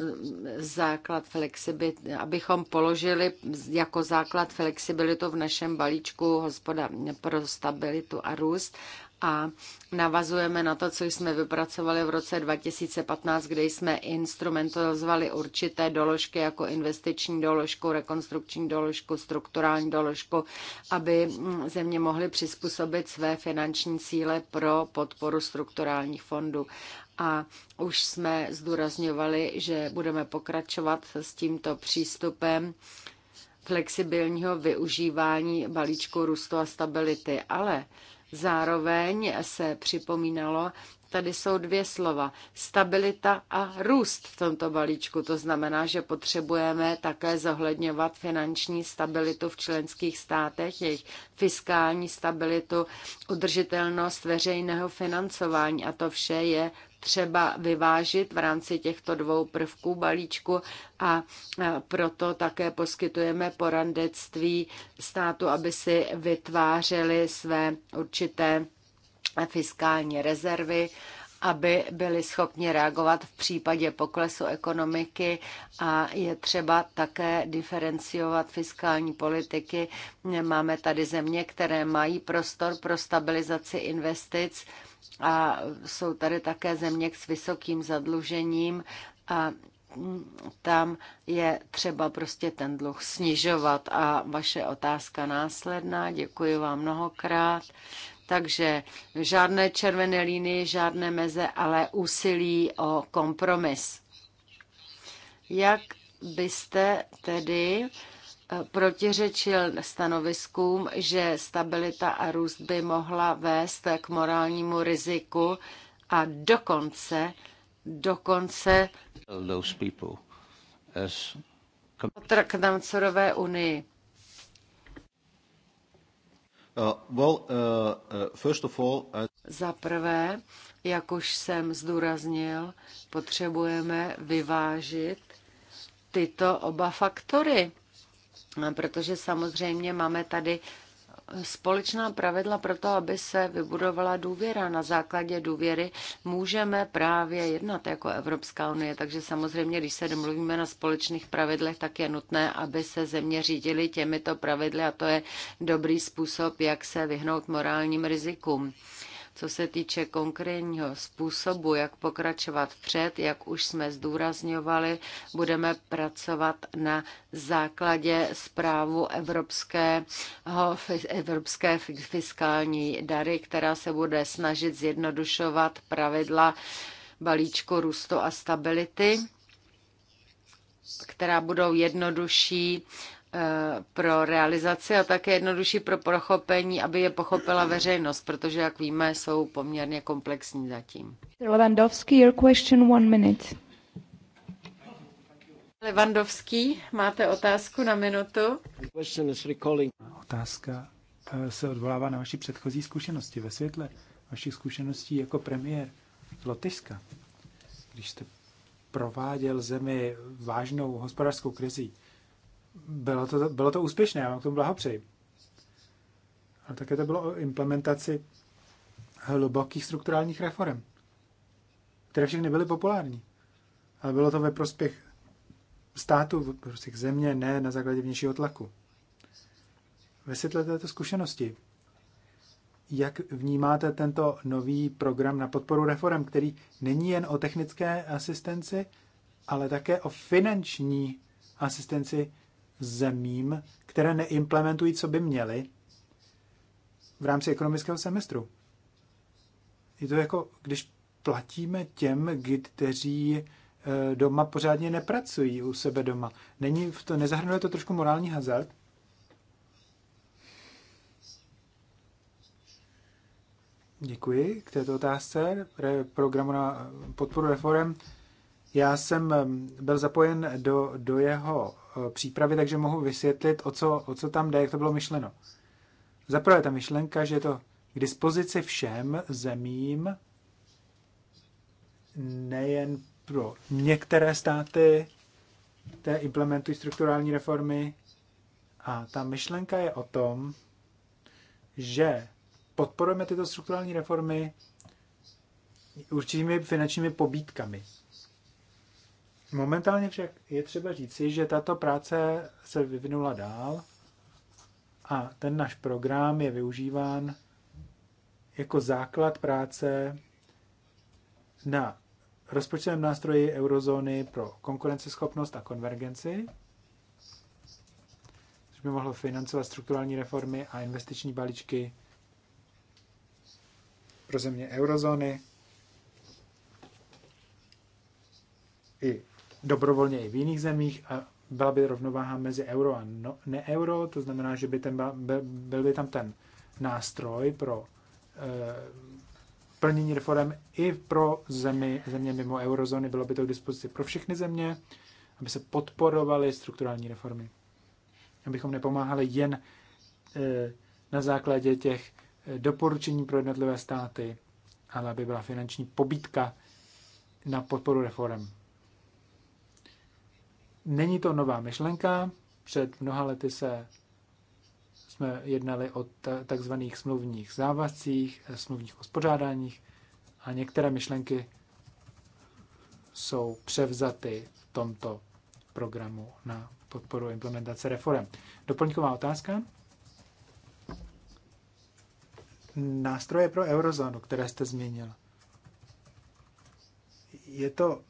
základ flexibilit, abychom položili jako základ flexibilitu v našem balíčku hospoda pro stabilitu a růst a navazujeme na to, co jsme vypracovali v roce 2015, kde jsme instrumentalizovali určité doložky jako investiční doložku, rekonstrukční doložku, strukturální doložku, aby země mohly přizpůsobit své finanční cíle pro podporu strukturálních fondů a už jsme zdůrazňovali, že budeme pokračovat s tímto přístupem flexibilního využívání balíčku růstu a stability, ale zároveň se připomínalo, tady jsou dvě slova. Stabilita a růst v tomto balíčku. To znamená, že potřebujeme také zohledňovat finanční stabilitu v členských státech, jejich fiskální stabilitu, udržitelnost veřejného financování a to vše je třeba vyvážit v rámci těchto dvou prvků balíčku a proto také poskytujeme poradectví státu, aby si vytvářeli své určité fiskální rezervy, aby byli schopni reagovat v případě poklesu ekonomiky a je třeba také diferenciovat fiskální politiky. Máme tady země, které mají prostor pro stabilizaci investic a jsou tady také země s vysokým zadlužením a tam je třeba prostě ten dluh snižovat. A vaše otázka následná, děkuji vám mnohokrát. Takže žádné červené linie, žádné meze, ale úsilí o kompromis. Jak byste tedy eh, protiřečil stanoviskům, že stabilita a růst by mohla vést k morálnímu riziku a dokonce, dokonce k Namcorové unii. Uh, uh, uh, Za prvé, jak už jsem zdůraznil, potřebujeme vyvážit tyto oba faktory. Protože samozřejmě máme tady společná pravidla pro to, aby se vybudovala důvěra. Na základě důvěry můžeme právě jednat jako Evropská unie, takže samozřejmě, když se domluvíme na společných pravidlech, tak je nutné, aby se země řídily těmito pravidly a to je dobrý způsob, jak se vyhnout morálním rizikům. Co se týče konkrétního způsobu, jak pokračovat před, jak už jsme zdůrazňovali, budeme pracovat na základě zprávu Evropského, Evropské fiskální dary, která se bude snažit zjednodušovat pravidla balíčku růstu a stability která budou jednodušší pro realizaci a také jednodušší pro pochopení, aby je pochopila veřejnost, protože, jak víme, jsou poměrně komplexní zatím. Lewandowski, your question one minute. Lewandowski, máte otázku na minutu? Otázka eh, se odvolává na vaši předchozí zkušenosti ve světle vašich zkušeností jako premiér Lotyšska, když jste prováděl zemi vážnou hospodářskou krizí bylo to, bylo to úspěšné, já vám k tomu blahopřeji. Ale také to bylo o implementaci hlubokých strukturálních reform, které všechny byly populární. Ale bylo to ve prospěch státu, ve prospěch země, ne na základě vnějšího tlaku. Ve světle této zkušenosti, jak vnímáte tento nový program na podporu reform, který není jen o technické asistenci, ale také o finanční asistenci zemím, které neimplementují, co by měly v rámci ekonomického semestru. Je to jako, když platíme těm, kteří eh, doma pořádně nepracují u sebe doma. Není v to, nezahrnuje to trošku morální hazard? Děkuji k této otázce re, programu na podporu reform. Já jsem byl zapojen do, do jeho Eh, přípravy, takže mohu vysvětlit, o co, o co tam jde, jak to bylo myšleno. Za prvé ta myšlenka, že je to k dispozici všem zemím, nejen pro některé státy, které implementují strukturální reformy. A ta myšlenka je o tom, že podporujeme tyto strukturální reformy určitými finančními pobídkami. Momentálně však je třeba říci, že tato práce se vyvinula dál a ten náš program je využíván jako základ práce na rozpočtovém nástroji eurozóny pro konkurenceschopnost a konvergenci, což by mohlo financovat strukturální reformy a investiční balíčky pro země eurozóny i dobrovolně i v jiných zemích a byla by rovnováha mezi euro a no, neeuro, to znamená, že by ten, byl by tam ten nástroj pro e, plnění reform i pro zemi, země mimo eurozóny. Bylo by to k dispozici pro všechny země, aby se podporovaly strukturální reformy. Abychom nepomáhali jen e, na základě těch eh, doporučení pro jednotlivé státy, ale aby byla finanční pobítka na podporu reform. Není to nová myšlenka, před mnoha lety se jsme jednali o takzvaných smluvních závazcích, smluvních uspořádáních a některé myšlenky jsou převzaty v tomto programu na podporu implementace reform. Doplňková otázka? Nástroje pro eurozónu, které jste změnil. Je to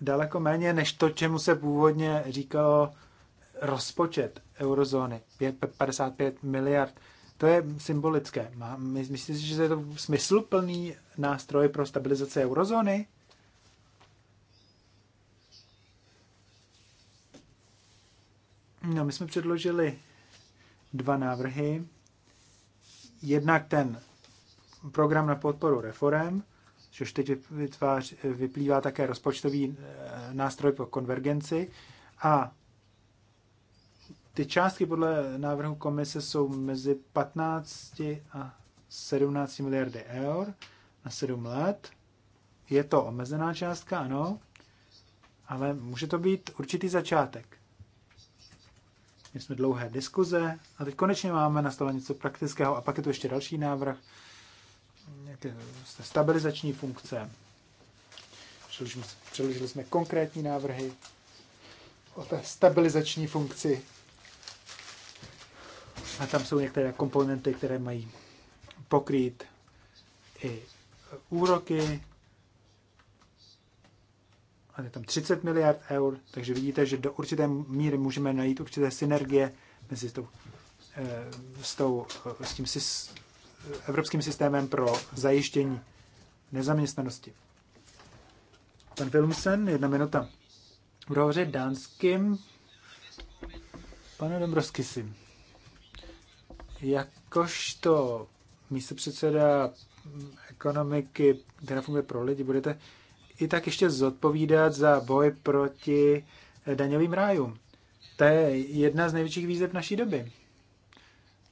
daleko méně než to, čemu se původně říkalo rozpočet eurozóny, 55 miliard. To je symbolické. Myslíte si, že je to smysluplný nástroj pro stabilizaci eurozóny? No, my jsme předložili dva návrhy. Jednak ten program na podporu reform což teď vytvář, vyplývá také rozpočtový eh, nástroj pro konvergenci. A ty částky podle návrhu komise jsou mezi 15 a 17 miliardy eur na 7 let. Je to omezená částka, ano, ale může to být určitý začátek. My jsme dlouhé diskuze a teď konečně máme na stole něco praktického a pak je tu ještě další návrh, nějaké stabilizační funkce. Předložili jsme konkrétní návrhy o té stabilizační funkci. A tam jsou některé komponenty, které mají pokrýt i úroky. A je tam 30 miliard eur, takže vidíte, že do určité míry můžeme najít určité synergie mezi tou, s, tou, eh, eh, s tím evropským systémem pro zajištění nezaměstnanosti. Pan Wilmsen, jedna minuta. Budu hovořit dánským. Pane Dombrovskisi, jakožto místo předseda ekonomiky, která funguje pro lidi, budete i tak ještě zodpovídat za boj proti daňovým rájům. To je jedna z největších výzev naší doby.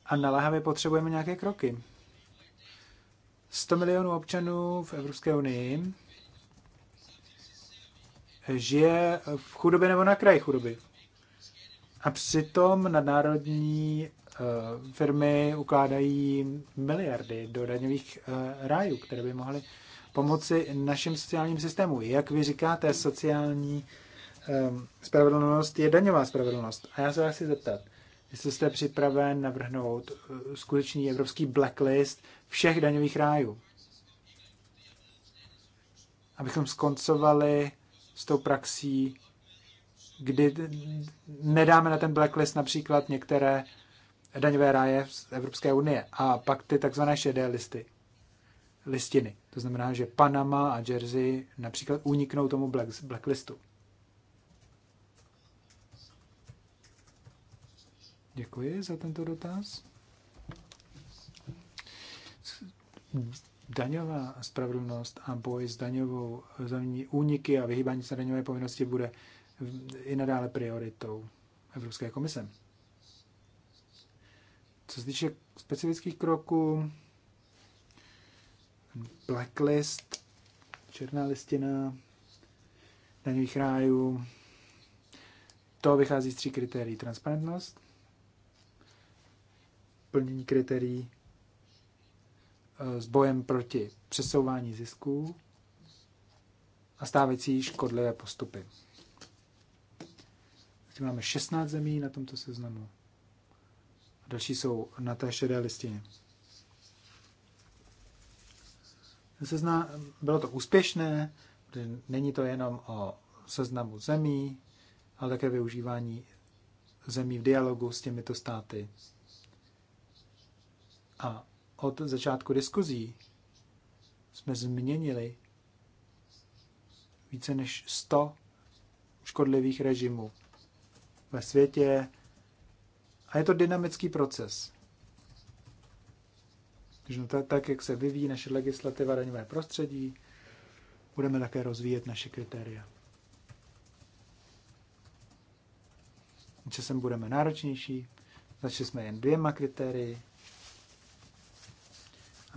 A naléhavě potřebujeme nějaké kroky. 100 milionů občanů v Evropské unii žije v chudobě nebo na kraji chudoby. A přitom nadnárodní eh, firmy ukládají miliardy do daňových eh, rájů, které by mohly pomoci našim sociálním systému. Jak vy říkáte, sociální eh, spravedlnost je daňová spravedlnost. A já se vás chci zeptat, jestli jste připraven navrhnout eh, skutečný evropský blacklist všech daňových rájů. Abychom skoncovali s tou praxí, kdy nedáme na ten blacklist například některé daňové ráje z Evropské unie a pak ty takzvané šedé listy, listiny. To znamená, že Panama a Jersey například uniknou tomu blacklistu. Děkuji za tento dotaz. Daňová spravedlnost a boj s daňovou zemní úniky a vyhýbání se daňové povinnosti bude i nadále prioritou Evropské komise. Co se týče specifických kroků, blacklist, černá listina daňových rájů, to vychází z tří kritérií. Transparentnost, plnění kritérií eh, s bojem proti přesouvání zisků a stávající škodlivé postupy. Zatím máme 16 zemí na tomto seznamu. A další jsou na té šedé listině. Sezna, bylo to úspěšné, protože není to jenom o seznamu zemí, ale také využívání zemí v dialogu s těmito státy a od začátku diskuzí jsme změnili více než 100 škodlivých režimů ve světě. A je to dynamický proces. Takže no tak, tak, jak se vyvíjí naše legislativa daňové prostředí, budeme také rozvíjet naše kritéria. Časem budeme náročnější, začali jsme jen dvěma kritérii,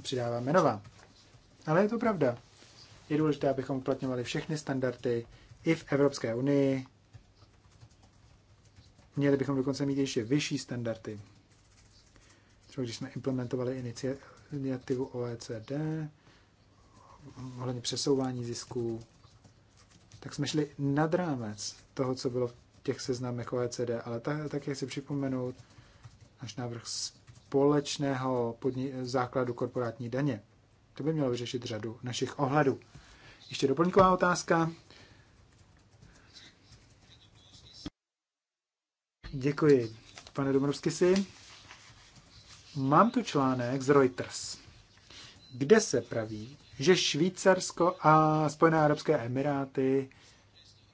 a přidáváme nová. Ale je to pravda. Je důležité, abychom uplatňovali všechny standardy i v Evropské unii. Měli bychom dokonce mít ještě vyšší standardy. Třeba když jsme implementovali iniciativu OECD ohledně přesouvání zisků, tak jsme šli nad rámec toho, co bylo v těch seznamech OECD, ale tak jak si připomenout náš návrh z společného podni- základu korporátní daně. To by mělo vyřešit řadu našich ohledů. Ještě doplňková otázka. Děkuji, pane Domrovsky si. Mám tu článek z Reuters, kde se praví, že Švýcarsko a Spojené arabské emiráty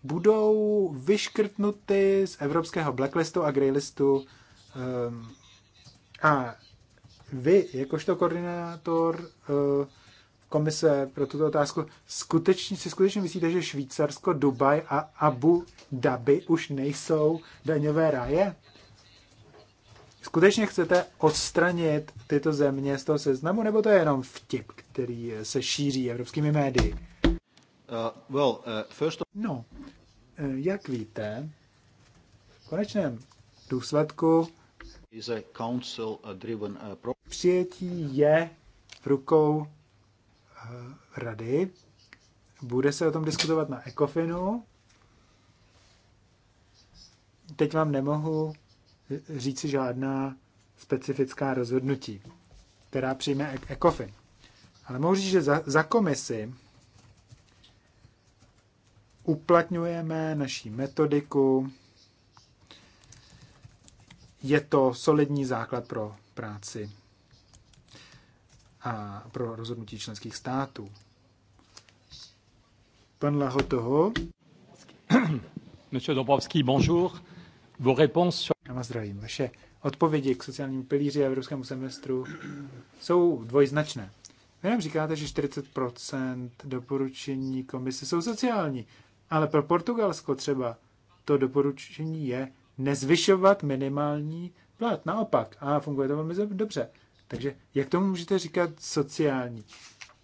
budou vyškrtnuty z evropského blacklistu a greylistu um, a vy, jakožto koordinátor eh, komise pro tuto otázku, skutečně, si skutečně myslíte, že Švýcarsko, Dubaj a Abu Dhabi už nejsou daňové ráje? Skutečně chcete odstranit tyto země z toho seznamu, nebo to je jenom vtip, který se šíří evropskými médii? Uh, well, uh, first of... No, eh, jak víte, v konečném důsledku Uh, Přijetí je v rukou uh, rady. Bude se o tom diskutovat na ECOFINu. Teď vám nemohu říci žádná specifická rozhodnutí, která přijme e- ECOFIN. Ale mohu říct, že za, za komisi uplatňujeme naší metodiku, je to solidní základ pro práci a pro rozhodnutí členských států. Pan Lahotoho. Monsieur Dobrovský, bonjour. Vos réponses sur... Já vás zdravím. Vaše odpovědi k sociálnímu pilíři a evropskému semestru jsou dvojznačné. Vy nám říkáte, že 40% doporučení komise jsou sociální, ale pro Portugalsko třeba to doporučení je nezvyšovat minimální plat. Naopak. A funguje to velmi dobře. Takže jak tomu můžete říkat sociální?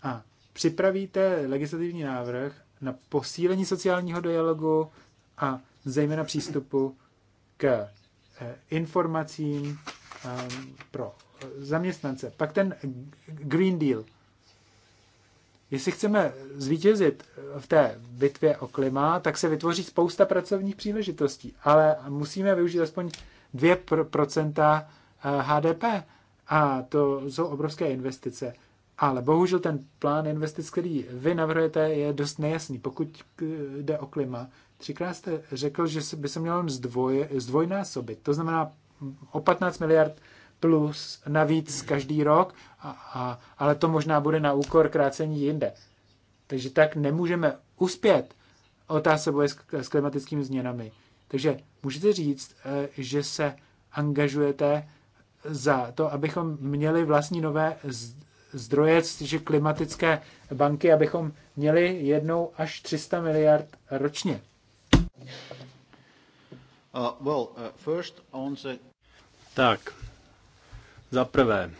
A připravíte legislativní návrh na posílení sociálního dialogu a zejména přístupu k eh, informacím ehm, pro zaměstnance. Pak ten Green Deal. Jestli chceme zvítězit v té bitvě o klima, tak se vytvoří spousta pracovních příležitostí, ale musíme využít aspoň 2% eh, HDP. A to jsou obrovské investice. Ale bohužel ten plán investic, který vy navrhujete, je dost nejasný. Pokud jde o klima, třikrát jste řekl, že by se mělo zdvoj, zdvojnásobit. To znamená mm, o 15 miliard plus navíc každý rok, a, a, ale to možná bude na úkor krácení jinde. Takže tak nemůžeme uspět otázce boje s, s klimatickými změnami. Takže můžete říct, eh, že se angažujete za to, abychom měli vlastní nové zdroje, že klimatické banky, abychom měli jednou až 300 miliard ročně. Uh, well, uh, first on the... Tak, za prvé,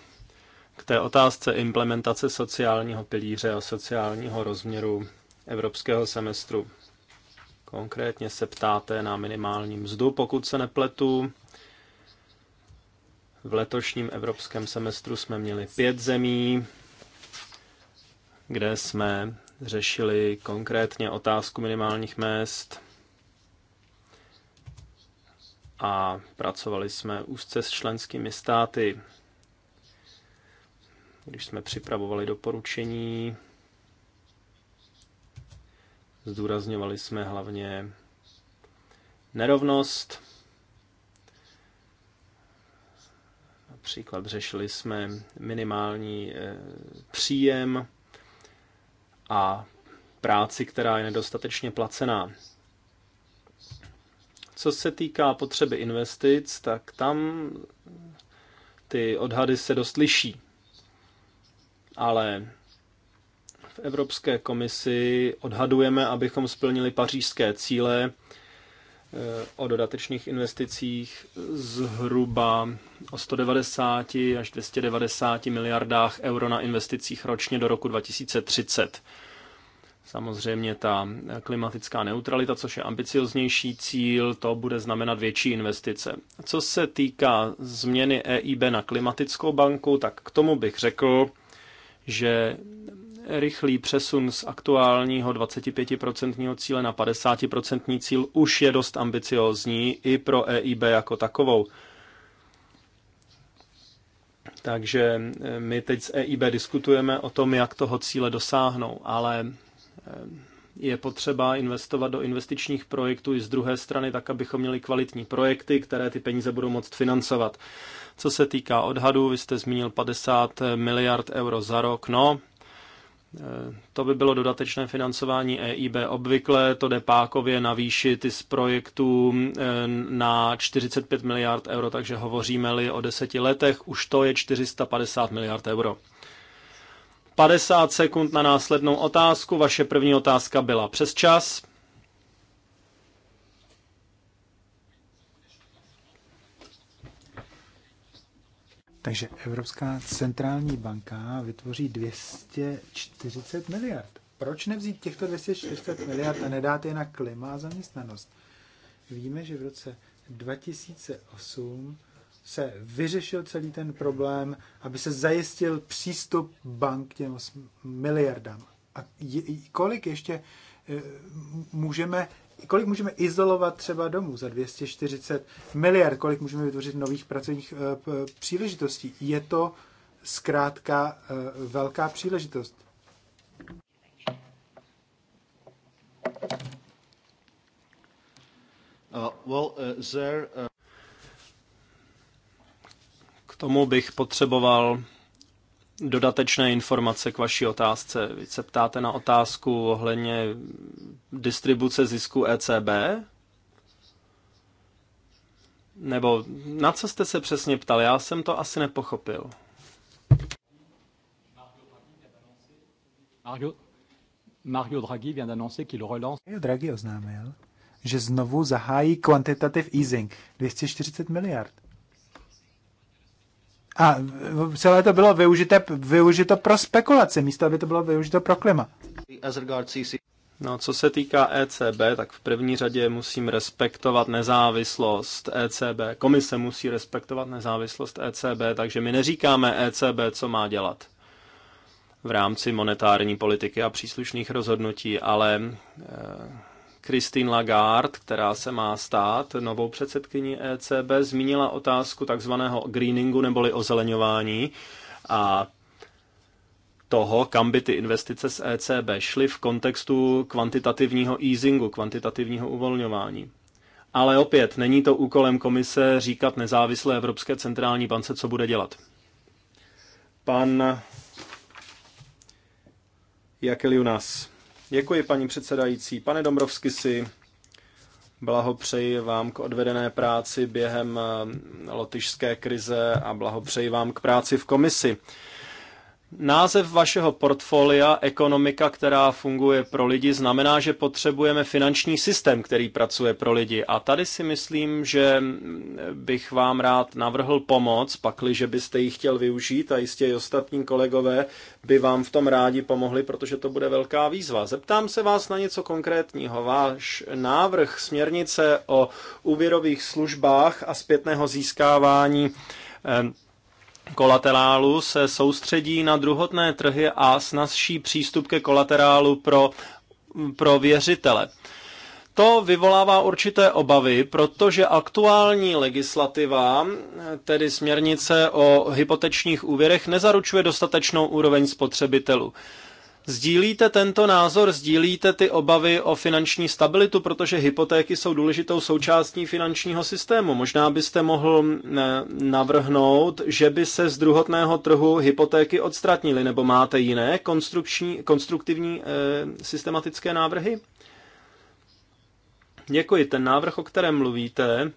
k té otázce implementace sociálního pilíře a sociálního rozměru evropského semestru. Konkrétně se ptáte na minimální mzdu, pokud se nepletu. V letošním evropském semestru jsme měli pět zemí, kde jsme řešili konkrétně otázku minimálních mest a pracovali jsme úzce s členskými státy když jsme připravovali doporučení. Zdůrazňovali jsme hlavně nerovnost. Například řešili jsme minimální eh, příjem a práci, která je nedostatečně placená. Co se týká potřeby investic, tak tam ty odhady se dost liší ale v Evropské komisi odhadujeme, abychom splnili pařížské cíle eh, o dodatečných investicích zhruba o 190 až 290 miliardách euro na investicích ročně do roku 2030. Samozřejmě ta klimatická neutralita, což je ambicioznější cíl, to bude znamenat větší investice. Co se týká změny EIB na klimatickou banku, tak k tomu bych řekl, že rychlý přesun z aktuálního 25% cíle na 50% cíl už je dost ambiciozní i pro EIB jako takovou. Takže eh, my teď s EIB diskutujeme o tom, jak toho cíle dosáhnou, ale eh, je potřeba investovat do investičních projektů i z druhé strany, tak abychom měli kvalitní projekty, které ty peníze budou moct financovat. Co se týká odhadu, vy jste zmínil 50 miliard euro za rok. No, to by bylo dodatečné financování EIB. Obvykle to jde pákově navýšit z projektů eh, na 45 miliard euro, takže hovoříme-li o deseti letech, už to je 450 miliard euro. 50 sekund na následnou otázku. Vaše první otázka byla přes čas. Takže Evropská centrální banka vytvoří 240 miliard. Proč nevzít těchto 240 miliard a nedát je na klima a zaměstnanost? Víme, že v roce 2008 se vyřešil celý ten problém, aby se zajistil přístup bank k těm miliardám. A kolik ještě eh, můžeme kolik můžeme izolovat třeba domů za 240 miliard, kolik můžeme vytvořit nových pracovních eh, příležitostí. Je to zkrátka eh, velká příležitost. Uh, well, uh, there, uh... K tomu bych potřeboval dodatečné informace k vaší otázce. Vy se ptáte na otázku ohledně distribuce zisku ECB? Nebo na co jste se přesně ptal? Já jsem to asi nepochopil. Mario, Mario Draghi vient d'annoncer qu'il relance. Mario Draghi oznámil, že znovu zahájí quantitative easing 240 miliard. A celé to bylo využité, využito pro spekulace, místo aby to bylo využito pro klima. No, co se týká ECB, tak v první řadě musím respektovat nezávislost ECB. Komise musí respektovat nezávislost ECB, takže my neříkáme ECB, co má dělat v rámci monetární politiky a příslušných rozhodnutí, ale eh, Christine Lagarde, která se má stát novou předsedkyní ECB, zmínila otázku takzvaného greeningu neboli ozeleňování a toho, kam by ty investice z ECB šly v kontextu kvantitativního easingu, kvantitativního uvolňování. Ale opět, není to úkolem komise říkat nezávislé Evropské centrální bance, co bude dělat. Pan Jakeliunas Děkuji, paní předsedající. Pane Dombrovsky, si blahopřeji vám k odvedené práci během eh, lotyšské krize a blahopřeji vám k práci v komisi. Název vašeho portfolia Ekonomika, která funguje pro lidi, znamená, že potřebujeme finanční systém, který pracuje pro lidi. A tady si myslím, že bych vám rád navrhl pomoc, pakliže byste ji chtěl využít a jistě i ostatní kolegové by vám v tom rádi pomohli, protože to bude velká výzva. Zeptám se vás na něco konkrétního. Váš návrh směrnice o úvěrových službách a zpětného získávání eh, kolaterálu se soustředí na druhotné trhy a snazší přístup ke kolaterálu pro, pro věřitele. To vyvolává určité obavy, protože aktuální legislativa, tedy směrnice o hypotečních úvěrech, nezaručuje dostatečnou úroveň spotřebitelů. Sdílíte tento názor, sdílíte ty obavy o finanční stabilitu, protože hypotéky jsou důležitou součástí finančního systému. Možná byste mohl eh, navrhnout, že by se z druhotného trhu hypotéky odstratnily, nebo máte jiné konstruktivní eh, systematické návrhy? Děkuji. Ten návrh, o kterém mluvíte,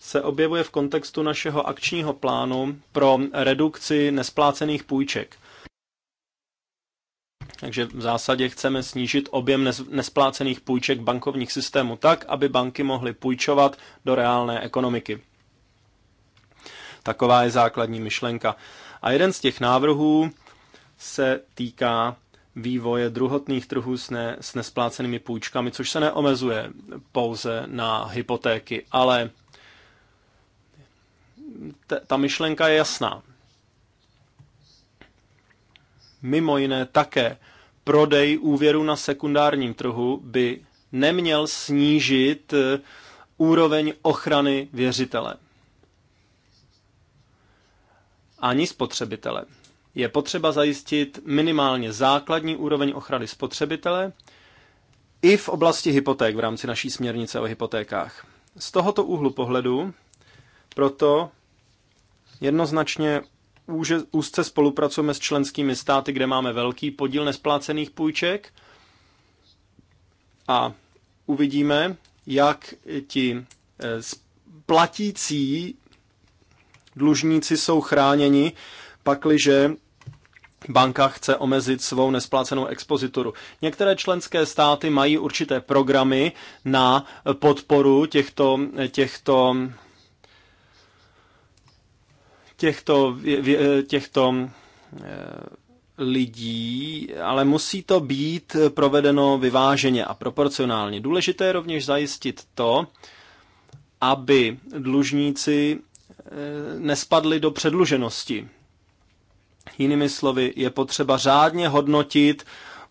se objevuje v kontextu našeho akčního plánu pro redukci nesplácených půjček – takže v zásadě chceme snížit objem nesplácených půjček bankovních systémů tak, aby banky mohly půjčovat do reálné ekonomiky. Taková je základní myšlenka. A jeden z těch návrhů se týká vývoje druhotných trhů s, ne, s nesplácenými půjčkami, což se neomezuje pouze na hypotéky, ale ta myšlenka je jasná mimo jiné také prodej úvěru na sekundárním trhu by neměl snížit eh, úroveň ochrany věřitele ani spotřebitele. Je potřeba zajistit minimálně základní úroveň ochrany spotřebitele i v oblasti hypoték v rámci naší směrnice o hypotékách. Z tohoto úhlu pohledu proto jednoznačně úže, úzce spolupracujeme s členskými státy, kde máme velký podíl nesplácených půjček a uvidíme, jak ti eh, platící dlužníci jsou chráněni, pakliže banka chce omezit svou nesplácenou expozituru. Některé členské státy mají určité programy na podporu těchto, těchto těchto, těchto eh, lidí, ale musí to být provedeno vyváženě a proporcionálně. Důležité je rovněž zajistit to, aby dlužníci eh, nespadli do předluženosti. Jinými slovy, je potřeba řádně hodnotit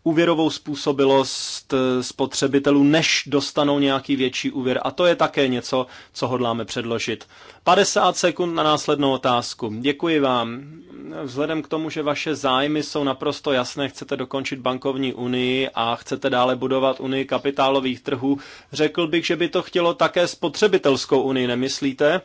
úvěrovou způsobilost eh, spotřebitelů, než dostanou nějaký větší úvěr. A to je také něco, co hodláme předložit. 50 sekund na následnou otázku. Děkuji vám. Vzhledem k tomu, že vaše zájmy jsou naprosto jasné, chcete dokončit bankovní unii a chcete dále budovat unii kapitálových trhů, řekl bych, že by to chtělo také spotřebitelskou unii, nemyslíte?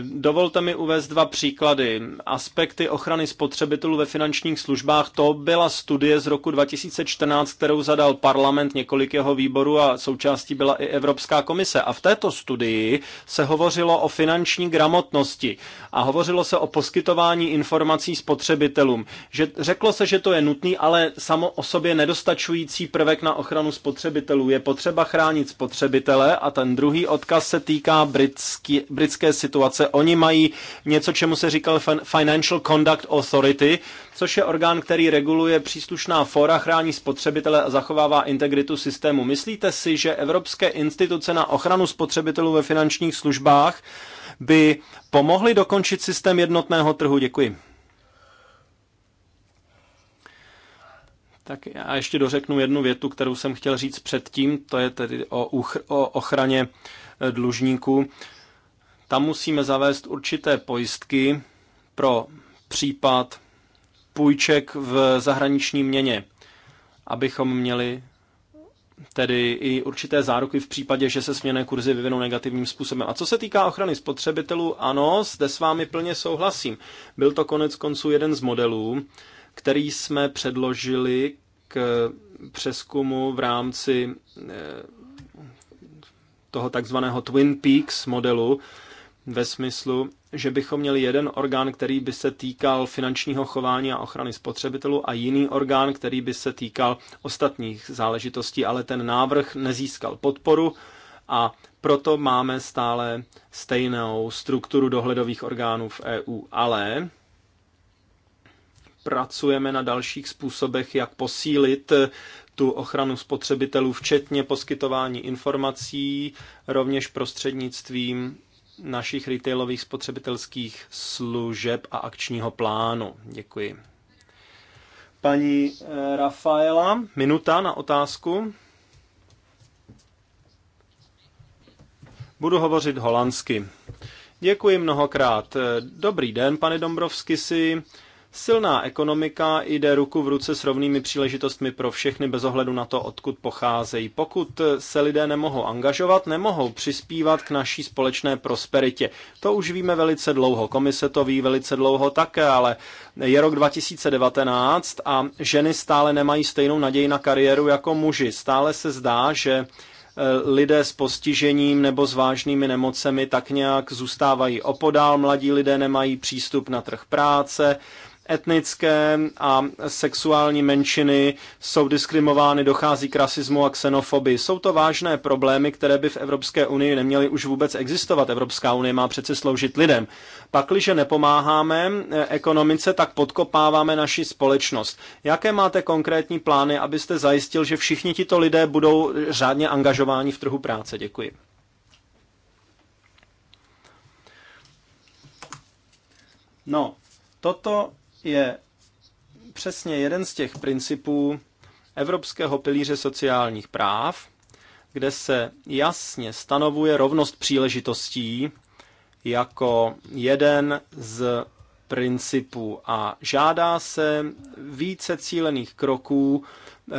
Dovolte mi uvést dva příklady. Aspekty ochrany spotřebitelů ve finančních službách, to byla studie z roku 2014, kterou zadal parlament, několik jeho výborů a součástí byla i Evropská komise. A v této studii se hovořilo o finanční gramotnosti a hovořilo se o poskytování informací spotřebitelům. Že, řeklo se, že to je nutný, ale samo o sobě nedostačující prvek na ochranu spotřebitelů. Je potřeba chránit spotřebitele a ten druhý odkaz se týká britský, britské situace situace. Oni mají něco, čemu se říkal Financial Conduct Authority, což je orgán, který reguluje příslušná fora, chrání spotřebitele a zachovává integritu systému. Myslíte si, že evropské instituce na ochranu spotřebitelů ve finančních službách by pomohly dokončit systém jednotného trhu? Děkuji. Tak já ještě dořeknu jednu větu, kterou jsem chtěl říct předtím, to je tedy o, o ochraně dlužníků. Tam musíme zavést určité pojistky pro případ půjček v zahraniční měně, abychom měli tedy i určité záruky v případě, že se směné kurzy vyvinou negativním způsobem. A co se týká ochrany spotřebitelů, ano, zde s vámi plně souhlasím. Byl to konec konců jeden z modelů, který jsme předložili k přeskumu v rámci eh, toho takzvaného Twin Peaks modelu, ve smyslu, že bychom měli jeden orgán, který by se týkal finančního chování a ochrany spotřebitelů a jiný orgán, který by se týkal ostatních záležitostí, ale ten návrh nezískal podporu a proto máme stále stejnou strukturu dohledových orgánů v EU, ale pracujeme na dalších způsobech, jak posílit tu ochranu spotřebitelů, včetně poskytování informací, rovněž prostřednictvím našich retailových spotřebitelských služeb a akčního plánu. Děkuji. Paní eh, Rafaela, minuta na otázku. Budu hovořit holandsky. Děkuji mnohokrát. Dobrý den, pane Dombrovskisi. si. Silná ekonomika jde ruku v ruce s rovnými příležitostmi pro všechny bez ohledu na to, odkud pocházejí. Pokud se lidé nemohou angažovat, nemohou přispívat k naší společné prosperitě. To už víme velice dlouho, komise to ví velice dlouho také, ale je rok 2019 a ženy stále nemají stejnou naději na kariéru jako muži. Stále se zdá, že eh, lidé s postižením nebo s vážnými nemocemi tak nějak zůstávají opodál, mladí lidé nemají přístup na trh práce, etnické a sexuální menšiny jsou diskriminovány, dochází k rasismu a xenofobii. Jsou to vážné problémy, které by v Evropské unii neměly už vůbec existovat. Evropská unie má přece sloužit lidem. Pakliže nepomáháme eh, ekonomice, tak podkopáváme naši společnost. Jaké máte konkrétní plány, abyste zajistil, že všichni tito lidé budou řádně angažováni v trhu práce? Děkuji. No, toto je přesně jeden z těch principů Evropského pilíře sociálních práv, kde se jasně stanovuje rovnost příležitostí jako jeden z principů a žádá se více cílených kroků,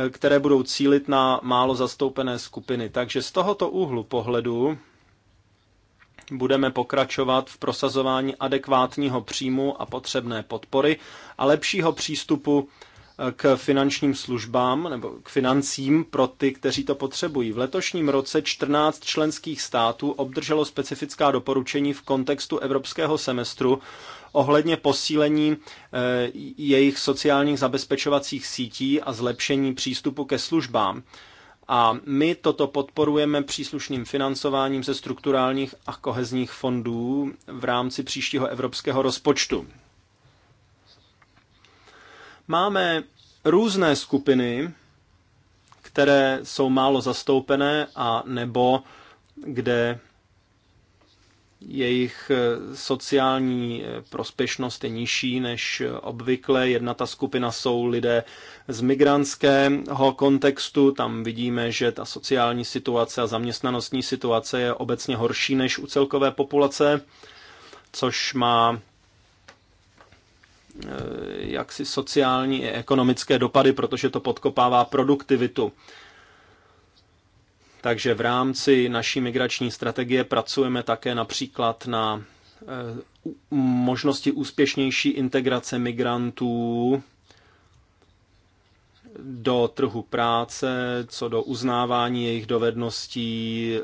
eh, které budou cílit na málo zastoupené skupiny. Takže z tohoto úhlu pohledu Budeme pokračovat v prosazování adekvátního příjmu a potřebné podpory a lepšího přístupu eh, k finančním službám nebo k financím pro ty, kteří to potřebují. V letošním roce 14 členských států obdrželo specifická doporučení v kontextu evropského semestru ohledně posílení eh, jejich sociálních zabezpečovacích sítí a zlepšení přístupu ke službám a my toto podporujeme příslušným financováním ze strukturálních a kohezních fondů v rámci příštího evropského rozpočtu. Máme různé skupiny, které jsou málo zastoupené a nebo kde jejich eh, sociální eh, prospěšnost je nižší než eh, obvykle. Jedna ta skupina jsou lidé z migrantského kontextu. Tam vidíme, že ta sociální situace a zaměstnanostní situace je obecně horší než u celkové populace, což má jaksi sociální i ekonomické dopady, protože to podkopává produktivitu takže v rámci naší migrační strategie pracujeme také například na eh, možnosti úspěšnější integrace migrantů do trhu práce, co do uznávání jejich dovedností, eh,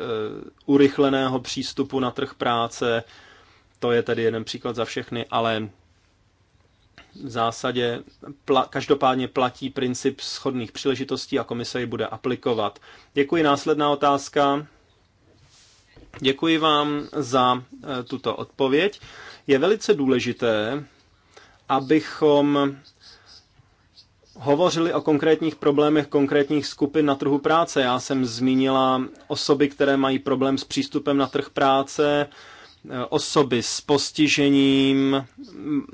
urychleného přístupu na trh práce. To je tedy jeden příklad za všechny, ale v zásadě pla- každopádně platí princip schodných příležitostí a komise ji bude aplikovat. Děkuji, následná otázka. Děkuji vám za eh, tuto odpověď. Je velice důležité, abychom hovořili o konkrétních problémech konkrétních skupin na trhu práce. Já jsem zmínila osoby, které mají problém s přístupem na trh práce, Eh, osoby s postižením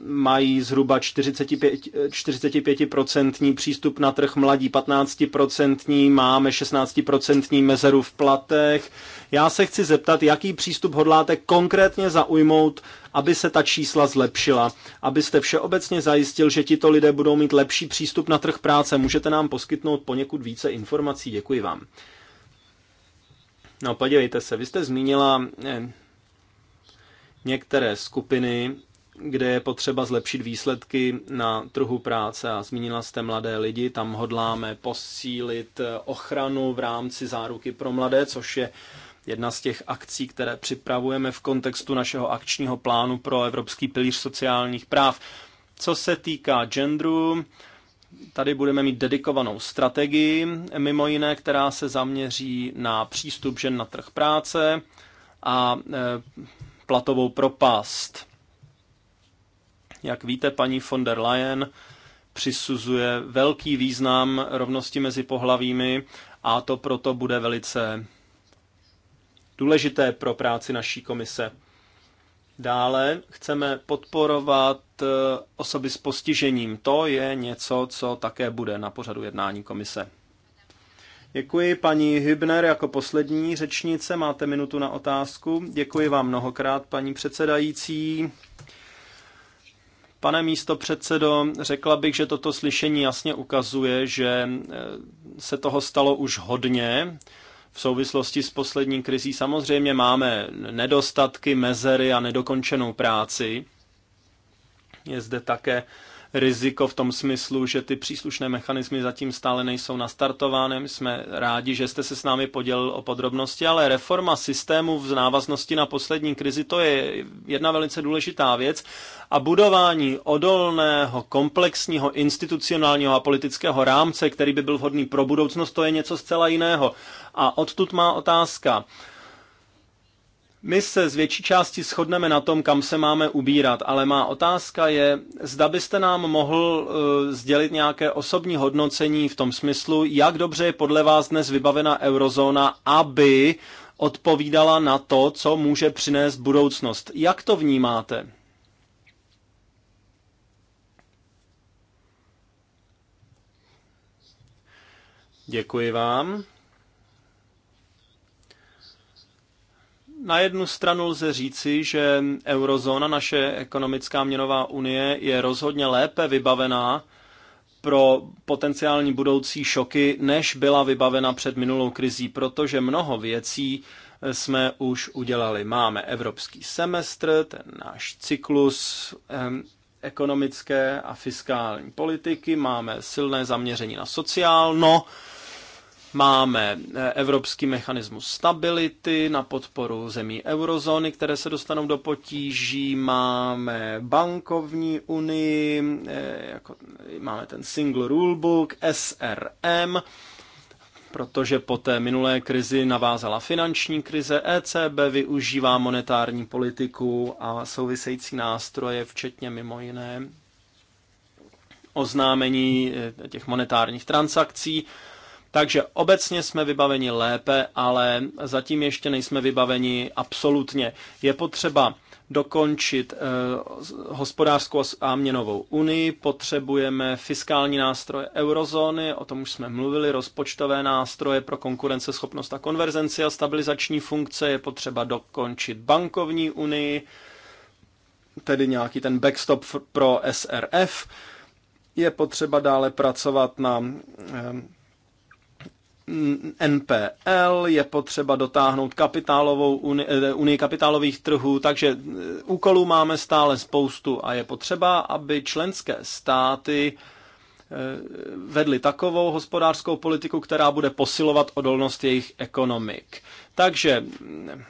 mají zhruba 45, 45% přístup na trh, mladí 15%, máme 16% mezeru v platech. Já se chci zeptat, jaký přístup hodláte konkrétně zaujmout, aby se ta čísla zlepšila, abyste všeobecně zajistil, že tito lidé budou mít lepší přístup na trh práce. Můžete nám poskytnout poněkud více informací? Děkuji vám. No podívejte se, vy jste zmínila eh, některé skupiny, kde je potřeba zlepšit výsledky na trhu práce a zmínila jste mladé lidi, tam hodláme posílit ochranu v rámci záruky pro mladé, což je jedna z těch akcí, které připravujeme v kontextu našeho akčního plánu pro Evropský pilíř sociálních práv. Co se týká genderu, tady budeme mít dedikovanou strategii, mimo jiné, která se zaměří na přístup žen na trh práce a e, platovou propast. Jak víte, paní von der Leyen přisuzuje velký význam rovnosti mezi pohlavími a to proto bude velice důležité pro práci naší komise. Dále chceme podporovat eh, osoby s postižením. To je něco, co také bude na pořadu jednání komise. Děkuji paní Hybner jako poslední řečnice. Máte minutu na otázku. Děkuji vám mnohokrát, paní předsedající. Pane místo předsedo, řekla bych, že toto slyšení jasně ukazuje, že eh, se toho stalo už hodně. V souvislosti s poslední krizí samozřejmě máme nedostatky, mezery a nedokončenou práci. Je zde také riziko v tom smyslu, že ty příslušné mechanismy zatím stále nejsou nastartovány. My jsme rádi, že jste se s námi podělil o podrobnosti, ale reforma systému v návaznosti na poslední krizi, to je jedna velice důležitá věc. A budování odolného, komplexního, institucionálního a politického rámce, který by byl vhodný pro budoucnost, to je něco zcela jiného. A odtud má otázka. My se z větší části shodneme na tom, kam se máme ubírat, ale má otázka je, zda byste nám mohl uh, sdělit nějaké osobní hodnocení v tom smyslu, jak dobře je podle vás dnes vybavena eurozóna, aby odpovídala na to, co může přinést budoucnost. Jak to vnímáte? Děkuji vám. Na jednu stranu lze říci, že eurozóna, naše ekonomická měnová unie, je rozhodně lépe vybavená pro potenciální budoucí šoky, než byla vybavena před minulou krizí, protože mnoho věcí jsme už udělali. Máme evropský semestr, ten náš cyklus ehm, ekonomické a fiskální politiky, máme silné zaměření na sociálno, Máme eh, evropský mechanismus stability na podporu zemí eurozóny, které se dostanou do potíží. Máme bankovní unii, eh, jako, máme ten single rulebook, SRM, protože po té minulé krizi navázala finanční krize. ECB využívá monetární politiku a související nástroje, včetně mimo jiné oznámení eh, těch monetárních transakcí takže obecně jsme vybaveni lépe, ale zatím ještě nejsme vybaveni absolutně. Je potřeba dokončit eh, hospodářskou a měnovou unii, potřebujeme fiskální nástroje eurozóny, o tom už jsme mluvili, rozpočtové nástroje pro konkurenceschopnost a konverzenci a stabilizační funkce, je potřeba dokončit bankovní unii, tedy nějaký ten backstop pro SRF, je potřeba dále pracovat na eh, NPL, je potřeba dotáhnout kapitálovou uni, eh, unii kapitálových trhů, takže eh, úkolů máme stále spoustu a je potřeba, aby členské státy eh, vedly takovou hospodářskou politiku, která bude posilovat odolnost jejich ekonomik. Takže mm,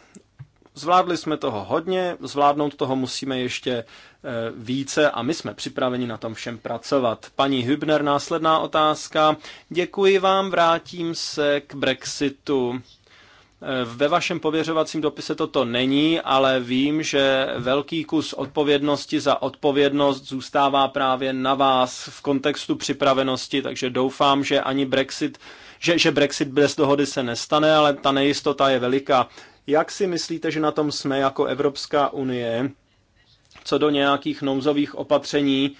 Zvládli jsme toho hodně, zvládnout toho musíme ještě eh, více a my jsme připraveni na tom všem pracovat. Paní Hübner, následná otázka. Děkuji vám, vrátím se k Brexitu. Eh, ve vašem pověřovacím dopise toto není, ale vím, že velký kus odpovědnosti za odpovědnost zůstává právě na vás v kontextu připravenosti, takže doufám, že ani Brexit, že, že Brexit bez dohody se nestane, ale ta nejistota je veliká. Jak si myslíte, že na tom jsme jako Evropská unie, co do nějakých nouzových opatření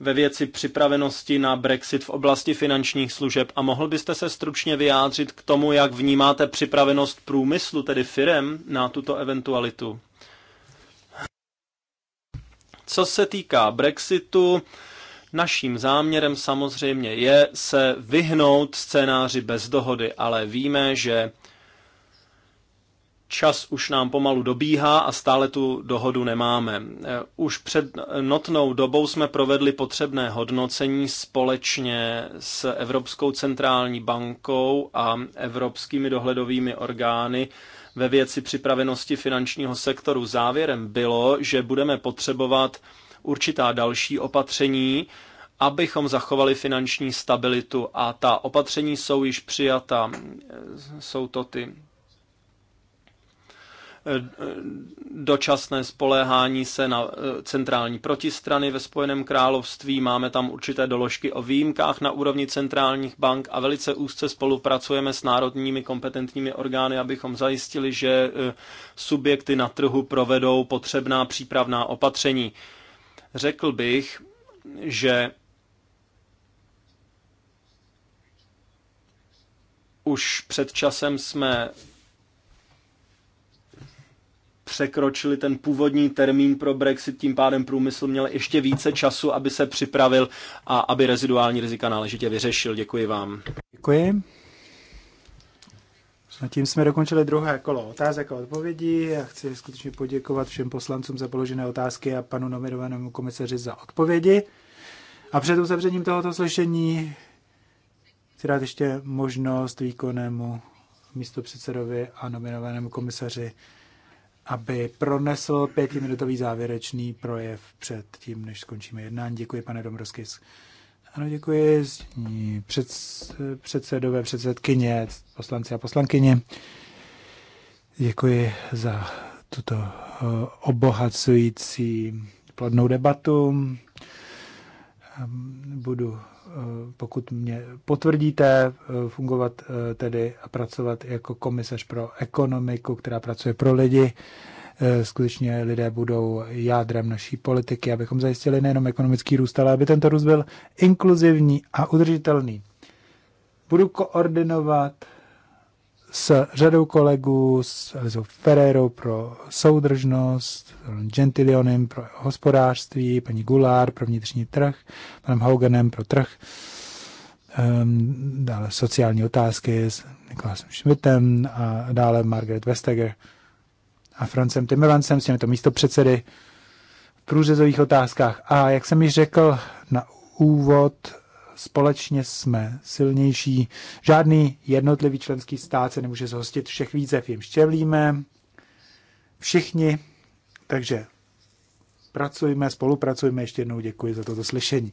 ve věci připravenosti na Brexit v oblasti finančních služeb? A mohl byste se stručně vyjádřit k tomu, jak vnímáte připravenost průmyslu, tedy firem, na tuto eventualitu? Co se týká Brexitu, Naším záměrem samozřejmě je se vyhnout scénáři bez dohody, ale víme, že čas už nám pomalu dobíhá a stále tu dohodu nemáme. E, už před notnou dobou jsme provedli potřebné hodnocení společně s Evropskou centrální bankou a evropskými dohledovými orgány ve věci připravenosti finančního sektoru. Závěrem bylo, že budeme potřebovat určitá další opatření, abychom zachovali finanční stabilitu a ta opatření jsou již přijata. E, jsou to ty dočasné spoléhání se na eh, centrální protistrany ve Spojeném království. Máme tam určité doložky o výjimkách na úrovni centrálních bank a velice úzce spolupracujeme s národními kompetentními orgány, abychom zajistili, že eh, subjekty na trhu provedou potřebná přípravná opatření. Řekl bych, že už před časem jsme překročili ten původní termín pro Brexit, tím pádem průmysl měl ještě více času, aby se připravil a aby reziduální rizika náležitě vyřešil. Děkuji vám. Děkuji. A tím jsme dokončili druhé kolo otázek a odpovědí. Já chci skutečně poděkovat všem poslancům za položené otázky a panu nominovanému komisaři za odpovědi. A před uzavřením tohoto slyšení chci dát ještě možnost výkonnému místopředsedovi a nominovanému komisaři aby pronesl pětiminutový závěrečný projev před tím, než skončíme jednání. Děkuji, pane Domrovský. Ano, děkuji před, předsedové, předsedkyně, poslanci a poslankyně. Děkuji za tuto obohacující plodnou debatu. Ehm, budu pokud mě potvrdíte, eh, fungovat eh, tedy a pracovat jako komisař pro ekonomiku, která pracuje pro lidi. Eh, skutečně lidé budou jádrem naší politiky, abychom zajistili nejenom ekonomický růst, ale aby tento růst byl inkluzivní a udržitelný. Budu koordinovat s řadou kolegů, s Elizou Ferrerou pro soudržnost, Gentilionem pro hospodářství, paní Gulár pro vnitřní trh, panem Hauganem pro trh, um, dále sociální otázky s Niklasem Schmidtem a dále Margaret Vestager a Francem Timmermansem, s těmito místo předsedy v průřezových otázkách. A jak jsem již řekl na úvod, společně jsme silnější. Žádný jednotlivý členský stát se nemůže zhostit všech výzev, jim štěvlíme. Všichni, takže pracujme, spolupracujme. Ještě jednou děkuji za toto slyšení.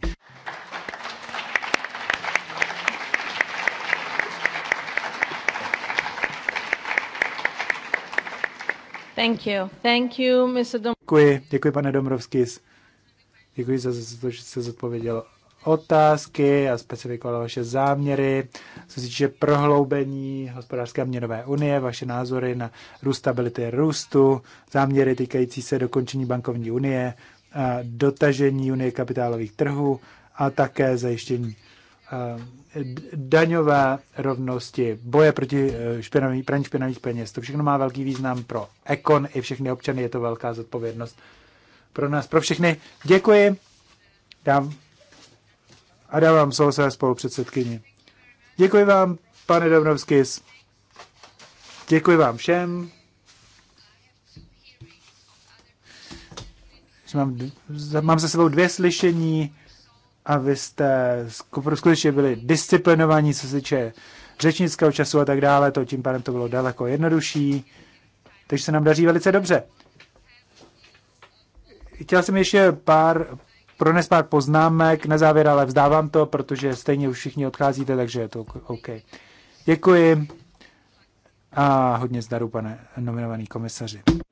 Thank you. Thank you, Mr. Dom- děkuji, děkuji pane Domrovskis. Děkuji za to, že jste zodpověděl otázky a specifikovala vaše záměry, co se týče prohloubení hospodářské a měnové unie, vaše názory na růst stability růstu, záměry týkající se dokončení bankovní unie, dotažení unie kapitálových trhů a také zajištění eh, daňové rovnosti, boje proti eh, špinavý, praní špinavých peněz. To všechno má velký význam pro ekon i všechny občany. Je to velká zodpovědnost pro nás, pro všechny. Děkuji. Dám a dávám slovo své spolupředsedkyni. Děkuji vám, pane Dobrovskis. Děkuji vám všem. Mám, mám za sebou dvě slyšení a vy jste skutečně byli disciplinovaní, co se týče řečnického času a tak dále, to tím pádem to bylo daleko jednodušší, takže se nám daří velice dobře. Chtěl jsem ještě pár pro dnes pár poznámek na závěr, ale vzdávám to, protože stejně už všichni odcházíte, takže je to OK. Děkuji a hodně zdaru, pane nominovaný komisaři.